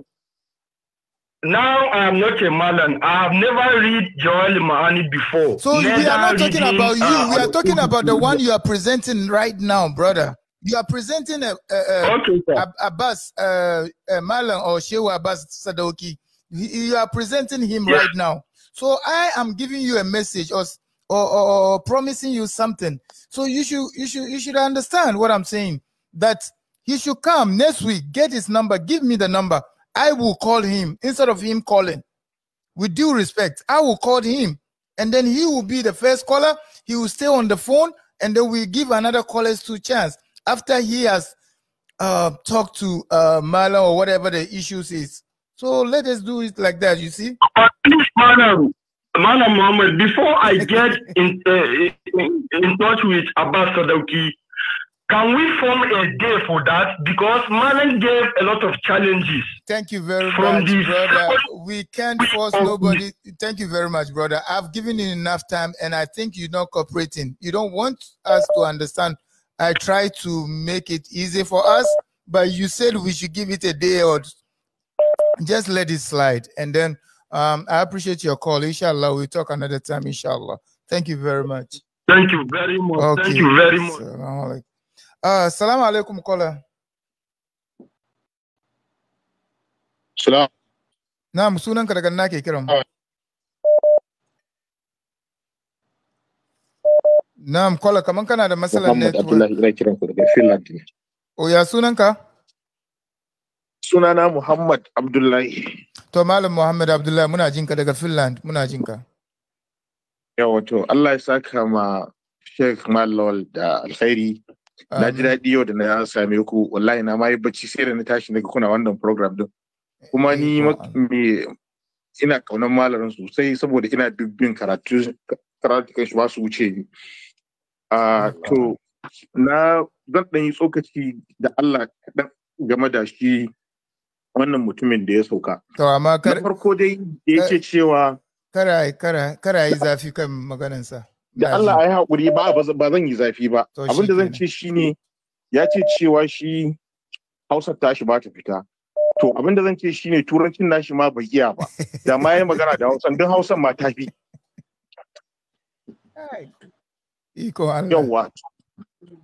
now I'm not a Malan. I've never read Joel Mahani before. So never we are not talking reading, about you. Uh, we are talking about the one you are presenting right now, brother. You are presenting a, a, a, okay, Abbas uh, uh Malan or Shewa Abbas Sadoki. You are presenting him yeah. right now. So I am giving you a message or, or, or promising you something. So you should you should you should understand what I'm saying. That he should come next week. Get his number. Give me the number. I will call him instead of him calling. With due respect, I will call him. And then he will be the first caller. He will stay on the phone and then we give another callers two chance after he has uh, talked to uh, Marlon or whatever the issues is. So let us do it like that, you see? Madam, uh, Madam before I get in, uh, in touch with Abbas Sadauki, can we form a day for that? Because Manan gave a lot of challenges. Thank you very much, brother. We can't force nobody. Thank you very much, brother. I've given you enough time, and I think you're not cooperating. You don't want us to understand. I try to make it easy for us, but you said we should give it a day or just let it slide. And then um, I appreciate your call. Inshallah, we'll talk another time, inshallah. Thank you very much. Thank you very much. Okay. Thank you very much. Uh, salamu alaikum kola. Salam. Na'am sunanka daga na ke kiran. Na'am kola kaman kana da matsalar ne. Muhammad Abdullahi ina kiran ku Sunana Muhammad Abdullahi. To Malam Muhammad Abdullahi muna jinka daga Finland muna jinka. Yawa to Allah ya saka ma Sheikh Malol da alkhairi na ji um, daɗi yau da na same ku wallahi na ma yi bacci sai da na tashi na kuna wannan program din kuma ni eh, me ina kaunar malarin sosai saboda ina dubbin karatu karatu shi ba su wuce ni a ah, to na zan ɗan yi tsokaci da Allah kaɗan game da shi wannan mutumin da ya sauka. To amma kar farko dai ya cewa kara kara kara yi zafi kan maganansa. da Allah ya haƙuri ba ba zan yi zafi ba abin da zan ce shine ya ce cewa shi Hausa tashi ba ta fita to abin da zan ce shine turancin nashi ma bai giya ba da ma yi magana da Hausa don Hausa ma ta fi iko Allah yawa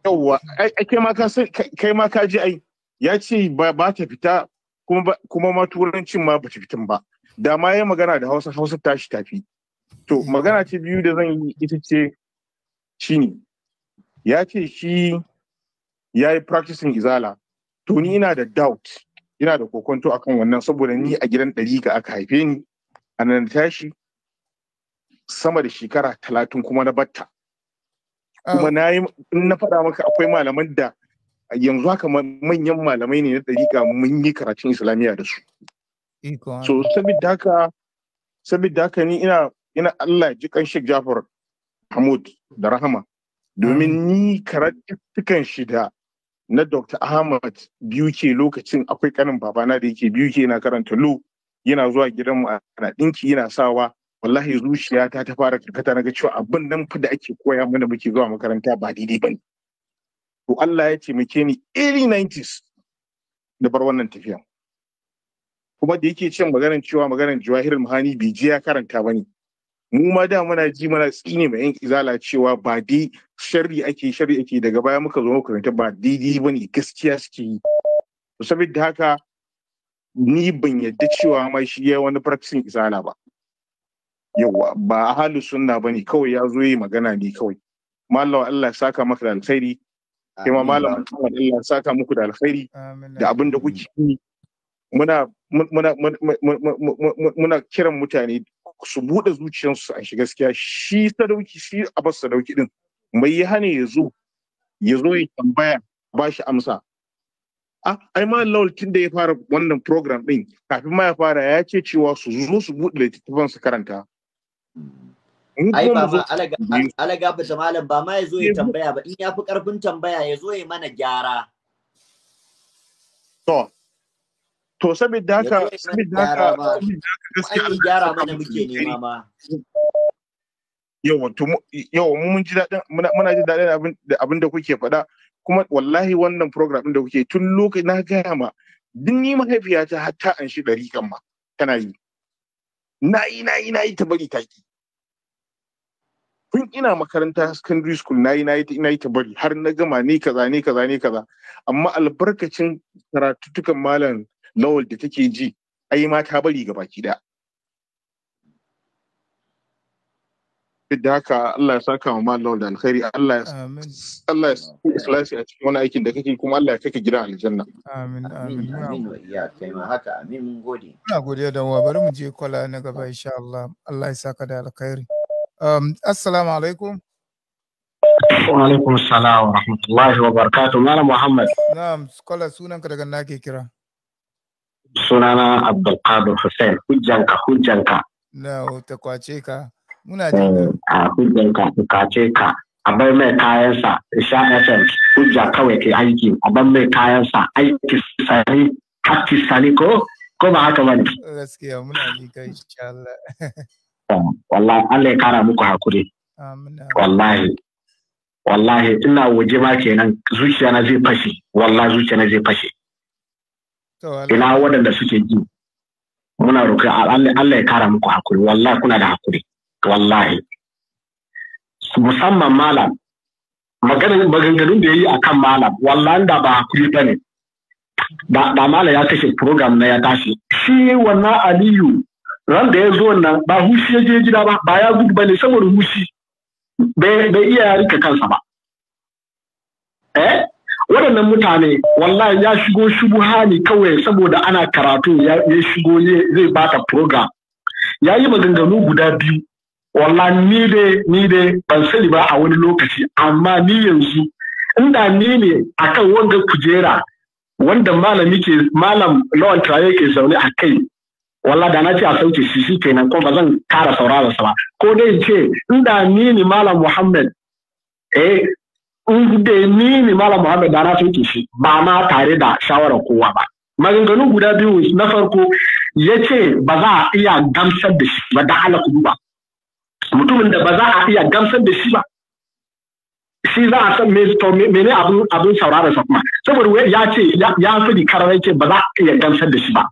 yawa kai ma ka kai ma ka ji ai ya ce ba ta fita kuma ma turancin ma ba ta fitin ba da ma yi magana da Hausa Hausa tashi tafi To, magana ce biyu da zan yi ita ce shi ne, ya ce shi ya yi practicing izala, to ni ina da doubt, ina da kokonto akan wannan saboda ni a gidan ɗari ga aka haife ni, a nan tashi sama da shekara talatin kuma na batta. Kuma na yi, in na faɗa maka akwai malaman da yanzu haka manyan malamai ne na ɗariƙa mun yi karatun islamiyya da su. So, saboda haka, haka ni ina ina Allah ji kan Sheikh Jafar Hamud da Rahama domin ni karattukan shi da na Dr. Ahmad biyu ke lokacin akwai kanin babana da yake biyu ke yana karanta lo yana zuwa gidanmu a dinki yana sawa wallahi zuciyata ta fara karkata na ga cewa abin nan fa da ake koya mana muke zuwa makaranta ba daidai bane to Allah ya taimake ni early 90s da bar wannan tafiya kuma da yake cin maganar cewa maganar Jawahirul Mahani bai je ya karanta bane mu ma da muna ji mana ne mai yan izala cewa ba di sharri ake sharri ake daga baya muka zo muka karanta ba daidai bane gaskiya suke yi saboda haka ni ban yadda cewa ma shi ya wani practicing isala ba yawa ba a halu sunna bane kawai ya zo yi magana ne kawai mallam Allah ya saka maka da alkhairi ke ma mallam Allah ya saka muku da alkhairi da abin da kuke yi muna muna muna kiran mutane su buɗe zuciyarsu a shi gaskiya shi sadauki shi abbas sadauki din mai yi hane ya zo ya zo ya tambaya ba shi amsa A ai ma lawal tun da ya fara wannan program din kafin ma ya fara ya ce cewa su zo su buɗe littattafan su karanta ai ba ma alaga ba ta malam ba ma ya zo ya tambaya ba in ya fi karfin tambaya ya zo ya mana gyara to to saboda haka saboda haka gaskiya an gyara mana muke nema ma yawa to yawa mun ji dadin muna ji dadin abin da abin da kuke faɗa kuma wallahi wannan program din da kuke tun lokacin na gaya ma duk ni mahaifiyata har ta an shi ɗari kan ma tana yi na yi na yi na yi ta bari taki tun ina makaranta secondary school na yi na yi na yi ta bari har na gama ni kaza ni kaza ni kaza amma albarkacin karatuttukan malam lawal da take ji ai ma ta bari ga baki daya da haka Allah ya saka wa malam da alkhairi Allah ya Allah ya saka a cikin wani aikin da kake kuma Allah ya kake gidan aljanna amin amin ya kai ma haka amin mun gode ina godiya da wa bari mu je kwala na gaba insha Allah Allah ya saka da alkhairi um assalamu alaikum wa alaikum assalam wa rahmatullahi wa barakatuh malam Muhammad na'am kwala sunanka daga nake kira sunana Abdulkadir Hussein hujjanka hujjanka. Na ta kwace ka. Muna jin eh, A hujjanka ta kwace ka. A bar mai kayansa Isha FM hujja kawai ke aiki a bar mai kayansa aiki sani haƙƙi sani ko ko ba haka ba ne. Gaskiya muna ji kai insha Allah. Eh, wallahi Allah ya kara muku hakuri. Wallahi. Wallahi ina waje ma kenan zuciya na zai fashe wallahi zuciya na zai fashe. ina waɗanda suke ji muna roƙi Allah ya kara muku hakuri wallahi kuna da hakuri wallahi musamman malam maganganun da ya yi akan malam wallahi da ba hakuri ba ne da malam ya kashe program na ya tashi shi wannan aliyu ran da ya zo nan ba hushi ya je gida ba ba ya gudu ba ne saboda hushi bai iya rika kansa ba eh waɗannan mutane wallahi ya shigo shubuha ne kawai saboda ana karatu ya shigo zai bata program ya yi maganganu guda biyu wallahi ni dai ni dai ban sani ba a wani lokaci amma ni yanzu inda ni ne akan wanga kujera wanda malami ke malam lawan traye ke zaune a kai wallah da na ce a sauke shi shi kenan ko ba zan kara saurara sa ba ko dai ce inda ni ne malam muhammad eh in da ni ne Malam Muhammad da na soke shi ba ma tare da shawarar kowa ba. Maganganu guda biyu na farko ya ce ba za a iya gamsar da shi ba da ala ba. Mutumin da ba za a iya gamsar da shi ba. Shi za a san mene abin abin saurara sa kuma. Saboda ya ce ya fi karar ce ba za a iya gamsar da shi ba.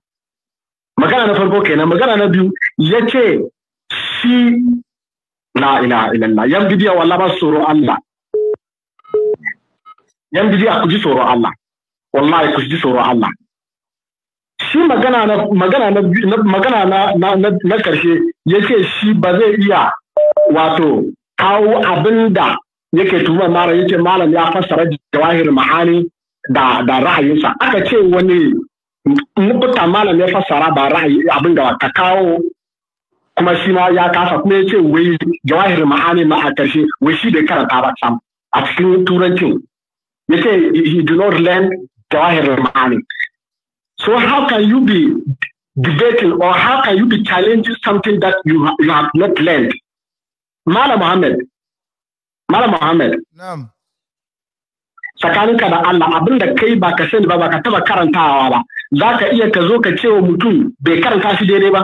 Magana na farko kenan magana na biyu ya ce shi la ila illallah yan bidiyo wallah ba tsoro Allah yan biji a kuji tsoron Allah wallahi ku ji tsoron Allah shi magana na magana na magana na na na karshe yace shi ba zai iya wato kawo abinda yake tuma mara ce malam ya fassara jawahir ma'ani da da ra'ayinsa aka ce wani nukuta malam ya fassara ba ra'ayi abin da ka kawo kuma shi ma ya kasa kuma ya ce wai jawahir ma'ani ma a karshe wai shi bai karanta ba sam a cikin turancin They say he did not learn Jawahir Rahmani. So how can you be debating or how can you be challenging something that you, ha you have not learned? Mala Muhammad. Mala Muhammad. No. Tsakaninka da Allah abin da kai ba ka sani ba ba ka taba karantawa ba. Za ka iya ka zo ka ce wa mutum bai karanta shi daidai ba.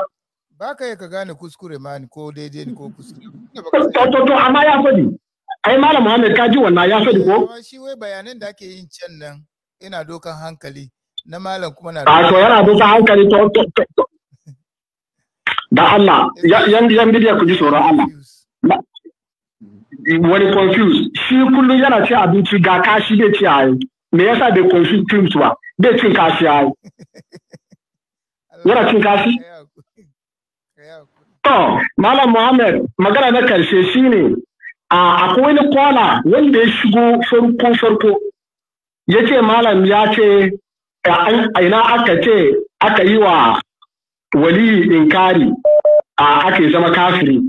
Ba ka iya ka gane kuskure ma ko daidai ne ko kuskure. To to to amma ya fadi ai malam muhammad ka ji wannan ya sani ko shi wai bayanan da ake yin can nan ina dokan hankali na malam kuma na a to yana dokan hankali to to, to. da Allah yan yan bidiya ku ji tsoron Allah wani confuse, shi kullum yana ce abinci ga kashi bai ce ayi me yasa bai confuse films ba bai cin kashi ayi yana cin kashi to malam muhammad magana na karshe shine akwai wani kwana wanda ya shigo farko farko ya ce malam ya ce ina aka ce aka yi wa waliyi inkari a aka yi zama kafiri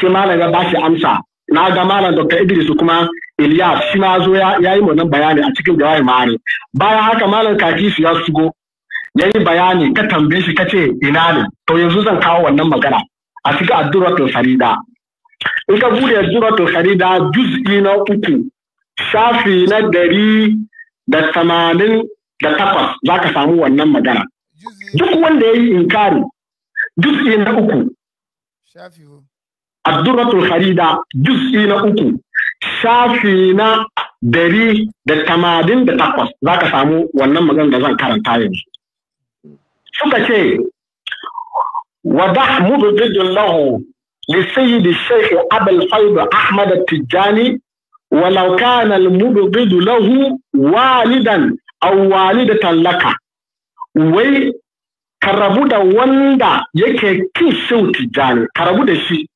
shi malam ya bashi amsa na ga malam dr idris kuma ilyas shi ma zo ya yi nan bayani a cikin jawahir ma'ani bayan haka malam kakisu ya shigo ya yi bayani ka tambaye shi ka ce ina ne to yanzu zan kawo wannan magana a cikin addu'ar farida in ka bude suratul harida juz'i na uku shafi na dari da tamanin da takwas za ka samu wannan magana duk wanda ya yi inkari juz'i na uku Abdurratul Harida juz'i na uku shafi na dari da tamanin da takwas za ka samu wannan magana da zan karanta yanzu. Suka ce, wada mubidin lahu للسيد الشيخ أبا الفيض أحمد التجاني ولو كان المبغض له والدا أو والدة لك wai ka rabu da wanda yake kin shehu tijjani ka rabu da shi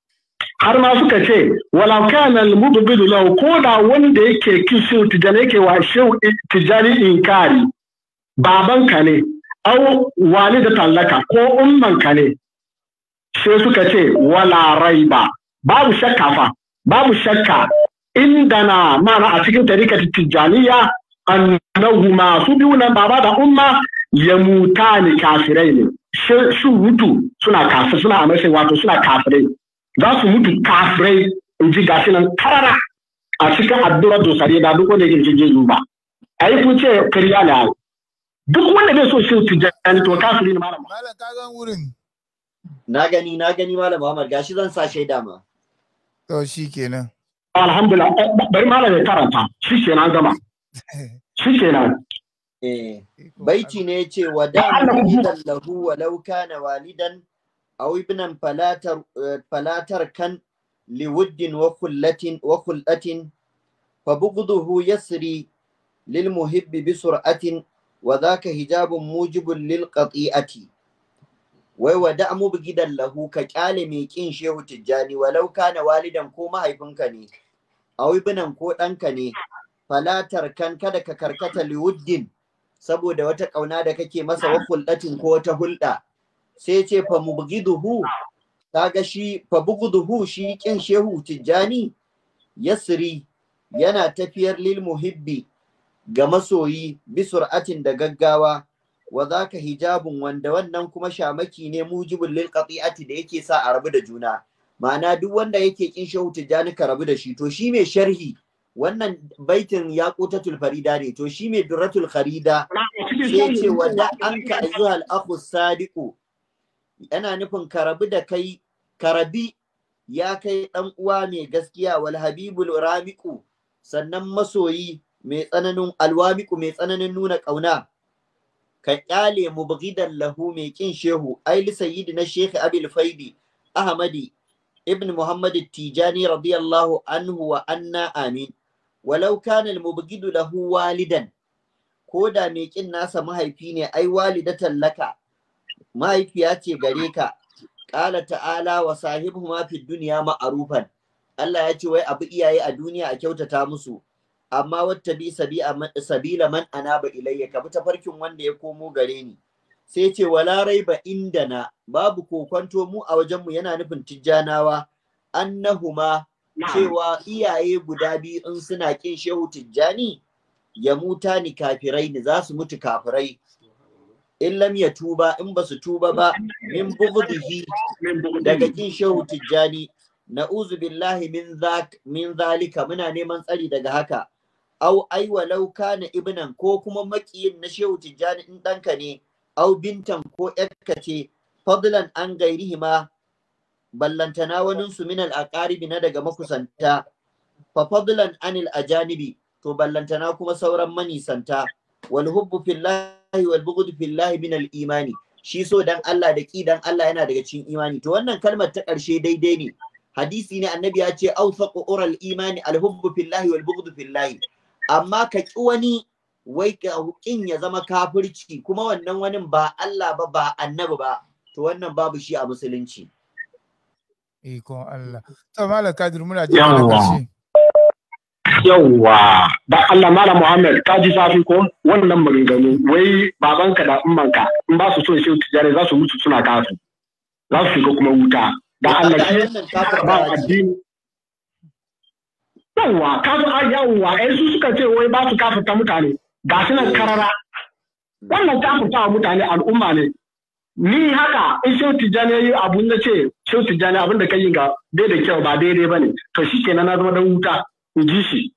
har ma suka ce wala kana al-mubghidu lahu ko da wanda yake kin shehu tijjani yake wa shehu tijjani inkari ka ne au walida tallaka ko umman ka ne sai suka ce wala raiba babu shakka fa babu shakka indana mana a cikin tarikat tijjaniya annahu masu biyu nan baba da umma ya muta ne kafirai ne su mutu suna kafirai suna amashin wato suna kafirai za su mutu kafirai in ji gashi nan karara a cikin addu'ar dosare da duk wanda yake cikin zuba a yi kuce kariya ne duk wanda bai so shi tijjani to kafiri ne malam malam ka gan wurin na gani na gani malam Muhammad gashi zan sa shaida ma to shi kenan alhamdulillah eh, bari malam ya karanta shi kenan gama shi kenan eh baiti ne yace wa da idan wa walau kana walidan aw ibnan falatar eh, falatar kan liwuddin wa kullatin wa kullatin fa bughduhu yasri wa بسرعة hijabun mujibun lil qati'ati. wai wa da'amu bi gidan lahu ka kyale mai kin shehu tijjani walau kana walidan ko mahaifinka ne awi binan ko ɗanka ne falatar kan kada ka karkata liwuddin saboda wata ƙauna da kake masa wa hulɗatin ko wata hulɗa sai ce fa mubghiduhu kaga shi fa bugduhu shi kin shehu tijjani yasri yana tafiyar lil ga masoyi bi sur'atin da gaggawa wa zaka hijabun wanda wannan kuma shamaki ne mujibul lil qati'ati da yake sa a rabu da juna ma'ana duk wanda yake kin shehu tijani ka rabu da shi to shi mai sharhi wannan baitin yaƙo kutatul farida ne to shi mai duratul kharida sai ce wanda an ka ayyuhal sadiqu yana nufin ka da kai karabi ya kai dan uwa mai gaskiya wal habibul ramiqu sannan masoyi mai tsananin alwamiku mai tsananin nuna kauna ka kyale mubghidan lahu mai kin shehu ai li na sheikh abil faidi ahmadi ibn muhammad tijani radiyallahu anhu wa anna amin walau kana al mubghidu lahu walidan ko da mai kin nasa mahaifi ne ai walidatan laka mahaifiya ce gare ka qala ta'ala wa sahibuhuma fid dunya ma'rufan Allah ya ce wai abu iyaye a duniya a kyautata musu amma wata bi sabila man ba ilayya ka ta farkin wanda ya komo gare ni sai ce wala raiba na. babu kokonto mu a wajenmu yana nufin tijjanawa annahuma cewa iyaye guda biyu in suna kin shehu tijjani ya muta ni kafirai ni za su mutu kafirai in lam ya tuba in ba su tuba ba min bughdihi daga kin shehu tijjani na'uzu billahi min zalika muna neman tsari daga haka au ai walau na ibnan ko kuma makiyin na shehu tijjani in ɗanka ne au bintan ko ƴarka ce fadlan an gairihima ballantana wanin su minal aqaribi na daga makusanta fa fadlan anil ajanibi to ballantana kuma sauran manisanta wal hubbu fillahi wal bughd fillahi min al imani shi so dan Allah da ki dan Allah yana daga cikin imani to wannan kalmar ta ƙarshe daidai ne hadisi ne annabi ya ce au ural imani al hubbu fillahi wal bughd fillahi amma ka ƙi wani wai in ya zama kafirci kuma wannan wani ba Allah ba ba annabi ba to wannan babu shi a musulunci ikon Allah to malam kadir muna ji lokaci yawwa da Allah Mala Muhammad kaji safi ko wannan maganganu wai babanka da ka in ba su so shi tijare za su mutu suna kasu za su shiga kuma wuta da Allah shi ba addini yawwa kasu yawwa ai su suka ce wai ba su kafirta mutane ga su nan karara wannan kafirta wa mutane al'umma ne ni haka in shehu tijani ya yi abun da ce shehu tijani abin da ka ga bai da kyau ba daidai ba ne to shi ke na zama dan wuta in ji shi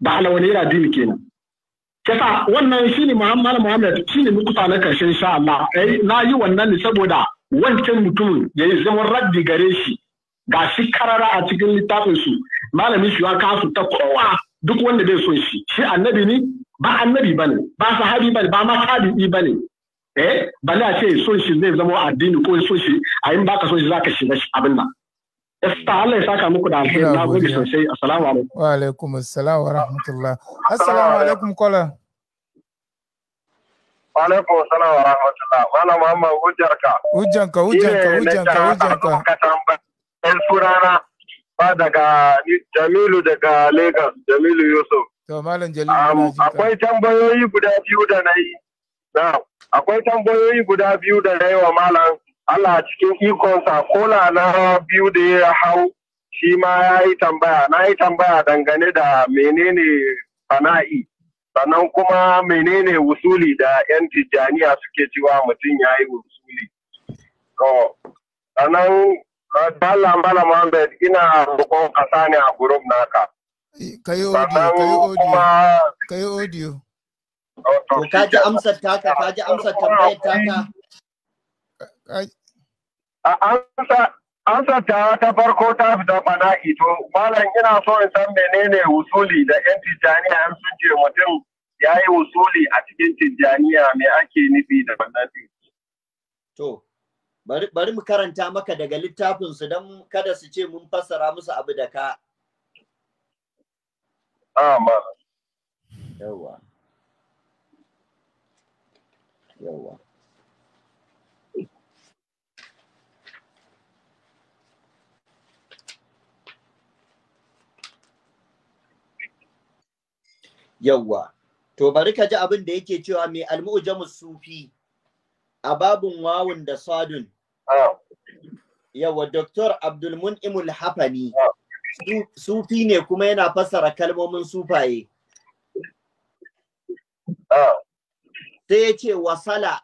ba alawani yana dini kenan yasa wannan shi ne muhammad muhammad shi ne na karshen insha Allah eh, na yi wannan ne saboda wancan mutumin ya yi zaman raddi gare shi ga shi karara a cikin littafin su malamin shi ya kasu ta kowa duk wanda bai so shi shi annabi ne ba annabi bane ba sahabi bane ba ma tabi'i bane eh bale a ce son shi zai zama addini ko son shi a yin baka son shi zaka shiga abin nan Esta Allah ya saka muku da alheri na gode sosai assalamu alaikum wa alaikum assalam wa rahmatullah assalamu alaikum kola wa alaikum assalam wa rahmatullah wala muhammad hujjarka hujjanka hujjanka hujjanka hujjanka ɗan surana ba daga Jamilu daga Lagos, Jamilu Yusuf. Um, akwai tambayoyi guda biyu da na yi. akwai tambayoyi guda biyu da na yi wa Malam Allah cikin ikonsa kola na biyu da ya hau shi ma ya yi tambaya. Na yi tambaya dangane da menene fana'i. Sannan kuma menene wusuli da 'yan tijjaniya suke cewa mutum ya yi wusuli. sannan Allah Bala Muhammad ina roƙon ƙasa ne a group naka. Kayi audio, kayi audio. Kayi oh, Ka ji amsar taka, ka ji amsar tambayar taka. Amsar ta ta farko ta fita bana'i ito. malam ina so in san menene wusuli da yan tijjaniya an sun ce mutum ya yi wusuli a cikin tijjaniya mai ake nufi da wannan To, bari mu karanta maka daga littafinsu don kada su ce mun fassara musu abu da ka. Amma. Ah, Yawwa. To bari ka ji abin da yake cewa mai almu'ujamu sufi a babun wawun da sadun Yawa Dr. Abdulmun'imul Hafani, ah. sufi ne kuma yana fassara kalmomin sufaye. Ah. Sai ya ce wasala,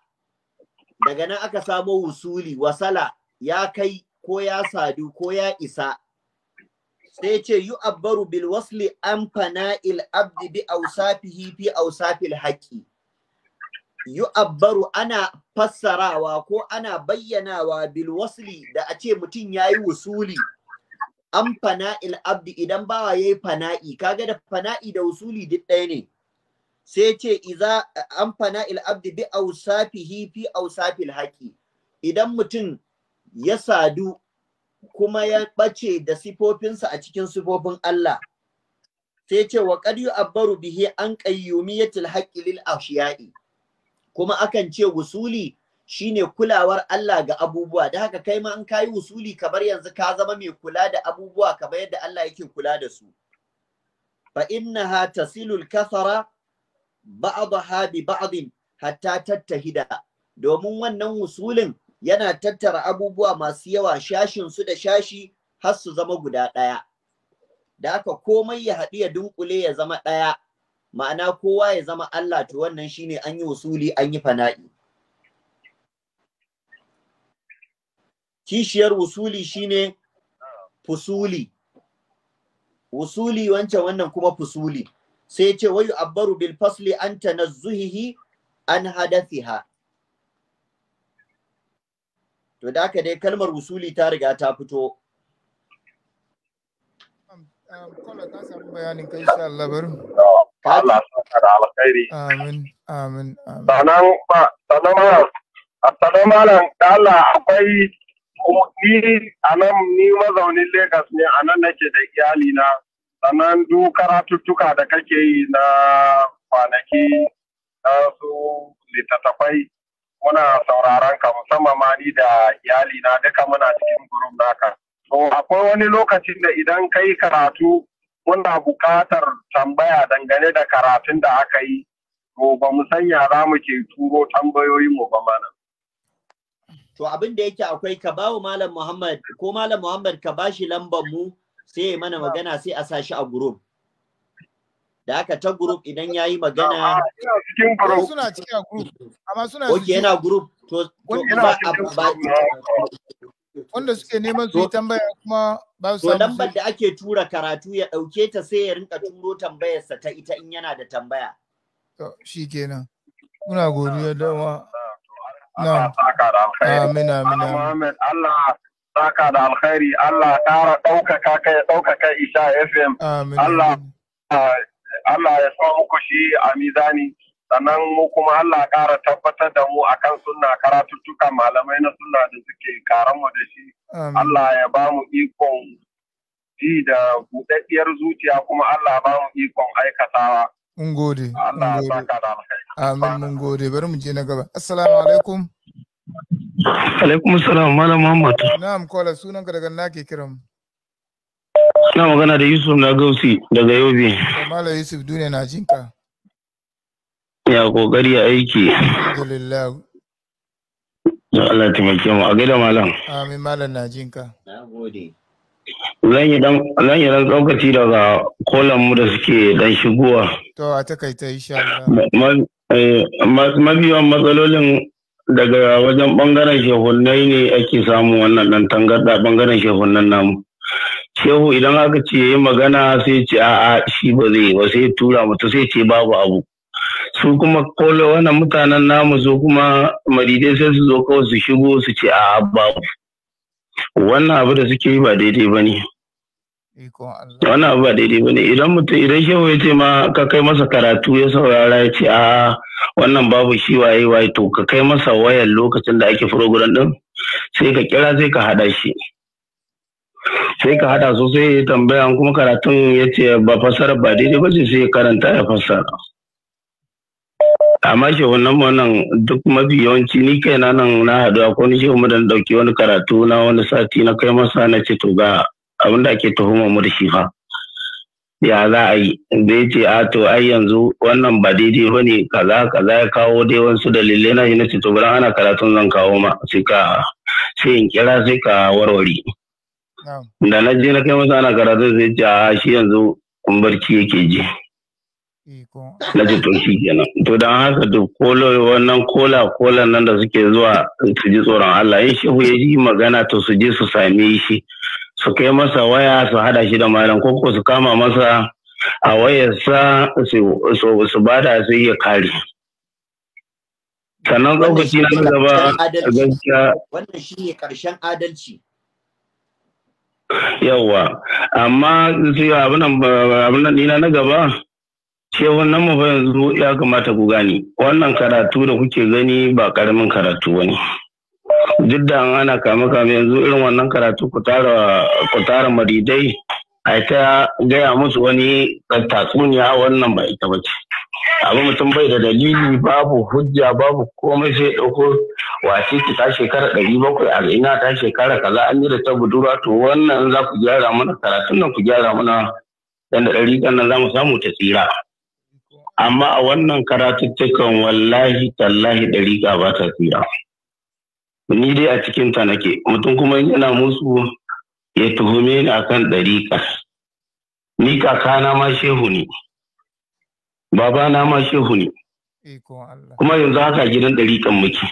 daga nan aka samo wusuli, wasala ya kai ko ya sadu ko ya isa. Sai ya ce yu'abbaru bil wasli an il abdi bi ausafihi fi ausafil haƙi. yu'abbaru ana fassarawa ko ana bayyanawa bil wasli da a ce mutum yayi wusuli an fana'il abdi idan bawa yayi fana'i kaga da fana'i da wusuli duk ɗaya ne sai ce iza an fana'il abdi bi ausafihi fi ausafil haqi idan mutum ya sadu kuma ya ɓace da sifofinsa a cikin sifofin Allah sai ce wa qad yu'abbaru bihi an qayyumiyatil haqqi lil ashiya'i kuma akan ce wusuli shine kulawar Allah ga abubuwa da haka kai ma an kayi wusuli kamar yanzu ka zama mai kula da abubuwa kamar yadda Allah yake kula da su fa innaha tasilul kathara ba'daha bi ba'din hatta tattahida domin wannan wusulin yana tattara abubuwa masu yawa shashin su da shashi har su zama guda ɗaya da haka komai ya haɗu ya dunkule ya zama ɗaya ma'ana kowa ya zama Allah to wannan shine an yi usuli an yi fana'i kishiyar usuli shine fusuli usuli wancan wannan kuma fusuli sai ce wayu abbaru bil fasli an tanazzuhihi an hadathiha to da ka dai kalmar usuli ta riga ta fito um, um, Kola, ta samu bayanin kai, sha Allah, bari. Allah saka da alkhairi akwai ni ni mazaunin Legas ne anan nake da iyali na sannan duk karatuttuka da kake yi na kwanaki na su littattafai muna sauraron ka musamman ma ni da iyali na duka muna cikin gurum naka to akwai wani lokacin da idan kai karatu muna buƙatar tambaya dangane da karatun da aka yi to ba mu san yara mu ke turo tambayoyinmu ba mana to abin da yake akwai ka bawo malam Muhammad ko malam Muhammad ka ba shi lambar mu sai ya mana magana sai a sa shi a group da aka ta group idan ya yi magana cikin group suna cikin group amma suna okay yana group to ba wanda suke neman su yi tambaya kuma ba su samu lambar da ake tura karatu ya dauke ta sai ya rinka turo tambayarsa ta ita in yana da tambaya to shi kenan muna godiya da wa na amin amin amin Allah saka da alkhairi Allah ƙara ɗaukaka kai ɗaukaka Isha FM Allah Allah ya sa muku shi a mizani sannan mu kuma Allah ƙara tabbatar da mu akan sunna karatuttuka malamai na sunna da suke karan mu da shi Allah ya ba mu ikon ji da buɗaɗɗiyar zuciya kuma Allah ba mu ikon aikatawa mun gode Allah ya saka da amin mun gode bari mu je na gaba assalamu alaikum alaikum assalam malam Muhammad na'am kola sunanka daga na ke kiran na magana da Yusuf na Gausi daga Yobe Malam Yusuf duniya na jinka Ya kokari ya aiki. Alhamdulillah. Allah taimake mu a gaida malam. Amin malam na jin ka. Zan yi dan tsaukaci tsokaci daga kolan mu da suke dan shigowa. To a takaita insha Allah. Mabiyan eh, matsalolin daga wajen bangaren shehunai ne ake samu wannan dan tangarda bangaren shehunan namu. Shehu idan aka ce yi magana sai ce a'a shi ba zai ba sai tura mutu sai ce babu abu. su kuma kola wannan mutanen namu su kuma maridai sai su zo kawai su shigo su ce a babu wannan abu da suke yi ba daidai ba ne wannan abu ba daidai ba ne idan mutum idan shehu ya ce ma ka kai masa karatu ya saurara ya ce a wannan babu shi waye waye to ka kai masa wayan lokacin da ake program din sai ka kira sai ka hada shi sai ka hada sosai ya tambaya kuma karatun ya ce ba fassara ba daidai ba ce sai ya karanta ya fassara amma shi wannan wannan duk mafi yawanci ni kai na nan na haɗu ko ni shi mu da ɗauki wani karatu na wani sati na kai masa na ce to ga abin da ake tuhumar mu da shi fa ya za a yi da ya ce a to ai yanzu wannan ba daidai ba ne kaza kaza ya kawo dai wasu dalilai na shi na ce to bari ana karatun zan kawo ma sai ka sai in kira sai ka warware da na je na kai masa ana karatun sai ce a shi yanzu barci yake je Eh, na ji to shi kenan to don haka duk kolo wannan kola kola nan da suke zuwa su ji tsoron Allah in shehu ya yi magana to su je su same shi su kai masa waya su hada shi da malam ko su kama masa a wayarsa su bada sai ya kare sannan lokaci na gaba gaskiya wannan shi ne karshen adalci yawwa amma abin nan na gaba ce wannan mu ba yanzu ya kamata ku gane wannan karatu da kuke gani ba karamin karatu ba ne duk da ana kame kame yanzu irin wannan karatu ku tara maridai a ta gaya musu wani tatsuniya wannan ba ita ba ce abu mutum bai da dalili babu hujja babu komai sai ɗauko wace ki ta shekara ɗari bakwai a ina ta shekara kaza an yi da ta budurwa to wannan za ku gyara mana karatun nan ku gyara mana dan ɗari kan nan za mu samu ta tsira amma a wannan karatuttukan wallahi tallahi ga ba ta tsira ni dai a cikin ta nake mutum kuma yana musu ya tuhume ni akan ka. ni kakana ma shehu ne babana ma shehu ne kuma yanzu haka gidan kan muke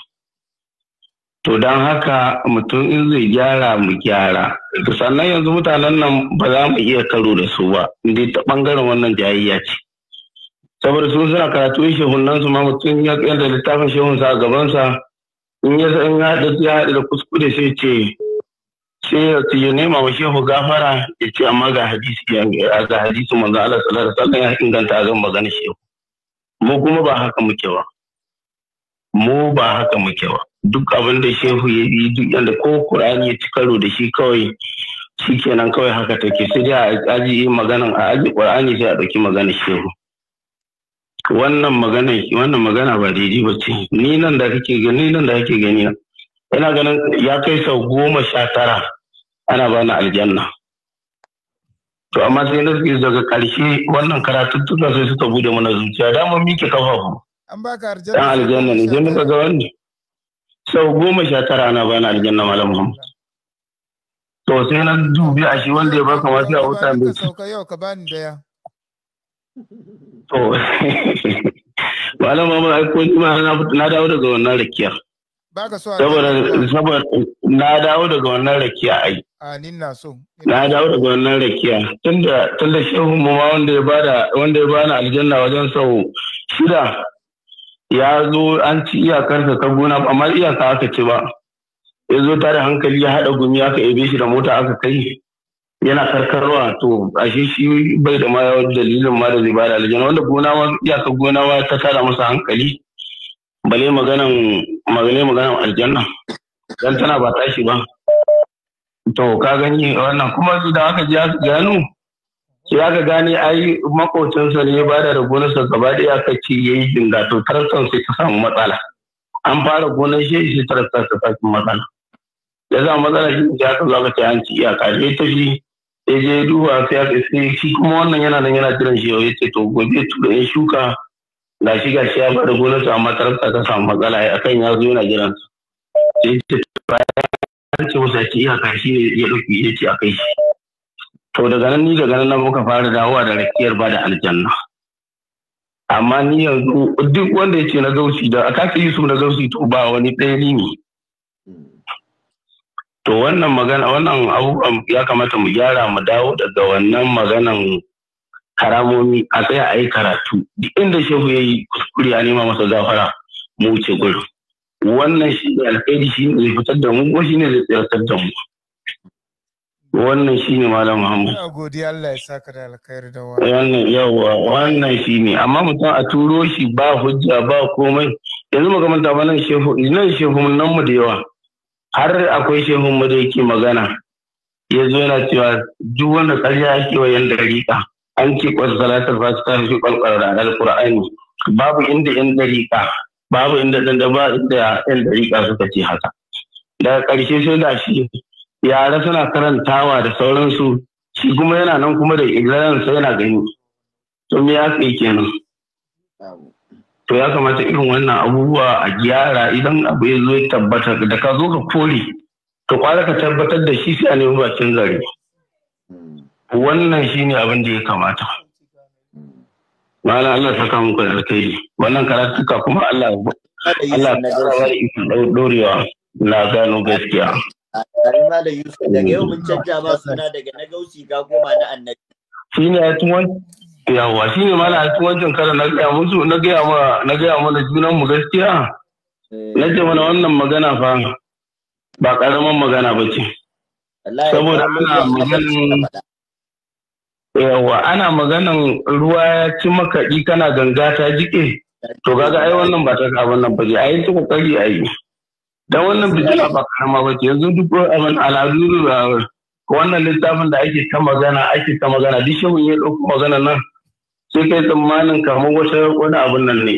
to don haka mutum in zai gyara mu gyara sannan yanzu mutanen nan ba za mu iya karo da su ba inda ta ɓangaren wannan jayayya ce saboda sun suna karatu shehun nan su ma mutum ya da littafin shehun sa a gabansa in ya san ya haɗa ya haɗa da kuskure sai ce sai ya ce nema wa shehu gafara ya ce amma ga hadisi ga hadisi manzo Allah sallallahu alaihi wasallam ya inganta a ga magana shehu mu kuma ba haka muke ba mu ba haka muke ba duk abin da shehu ya yi duk yanda ko Qur'ani ya ci karo da shi kawai kenan kawai haka take sai dai a aji maganan a aji Qur'ani sai a ɗauki maganar shehu wannan magana wannan magana ba daidai ba ce ni nan da kake gani nan da kake gani ina ganin ya kai sau goma sha tara ana bani aljanna to amma sai na suke daga ƙarshe wannan karatuttuka sai suka bude mana zuciya dama miƙe kafafu an aljanna dan aljanna ne zai muka ga wani. sau goma sha tara ana bani aljanna malam Muhammad to sai na dubi a shi wanda ya baka wasu a wuta mai ci ka bani daya To, malam Muhammad ko ma na dawo daga wannan rakiya. ka so saboda saboda na dawo daga wannan rakiya ai. A nin na so. Na dawo daga wannan rakiya tunda tunda shehu mu ma wanda ya bada wanda ya bani aljanna wajen sau shida ya zo an ci iyakarsa ta gona amma iyaka aka ci ba. Ya zo tare hankali ya haɗa gumi aka ebe shi da mota aka kai yana karkarwa to a shi shi bai da ma dalilin ma da zai bada aljanna wanda gona ma ka gona ma ta tada masa hankali bale maganan magale maganan aljanna dan tana ba tashi ba to ka gani wannan kuma su da aka ji su gano sai aka a ai makocinsa ne ya bada da gonarsa gaba da ka ce yayi dinga to tarasan sai ta samu matsala an fara gona shi sai ta samu matsala ya zama matsala shi ne ya zo aka ce an ci iyaka ne ta shi ya duba sai kuma wannan yana nan yana jiran shi ya ce to gobe tura ya shuka ga shi ga shi ya bada gona ta amma tarakta ta samu matsala a akan ya zo yana jiran su ce bayan ce masa ce shi ne ya dauki ya ce a kai shi to daga nan ni daga nan muka fara dawowa da rakiyar ba da aljanna amma ni yanzu duk wanda ya ce na gausi da aka yi su na gausi to ba wani ɗaya ne To wannan magana wannan abubuwan ya kamata mu gyara mu dawo daga wannan maganan karamomi a tsaya a yi karatu. Duk inda shehu ya yi kuskure a nema masa gafara mu wuce gudu. Wannan shi ne alkhairi shi ne zai fitar da mu ko shi ne zai tsayar da mu. Wannan shi ne Malam Muhammad. Ina godiya Allah ya saka da alkhairi da wa. Wannan yawa wannan shi ne amma mutum a turo shi ba hujja ba komai yanzu mu ga mun nan shehu nan shehu nan mu da yawa. har akwai shehun mu da yake magana ya zo yana cewa duk wanda tsariya ake wa yan dariƙa an ce kwasa salatar fasita fi kwalkwal da alƙur'ani babu inda yan dariƙa babu inda dan da ba inda yan dariƙa suka ce haka daga ƙarshe sai da shi yara suna karantawa da sauransu shi kuma yana nan kuma da ignorance yana gani to me ya kai kenan to ya kamata irin wannan abubuwa a gyara idan abu ya zo tabbatar da ka zo ka kore ka kwara ka tabbatar da shi sai a nemi bakin zare wannan shine abin da ya kamata Malam Allah saka muku da alkhairi wannan karatuka kuma Allah Allah ya dorewa na gano gaskiya Tare Malam Yusuf daga yau mun canja ba suna daga na gausi ga goma na annabi. shine Yawwa shi ne mana cikin wancan karan na gaya musu na gaya ma na gaya mana junan mu gaskiya eh. na ce mana wannan magana fa ba karaman magana ba ce saboda ana maganin Yawwa ana maganan ruwa ya ci makaɗi kana ganga ta jike to kaga ai wannan ba ta abin nan ba ce ai ta kokari ai dan wannan bijila ba karama ba ce yanzu duk abin al'adu da wannan littafin da ake ta magana ake ta magana duk shehun ya ɗauko magana nan sai kai tsammanin kamar wata wani abun nan ne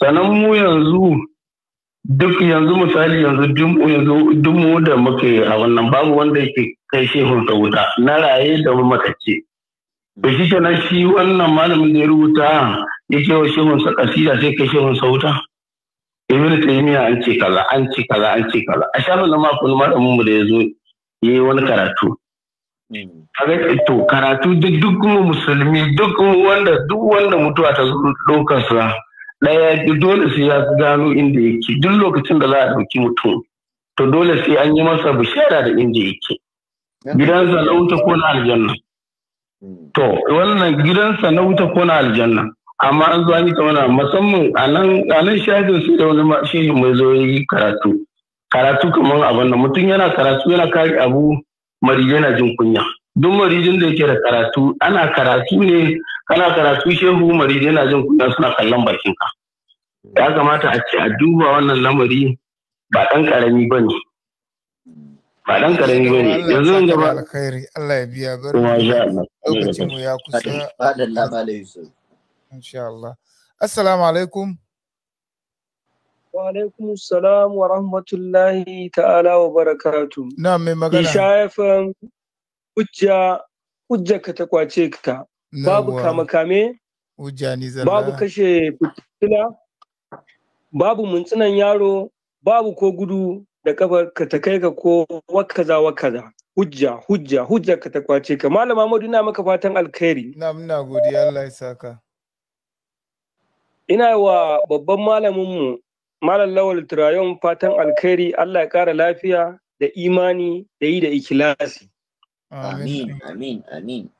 sannan mu yanzu duk yanzu misali yanzu yanzu dimu da muke a wannan babu wanda yake kai shehun sa wuta na raye da makace da shi nan shi wannan malamin da ya rubuta ya ce wa shehun sa kasida sai kai shehun sa wuta ibn taymiya an ce kaza an ce kaza an ce kaza a shafin da makon malamin mu da yazo yi wani karatu Eh, to karatu duk duk musulmi duk wanda duk wanda mutuwa ta dokan sa daya dole sai ya gano inda yake duk lokacin da za a ɗauki mutum to dole sai an yi masa bishara da inda yake gidansa na wuta ko na aljanna hmm. to wannan gidansa na wuta ko na aljanna amma an zo an yi ta wani musamman a nan shafin sai da wani shi mai zo yi karatu karatu kamar abin da mutum yana karatu yana kare abu marijo yana jin kunya duk marijin da yake da karatu ana karatu ne kana karatu shehu marijo yana jin kunya suna kallon bakinka ya kamata a ce a duba wannan lamari ba ɗan ƙarami ba ne ba ɗan karami ba ne yanzu nan gaba alkhairi Allah ya biya bari kuma bar lokacin mu ya kusa insha Allah assalamu alaikum Wa alaikum salam wa rahmatullahi ta'ala wa barakatu. Na mai magana. Isha FM hujja hujja ka ta kwace ka. Babu kame-kame. Hujja ni zalla. Babu kashe fitila. Babu muntsinan yaro. Babu ko gudu da kafar ka ta kai ka ko wakaza wakaza. Hujja hujja hujja ka ta kwace ka. Malam Ahmadu ina maka fatan alkhairi. Na muna godiya Allah ya saka. Ina wa babban malaminmu Malam Lawal Turayon fatan alkhairi Allah ya ƙara lafiya da imani da yi da ikilasi. Amin, amin, amin.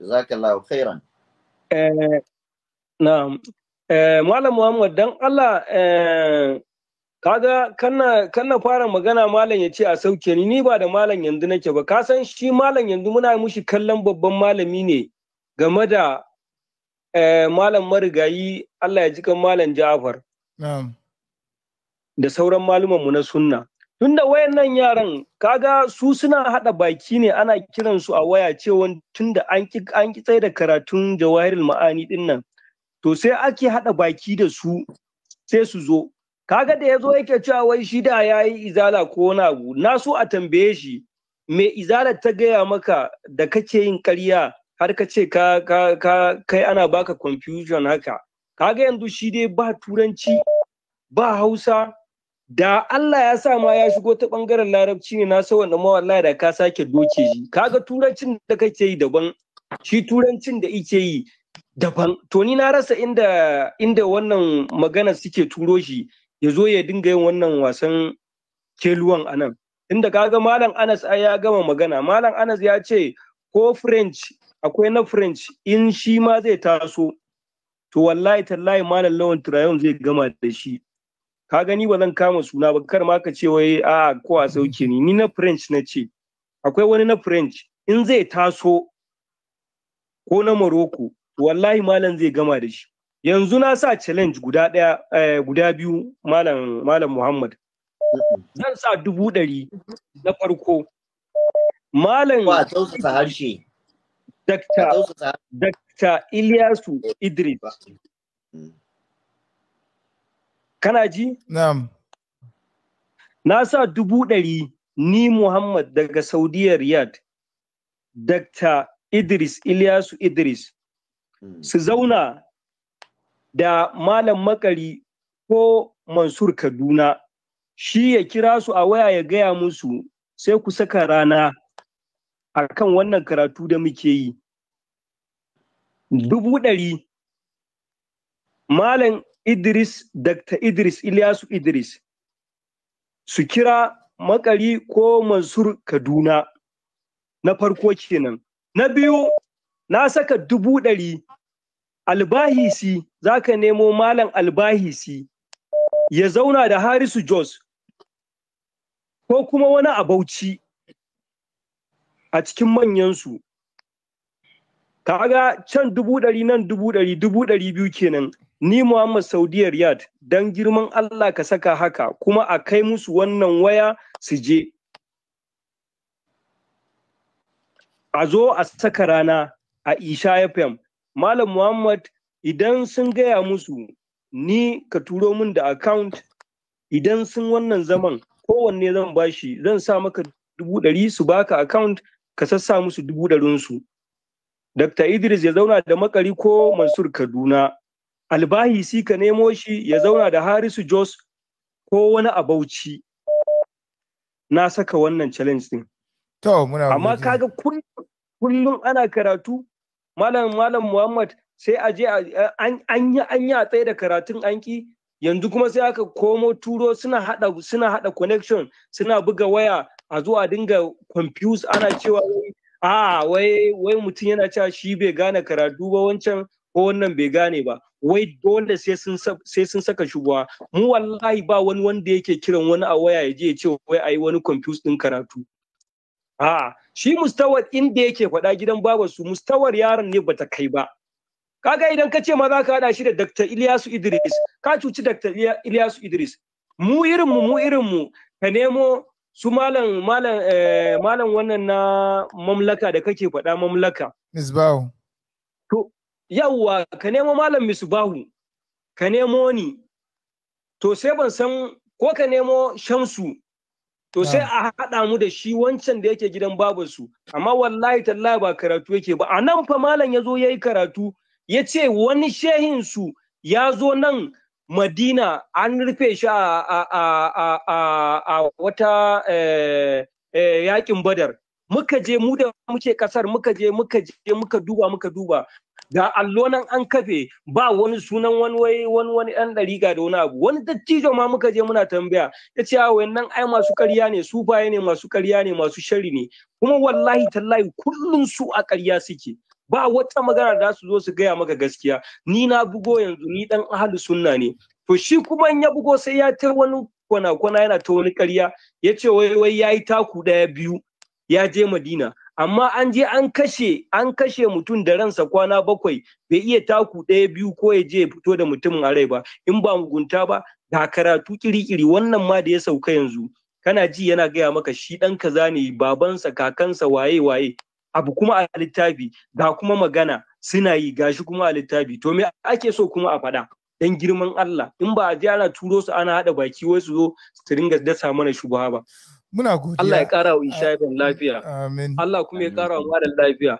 Jazakallahu khairan. Eh, Na, eh, Malam Muhammad don Allah eh, kaga kana kana fara magana malam ya ce a sauke ni ni ba da malam yanzu nake ba ka san shi malam yanzu muna mushi kallon babban malami ne game da eh, malam marigayi Allah ya ji kan malam Ja'far. Na'am. da sauran mu na sunna tunda wayannan yaran kaga su suna hada baki ne ana kiran su a waya cewa tunda an ki an ki da karatun jawahirul ma'ani din nan to sai ake hada baki da su sai su zo kaga da yazo yake cewa wai shi da yayi izala ko na abu na so a tambaye shi me izala ta gaya maka da kake yin ƙarya har ka ce ka ka ka kai ana baka confusion haka kaga yanzu shi dai ba turanci ba hausa da Allah ya sa ma ya shigo ta bangaren larabci ne na san wanda mawalla da ka sake doke shi kaga turancin da kake yi daban shi turancin da ike yi daban to ni na rasa inda inda wannan magana suke turo shi ya zo ya dinga yin wannan wasan keluwan anan inda kaga malam Anas ya gama magana malam Anas ya ce ko French akwai na French in shi ma zai taso to wallahi tallahi malam lawan turayon zai gama da shi ka gani ba zan kama suna ba kar ma ka ce wai a ko a sauke ni ni na french na ce akwai wani na french in zai taso ko na morocco wallahi malam zai gama da shi yanzu na sa challenge guda daya eh, guda biyu malam malam muhammad zan sa dubu ɗari na farko malam wa tausasa harshe dakta dakta ilyasu idris hmm. kana ji na'am na sa dubu ɗari ni muhammad daga saudiya riyadh dr idris ilyasu idris hmm. su zauna da malam makari ko mansur kaduna shi ya kira su a waya ya gaya musu sai ku saka rana a kan wannan karatu da muke yi dubu ɗari malam Idris Dr. Idris Ilyasu Idris su kira makari ko Mansur Kaduna na farko kenan na biyu na saka dubu ɗari albahisi za ka nemo malam albahisi ya zauna da harisu jos ko kuma wani abauci a cikin manyansu kaga can dubu ɗari nan dubu ɗari dubu ɗari biyu kenan ni Muhammad Saudi Riyad dan girman Allah ka saka haka kuma a kai musu wannan waya su je a zo a saka rana a Isha FM Malam Muhammad idan sun gaya musu ni ka turo min da account idan sun wannan zaman kowanne zan bashi zan sa maka dubu ɗari su baka account ka sassa musu dubu ɗarinsu. Dr. Idris ya zauna da makari ko Mansur Kaduna albahisi ka nemo shi ya zauna da harisu jos ko wani a bauchi na saka wannan challenge din to muna amma kaga kullum ana karatu malam malam muhammad sai a je an yi an yi a tsaye da karatun anki. yanzu kuma sai aka komo turo suna hada suna hada connection suna buga waya a zuwa dinga confuse ana cewa a ah, wai wai mutum yana cewa shi bai gane karatu ba wancan ko wannan bai gane ba wai dole sai sun saka shubuwa mu wallahi ba wani wanda yake kiran wani a waya ya je ya ce wai ayi wani confuse din karatu a shi mustawar inda yake faɗa gidan babar su mustawar yaron ne bata kai ba kaga idan ka ce ma za ka haɗa shi da Dr. Ilyasu Idris ka cuci Dr. Ilyasu Idris mu irin mu mu irin mu ka nemo su malam malam eh, malam wannan na mamlaka da kake faɗa mamlaka misbahu yawwa ka nemo malam misbahu ka nemo ni to sai ban san ko ka nemo shamsu to sai ah. a haɗa mu da shi wancan da yake gidan babansu amma wallahi tallahi ba karatu yake ba a nan fa malam ya zo ya yi karatu ya ce wani shehinsu ya zo nan madina an rufe shi a wata eh, eh, yakin badar muka je mu da muke kasar muka je muka je muka duba muka duba Da allo nan an kafe ba wani sunan wani wai wani wani dan dariga da wani abu wani dattijo ma muka je muna tambaya ya ce a wayannan ai masu karya ne su baye ne masu ƙarya ne masu shari ne kuma wallahi tallahi kullun su a karya suke ba wata magana da su zo su gaya maka gaskiya ni na bugo yanzu ni dan ahli sunna ne to shi kuma in ya bugo sai ya ta wani kwana-kwana yana ta wani karya. ya ce wai wai ya yi taku ɗaya biyu ya je madina amma an je an kashe an kashe mutum da ransa kwana bakwai bai iya taku ɗaya biyu ko ya je ya fito da mutumin a rai ba in ba mugunta ba ga karatu kirikiri wannan ma da ya sauka yanzu kana ji yana gaya maka shi ɗan kaza ne babansa kakansa waye waye abu kuma a littafi ga kuma magana suna yi gashi kuma a littafi to me ake so kuma a faɗa dan girman Allah in ba a je ana turo su ana haɗa baki wai su zo su ringa dasa mana shubuha ba Muna godiya. Allah ya ƙara wa Ishaiban lafiya. Amin. Allah kuma ya ƙara wa Malam lafiya.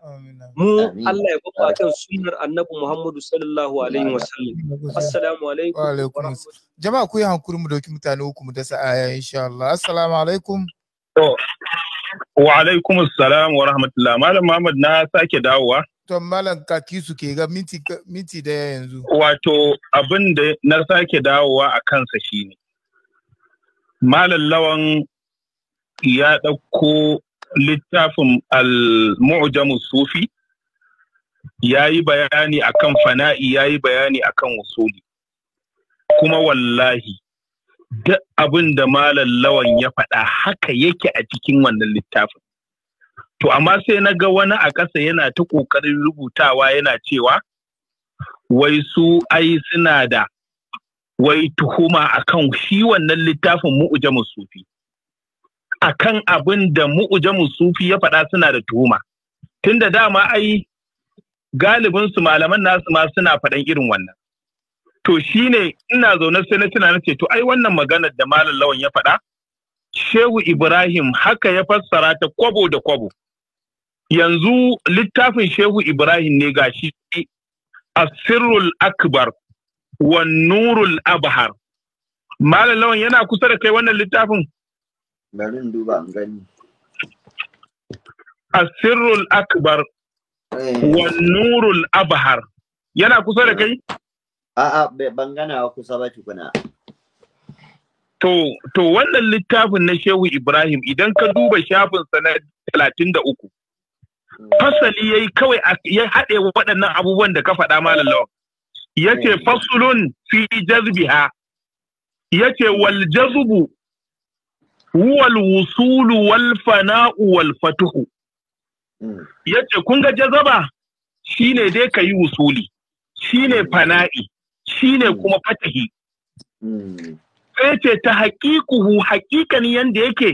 Mu Allah ya babba kan sunar Annabi Muhammadu sallallahu alaihi wasallam Assalamu alaikum. Wa alaikum. Jama'a ku yi hankuri mu dauki mutane uku mu dasa aya insha Allah. Assalamu alaikum. Wa alaikum assalam wa rahmatullah. Malam Muhammad na sake dawowa. To malam kaki su ke ga minti minti daya yanzu. Wato abin da na sake dawowa a kansa shine. Malam lawan ya ɗauko littafin al-mu'jamu sufi ya yi bayani akan fana'i ya yi bayani akan wasoli, kuma wallahi duk abin da malam lawan ya faɗa haka yake a cikin wannan littafin to amma sai na ga wani a ƙasa yana ta ƙoƙarin rubutawa yana cewa wai su ai suna da wai tuhuma a kan shi wannan littafin mu'jamu sufi akan abin da mu'uja musufi ya faɗa suna da tuhuma tunda dama ai galibinsu malaman nasu ma suna faɗan irin wannan to shi ne ina zaune sai na tuna nace to ai wannan maganar da malam lawan ya faɗa Shehu Ibrahim haka ya fassara ta kwabo da kwabo yanzu littafin Shehu Ibrahim ne ga gashi Asirul Akbar wa Nurul Abhar Malam Lawan yana kusa da kai wannan littafin bari in duba in gani asirul akbar eh. wa nurul abhar yana kusa da kai ban gana kusa ba tukuna to to wannan littafin na Shehu Ibrahim idan ka duba shafin sa na 33 hmm. fasali yayi kawai ya hade waɗannan abubuwan da ka faɗa malam lawan yace hmm. fasulun fi jazbiha yace wal jazbu huwa al-wusul wal fana wal fatuhu hmm. yace kun ga jazaba shine dai kayi wusuli shine hmm. fana'i shine hmm. kuma fatahi sai ce ta haqiquhu haƙiƙan yanda yake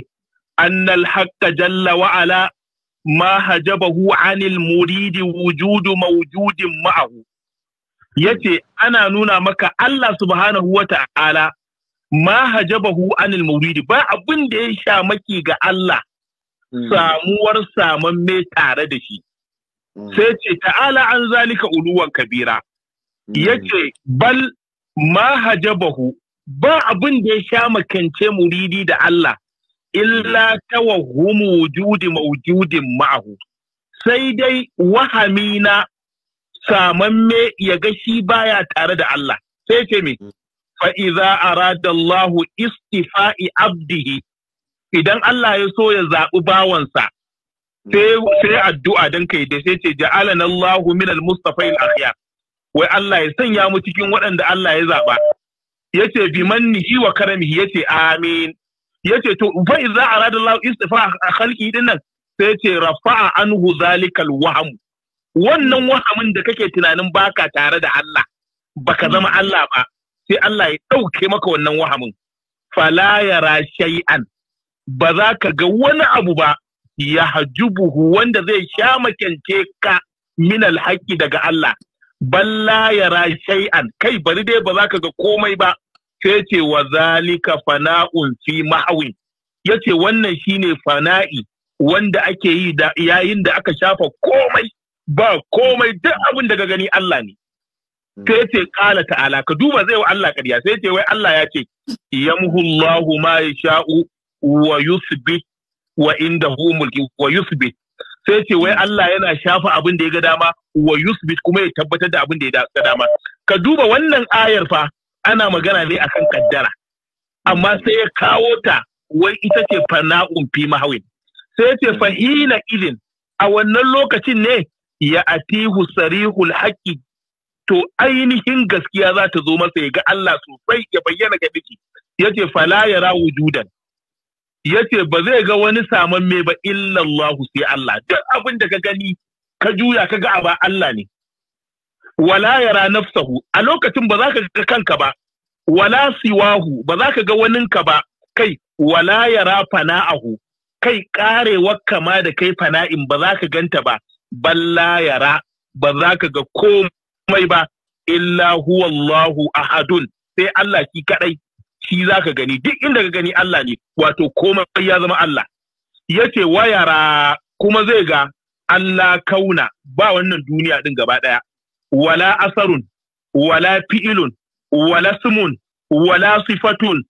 annal haqqa jalla wa ala ma hajabahu anil muridi wujudu mawjudin ma'ahu yace ana nuna maka Allah subhanahu wa ta'ala ma hajabahu anil mawridi ba abin da ya sha maki ga Allah hmm. samuwar saman samamme tare da shi hmm. sai ce ta'ala an zalika uluwan kabira hmm. yace bal ma hajabahu ba abin da ya sha makance muridi da Allah illa tawahhumu wujudi mawjudin ma'ahu sai dai wahami na samamme ya ga shi baya tare da Allah sai ce me fa idza arada istifa'i abdihi idan Allah ya so ya zaɓi bawansa sai addu'a dan kai da sai ce ja'alana Allahu minal mustafa'il akhyar wai Allah ya sanya mu cikin waɗanda Allah ya zaɓa ce bi mannihi wa karamihi yace amin ce to fa idza istifa khalqi din nan sai ce rafa'a anhu zalikal waham wannan wahamin da kake tunanin baka tare da Allah baka zama Allah ba sai Allah ya ɗauke maka wannan wahamin fala yara shay'an ba za ka ga wani abu ba ya hajubuhu wanda zai sha makyanke ka min alhaƙi daga Allah balla yara shay'an kai bari dai ba za ka ga komai ba sai ce wa zalika fana'un fi Ya ce wannan shine fana'i wanda ake yi da yayin da aka shafa komai ba komai duk abin daga gani Allah ne Mm. sai ce kala ta'ala ka duba zai wa Allah ƙarya sai ce wai Allah ya ce yamhullahu ma yasha'u wa yusbit wa indahu mulki wa yusbit sai ce wai Allah yana shafa abin da ya ga dama wa yusbit kuma ya tabbatar da abin da ya ga dama ka duba wannan ayar fa ana magana ne akan kaddara amma sai ya kawo ta wai ita ce fana'un fi mahawin sai ce fahina mm. idin a wannan lokacin ne ya atihu sarihul haqqi to ainihin gaskiya za ta zo masa ya ga Allah sosai ya bayyana ga biki ce fala yara wujudan ce ba zai ga wani saman me ba illallahu sai Allah duk abin da ka gani ka juya ka ga ba Allah ne wala yara nafsahu a lokacin ba za ka ga kanka ba wala siwahu ba za ka ga ka ba kai wala yara fana'ahu kai karewar kama da kai fana'in ba za ka ganta ba balla ra ba za ka ga komai komai ba illa huwa Allahu ahadun sai Allah shi kadai shi zaka gani duk inda ka gani Allah ne wato komai ya zama Allah yace wayara kuma zai ga Allah kauna ba wannan duniya din gaba daya wala asarun wala fi'ilun wala sumun wala sifatun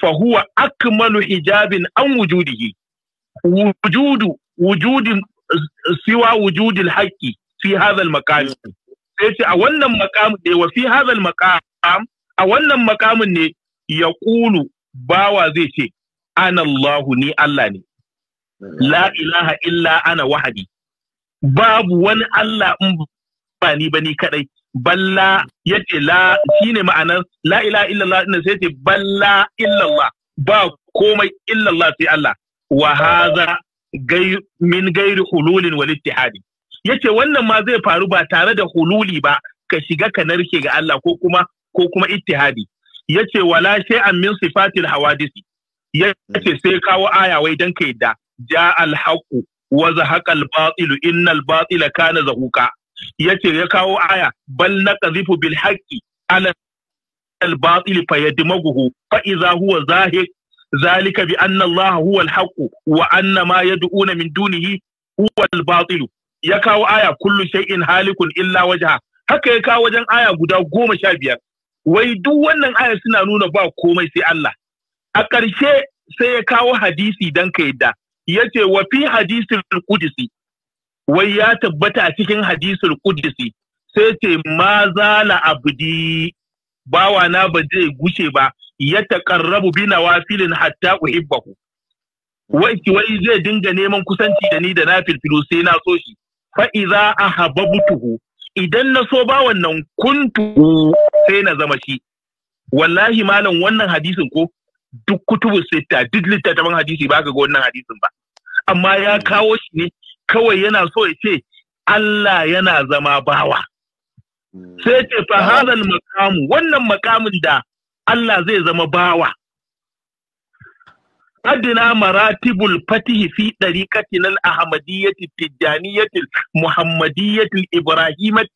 fa huwa akmalu hijabin an wujudihi wujudu wujudin siwa wujudil haqqi fi hadha al sai ce a wannan makamin ne wa fi hazal makam a wannan makamin ne ya ƙulu bawa zai ce ana Allahu ni Allah ne la ilaha illa ana wahadi babu wani Allah in ba ni ba ni kadai balla ya ce la shine ma'anar la ilaha illallah din sai ce balla illallah ba komai illallah sai Allah wa hadha min gairi hululin wal ittihadi yace wannan ma zai faru ba tare da hululi ba ka shiga ka narke ga Allah ko kuma ko kuma ittihadi yace wala shay'an min sifatil hawadisi ce mm. sai kawo aya wai dan ka yadda ja al haqu wa zahaqa al batil innal batila kana zahuka yace ya kawo aya bal naqdhifu bil haqqi ala al batil fayadmaguhu fa idza huwa zahiq ذلك بأن Wa هو الحق وأن ما min من دونه هو الباطل ya kawo aya kullu shay'in halikun illa wajha haka ya kawo wajen aya guda goma sha biyar wai duk wannan aya suna nuna ba komai sai Allah a ƙarshe sai ya kawo hadisi dan ka yadda yace wa fi hadisin qudsi wai ya tabbata a cikin hadisin qudsi sai ce ma zala abdi bawa na ba zai gushe ba ya taqarrabu bi filin hatta uhibbahu wai wai zai dinga neman kusanci da ni da na nafilfilu sai na so shi a iza ahabbtuhu idan na so ba wannan kuntu sai na zama shi wallahi malam wannan hadisin ko duk kutubu sita duk littattafan hadisi ba ka ga wannan hadisin ba amma ya kawo shi ne kawai yana so ya ce Allah yana zama bawa sai ce fa hmm. makamu wannan makamin da Allah zai zama bawa adina maratibul fatih fi dariqatina al-ahmadiyyati tijjaniyyati muhammadiyyati ibrahimati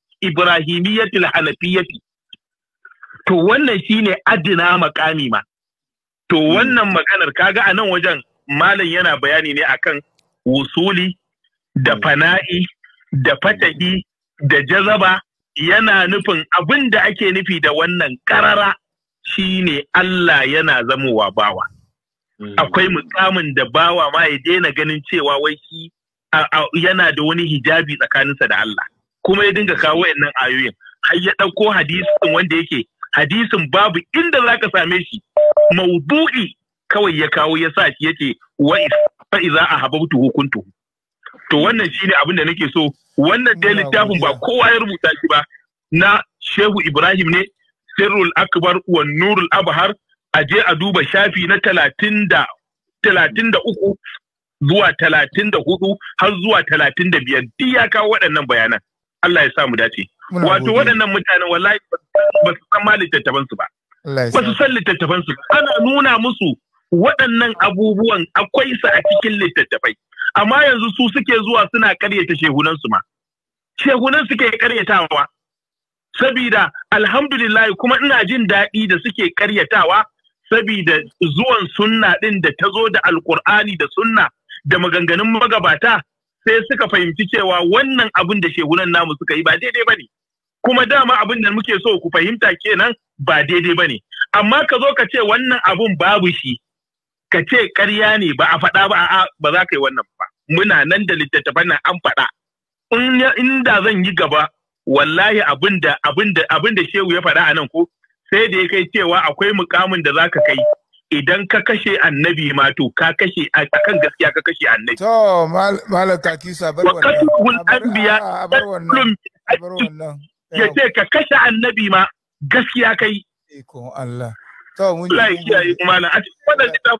to wannan shine adna makami ma to wannan maganar kaga a nan wajen malam yana bayani ne akan wusuli da fana'i da fatahi da jazaba yana nufin abin da ake nufi da wannan ƙarara shine Allah yana zamowa bawa. Mm. akwai mukamin da bawa ma ya daina ganin cewa wai shi yana da wani hijabi tsakaninsa da Allah kuma ya dinga kawo wayannan ayoyin har ya ɗauko hadisin wanda yake hadisin babu inda zaka same shi mawdu'i kawai ya kawo ya sa shi yake wa fa iza ahabbtu hukuntu to wannan shine abin da nake so wannan dai littafin ba kowa ya rubuta shi ba na Shehu Ibrahim ne Sirrul Akbar wa Nurul Abhar a je a duba shafi na talatin da uku zuwa talatin da hudu har zuwa talatin da biyar duk ya kawo waɗannan bayanan Allah ya sa mu dace wato waɗannan mutanen wallahi ba su san su ba ba su san littattafan su ana nuna musu waɗannan abubuwan akwai su a cikin littattafai amma yanzu su suke zuwa suna karyata shehunan su ma shehunan suke karyatawa sabida alhamdulillah kuma ina jin daɗi da suke karyatawa sabida zuwan sunna ɗin da ta zo da alkur'ani da sunna da maganganun magabata sai suka fahimci cewa wannan abin da shehunan namu suka yi ba daidai ba ne kuma dama abin da muke so ku fahimta kenan ba daidai ba ne amma ka zo ka ce wannan abin babu shi ka ce ƙarya ne ba a faɗa ba a ba za ka yi wannan ba muna nan da littattafan nan an faɗa in da zan yi gaba wallahi abin da abin da shehu ya faɗa a nan ko sai da ya kai cewa akwai mukamin da zaka kai idan ka kashe annabi ma to ka kashe kan gaskiya ka kashe annabi to malaka kisa bar wannan wakatun bar wannan bar wannan ya ce ka kashe annabi ma gaskiya kai Allah to mun yi kuma a cikin wannan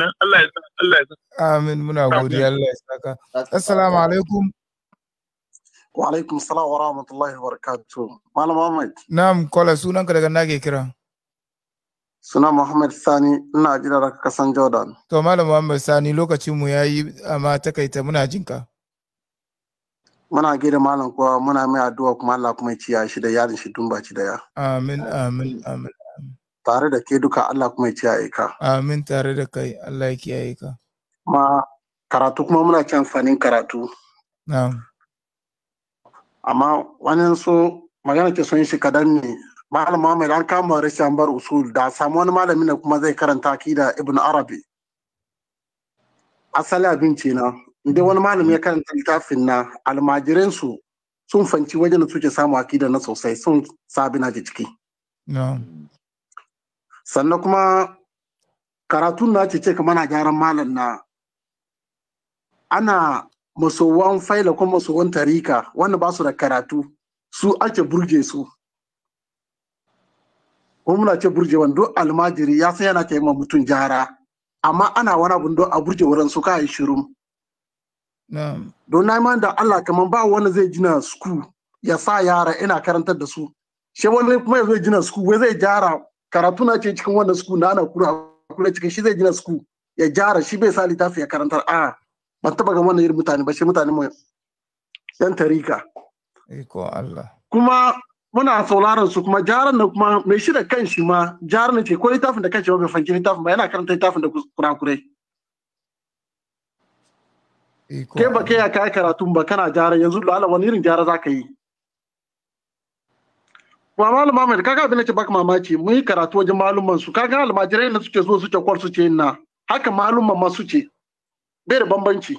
nan Allah ya Allah ya amin muna godiya Allah ya saka assalamu alaikum Wa alaikum salam wa rahmatullahi wa barakatuh. Malam Ahmad. Na'am, kola ka daga nage kira. Suna Muhammad Sani, ina jira da kasan Jordan. To Malam Muhammad Sani lokacin mu yayi amma takaita muna jinka. Muna gida malam kuwa muna mai addu'a kuma Allah kuma ya ciya shi da yarin shi dun baci da ya. Amin amin amin. Tare da ke duka Allah kuma ya ciya ka. Amin tare da kai Allah ya kiyaye ka. Ma karatu kuma muna kyan fanin karatu. Na'am. amma wani so magana ke son shi kadan ne malama mai an kama rashin bar usul da samu wani malami ne kuma zai karanta da Ibn Arabi asali abinci na inda wani malami ya karanta littafin na almajirin su sun fanci wajen da suke samu akida na sosai sun sabi na ciki sannan kuma karatun na ce ce kamar na gyaran malam na ana masowan faila ko masowan tarika wanda ba su da karatu su ake burge su kuma muna ce burge wani duk almajiri ya san yana kai ma mutum jara amma ana wani abun don a burge wurin su kai shiru don na iman da Allah kamar ba wani zai jina sku ya sa yara ina karantar da su shi wani kuma zai jina sku wai zai jara karatu na ce cikin wannan sku na ana kura kura cikin shi zai jina sku ya jara shi bai sa littafi ya karantar a'a. ba taba ga wannan irin mutane ba sai mutane mu yan tarika iko Allah kuma muna sauraron su kuma jaran nan kuma mai shi da kanshi ma jaran ce ko litafin da kanshi ba bai fanki litafin ba yana karanta litafin da kurakurai kai ba kai ya kai karatun ba kana jaran yanzu lalata wani irin jara za ka yi ba malama mai kaga abin da ke baka mamaki mun yi karatu wajen malumman su kaga almajirai ne suke zo suke kwar ce yin na haka malumman ma suke bai da bambanci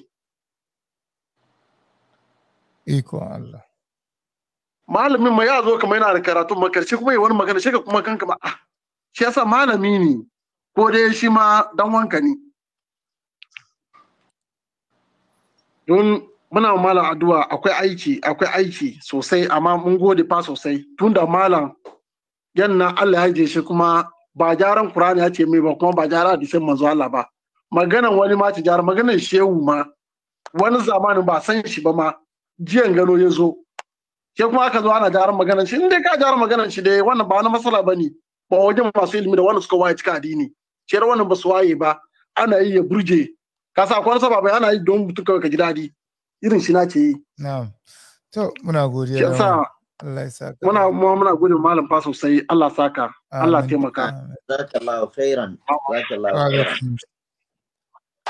iko Allah malamin ma ya zo kama yana da karatun makarci kuma yi wani magana shi ka kuma kanka ba ah shi yasa malami ne ko dai shi ma dan wanka ne don muna malam addu'a akwai aiki akwai aiki sosai amma mun gode fa sosai tunda malam yanna Allah ya je shi kuma ba jaran Qur'ani ya ce mai ba kuma ba jaran hadisin manzo Allah ba maganan wani ma tijara maganan shehu ma wani zamanin ba san shi ba ma jiyan gano ya zo ke kuma aka zo ana jaran maganan shi inda ka jaran maganan shi dai wannan ba wani matsala ba ne ba wajen masu ilimi da wani suka waye cika addini shi wannan ba su waye ba ana yi ya burge ka sa kwan saba bai ana yi don mutum kawai ka ji daɗi irin shi na ce yi na'am to muna godiya da Allah ya saka muna muna gode malam fa sosai Allah saka Allah taimaka zakallahu khairan zakallahu khairan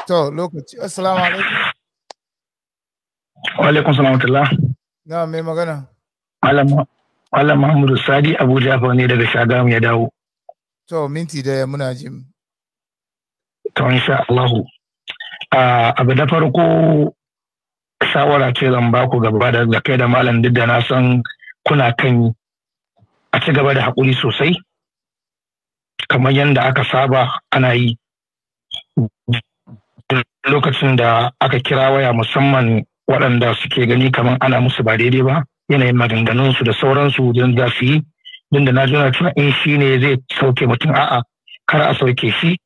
To lokaci, assalamu alaikum. Wa alaikum salam wa Na mai magana. Malam Muhammadu Sadi Abuja fa ne daga Shagamu ya dawo. To minti da muna jin. To insha Allahu. Abu da farko shawara ce zan ba ku gaba da kai da malam duk da na san kuna kan a ci gaba da haƙuri sosai kamar yadda aka saba ana yi lokacin da aka kira waya musamman waɗanda suke gani kamar ana musu ba daidai ba yanayin maganganunsu da sauransu don za su yi don da na juna cewa in shi ne zai sauke mutum a'a kar a sauke shi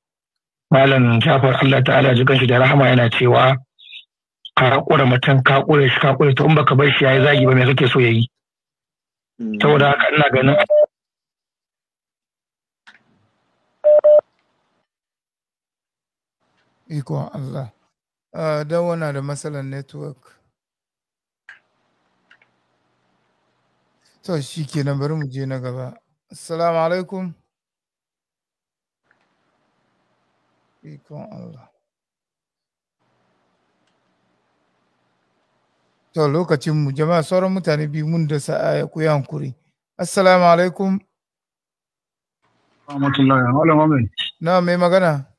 malam jafar allah ta'ala jikan shi da rahama yana cewa ka kura mutum ka kure shi ka kure ta, in baka bar shi ya yi zagi ba me kake so ya yi mm. saboda haka ina ganin ikon Allah uh, ah, don wana da matsalar network to shi na bari mu je na gaba assalamu alaikum ikon Allah to lokacinmu jama'a sauran mutane biyu mun da sa'a ku yi hankuri assalamu alaikum na mai magana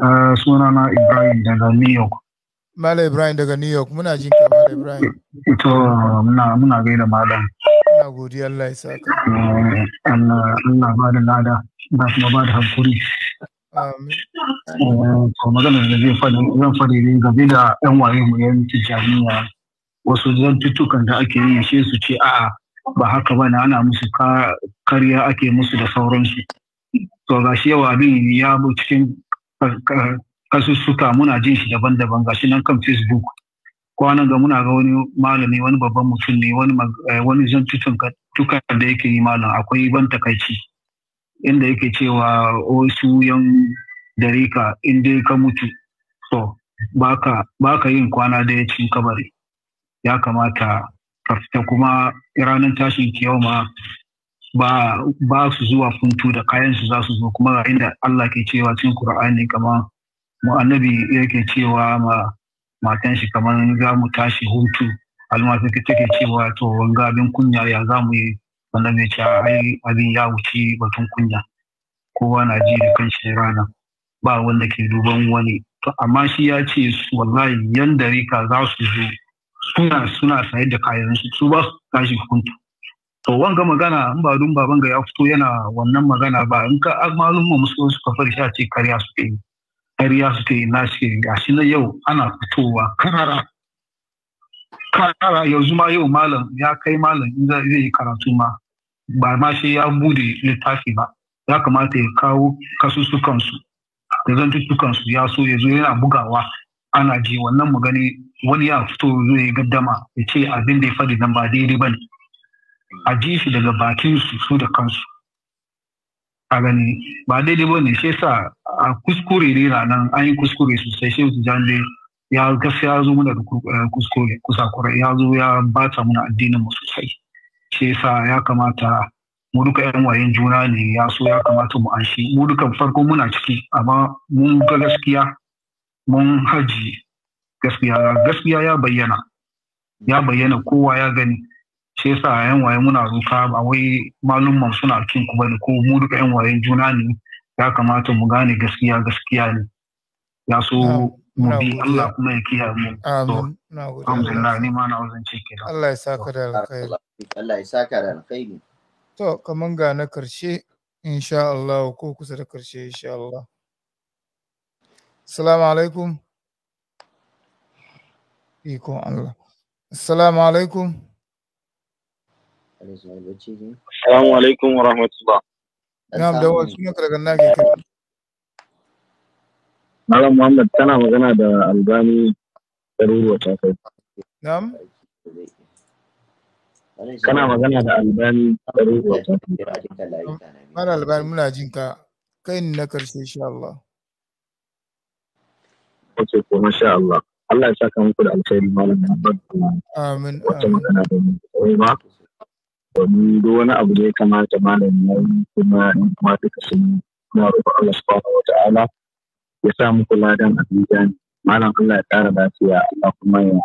Ah, sunana Ibrahim daga New York. Malam Ibrahim daga New York, muna jin ka Malam Ibrahim. Ito muna muna gaida malam. Ina godi Allah ya saka. Eh, Allah Allah ba da lada, ba kuma ba da hankuri. Eh, to magana da zai faɗi zan faɗi ne game da ƴan waye mu yan tijjaniya wasu zan tutukan da ake yi shi su ce a'a ba haka ba na ana musu karya ake musu da sauransu. To ga shi yawa abin ya bu cikin kasussuka muna jin shi daban-daban ga shi nan kan facebook kwanan ga muna ga wani malami wani babban mutum ne wani zan eh, tutun tukar da yake yi malam akwai ban takaici inda yake cewa wasu yan darika in dai ka mutu to ba ka yin kwana da ya cin kabari ya kamata ka fita kuma ranar tashin ma. ba ba su zuwa funtu da kayan su za su zo kuma ga inda Allah ke cewa cikin Qur'ani kamar mu annabi yake cewa ma matan shi kamar za mu tashi hutu almasu take cewa to wanga abin kunya ya za mu yi wanda mai ce ai abin ya wuce batun kunya kowa na ji da kan shi rana ba wanda ke duban wani to amma shi ya ce wallahi yanda rika za su zo suna suna sayar da kayan su su ba su tashi hukuntu to wanga magana in ba dun baban ga ya fito yana wannan magana ba in ka malumma musu suka fari ce karya suke yi karya suke yi na ce shi na yau ana fitowa karara karara yanzu ma yau malam ya kai malam in zai yi karatu ma ba ma shi ya bude littafi ba ya kamata ya kawo su da su ya so ya zo yana bugawa ana ji wannan magani wani ya fito zai gaddama ya ce abin da ya faɗi nan ba daidai ba ne a ji shi daga bakin su su da kansu a gani ba daidai ba ne shi sa a kuskure ne ranar an yi kuskure sosai sai su jande ya gaskiya ya zo muna da eh, kuskure kusa kura ya zo ya bata muna addinin mu sosai shi sa ya kamata mu duka yan wayen juna ne ya so ya kamata mu an shi mu duka farko muna ciki amma mun ga gaskiya mun haji gaskiya gaskiya ya bayyana ya bayyana kowa ya gani shi yasa yan waye muna rufa ba wai malumman suna kin ku bane ko mu duka yan wayen juna ne ya kamata mu gane gaskiya gaskiya ne ya so mu bi Allah kuma ya kiyaye mu amin alhamdulillah ni ma na wajen ce kenan Allah ya saka da alkhairi Allah ya saka da alkhairi to kaman ga na karshe insha Allah ko kusa da karshe insha Allah Assalamu alaikum. Ikon Allah. Assalamu alaikum. Ali Ismail Bacci ne. Malam Muhammad tana magana da Albani Daruruwa ta kai. Kana magana da Albani Daruruwa ta kai. Mara Albani muna jin na karshe insha Allah. Allah. ya saka muku da alkhairi malam Wata magana da domin duk wani abu da ya kamata malam ya yi kuma in kuma duka sun na roƙo Allah subhanahu wata'ala ya sa muku ladan a ne. malam Allah ya kara lafiya Allah kuma ya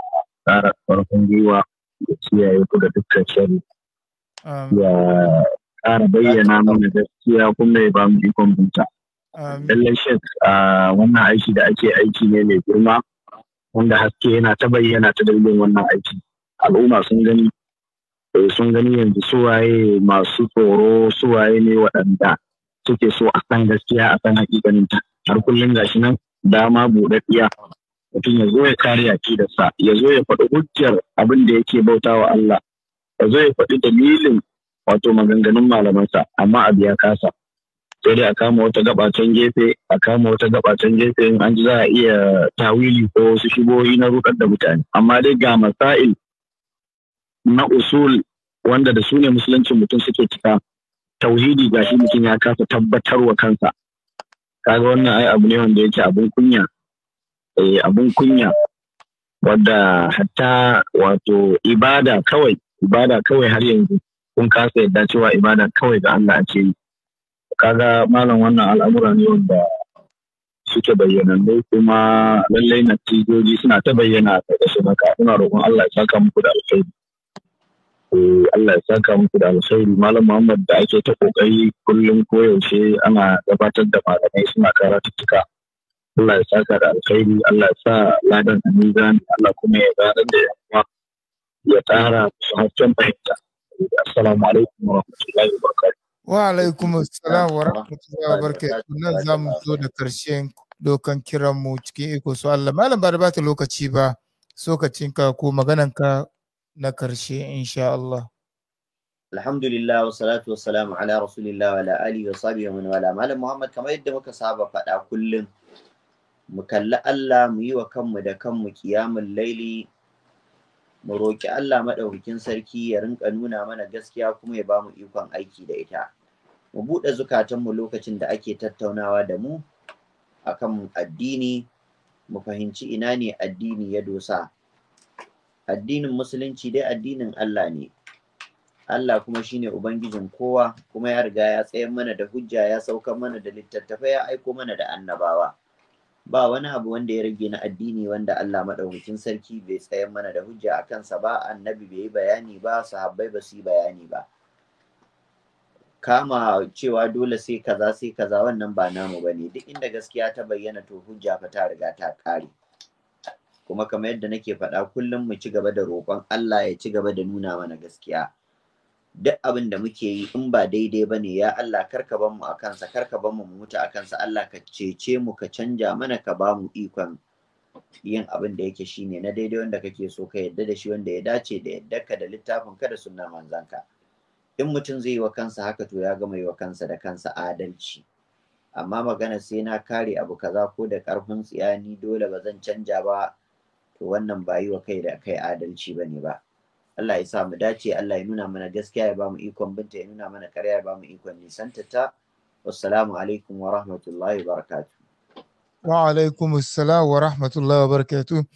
ƙara farkon gwiwa ya kiyaye ku da dukkan shari ya ƙara bayyana mana gaskiya kuma ya ba mu ikon binta lallai shek wannan aiki da ake aiki ne mai girma wanda haske yana ta bayyana ta dalilin wannan aiki al'umma sun gani Eh, sun gani yanzu suwaye masu tsoro suwaye ne waɗanda suke so a kan gaskiya a kan hakikanin ta har kullum gashi nan dama buɗaɗɗiya mutum ya zo ya kare akidarsa ya zo ya faɗi hujjar abin da yake wa Allah ya zo ya faɗi dalilin wato maganganun malamansa amma abu ya kasa sai dai a kama wata gaba can gefe a kama wata gaba can gefe in an ji za a iya tawili ko wasu shigoyi na rukar da mutane amma dai ga masail na usul wanda da sune ne musulunci mutum suke cika tauhidi ga shi mutum ya kasa tabbatarwa kansa kaga wannan ai abu ne wanda yake abun kunya eh abun kunya wadda hatta wato ibada kawai ibada kawai har yanzu kun kasa yadda cewa ibada kawai ga Allah ake yi kaga malam wannan al'amura ne wanda suke bayyananne kuma lallai natijoji suna ta bayyana a ƙarƙashin haka ina roƙon Allah ya saka muku da alkhairi Eh, Allah ya saka muku da alkhairi Malam Muhammad da ake ta kokari kullum koyaushe ana gabatar da malamai suna karatuttuka. Allah ya saka da alkhairi, Allah ya sa ladan amizan Allah kuma ya gane da yamma ya tara su hasken fahimta. Assalamu alaikum wa rahmatullahi wa barakatuh. Wa alaikum assalam wa rahmatullahi wa barakatuh. Nan za mu zo da karshen dokan kiran mu cikin iko su Allah. Malam ba da bata lokaci ba, sokacinka ko magananka na karshe insha Allah. Alhamdulillah wa salatu wa salamu ala rasulillah wa ala alihi wa sahbihi wa wala malam Muhammad kamar yadda muka saba faɗa kullum mu kalli Allah mu yi wa kanmu da kanmu kiyamun laili mu roki Allah maɗaukakin sarki ya rinka nuna mana gaskiya kuma ya bamu ikon aiki da ita mu buɗe zukatanmu lokacin da ake tattaunawa da mu akan addini mu fahimci ina ne addini ya dosa addinin musulunci dai addinin Allah ne Allah kuma shine ubangijin kowa kuma ya riga ya tsayar mana da hujja ya sauka mana da littattafai ya aiko mana da annabawa ba wani abu wanda ya rage na addini wanda Allah madaukakin sarki bai tsayar mana da hujja a kansa ba annabi bai yi bayani ba sahabbai ba su yi bayani ba kama cewa dole sai kaza sai kaza wannan ba namu bane duk inda gaskiya ta bayyana to hujja fa ta riga ta kare kuma kamar yadda nake faɗa kullum mu ci gaba da roƙon Allah ya ci gaba da nuna mana gaskiya duk abin da muke yi in ba daidai ba ne ya Allah karka ban mu akan sa karka ban mu mu mutu akan sa Allah ka cece mu ka canja mana ka ba mu ikon yin abin da yake shine na daidai wanda kake so ka yadda da shi wanda ya dace da yadda ka da littafin ka da manzan manzanka in mutum zai yi wa kansa haka to ya gama yi wa kansa da kansa adalci amma magana sai na kare abu kaza ko da karfin tsiyani dole ba zan canja ba to wannan ba yi wa kai da kai adalci ba ne ba Allah ya sa mu dace Allah ya nuna mana gaskiya ya ba mu ikon binta ya nuna mana karya ya ba mu ikon nisanta ta wassalamu alaikum wa rahmatullahi wa barakatuh wa alaikum assalam wa rahmatullahi wa barakatuh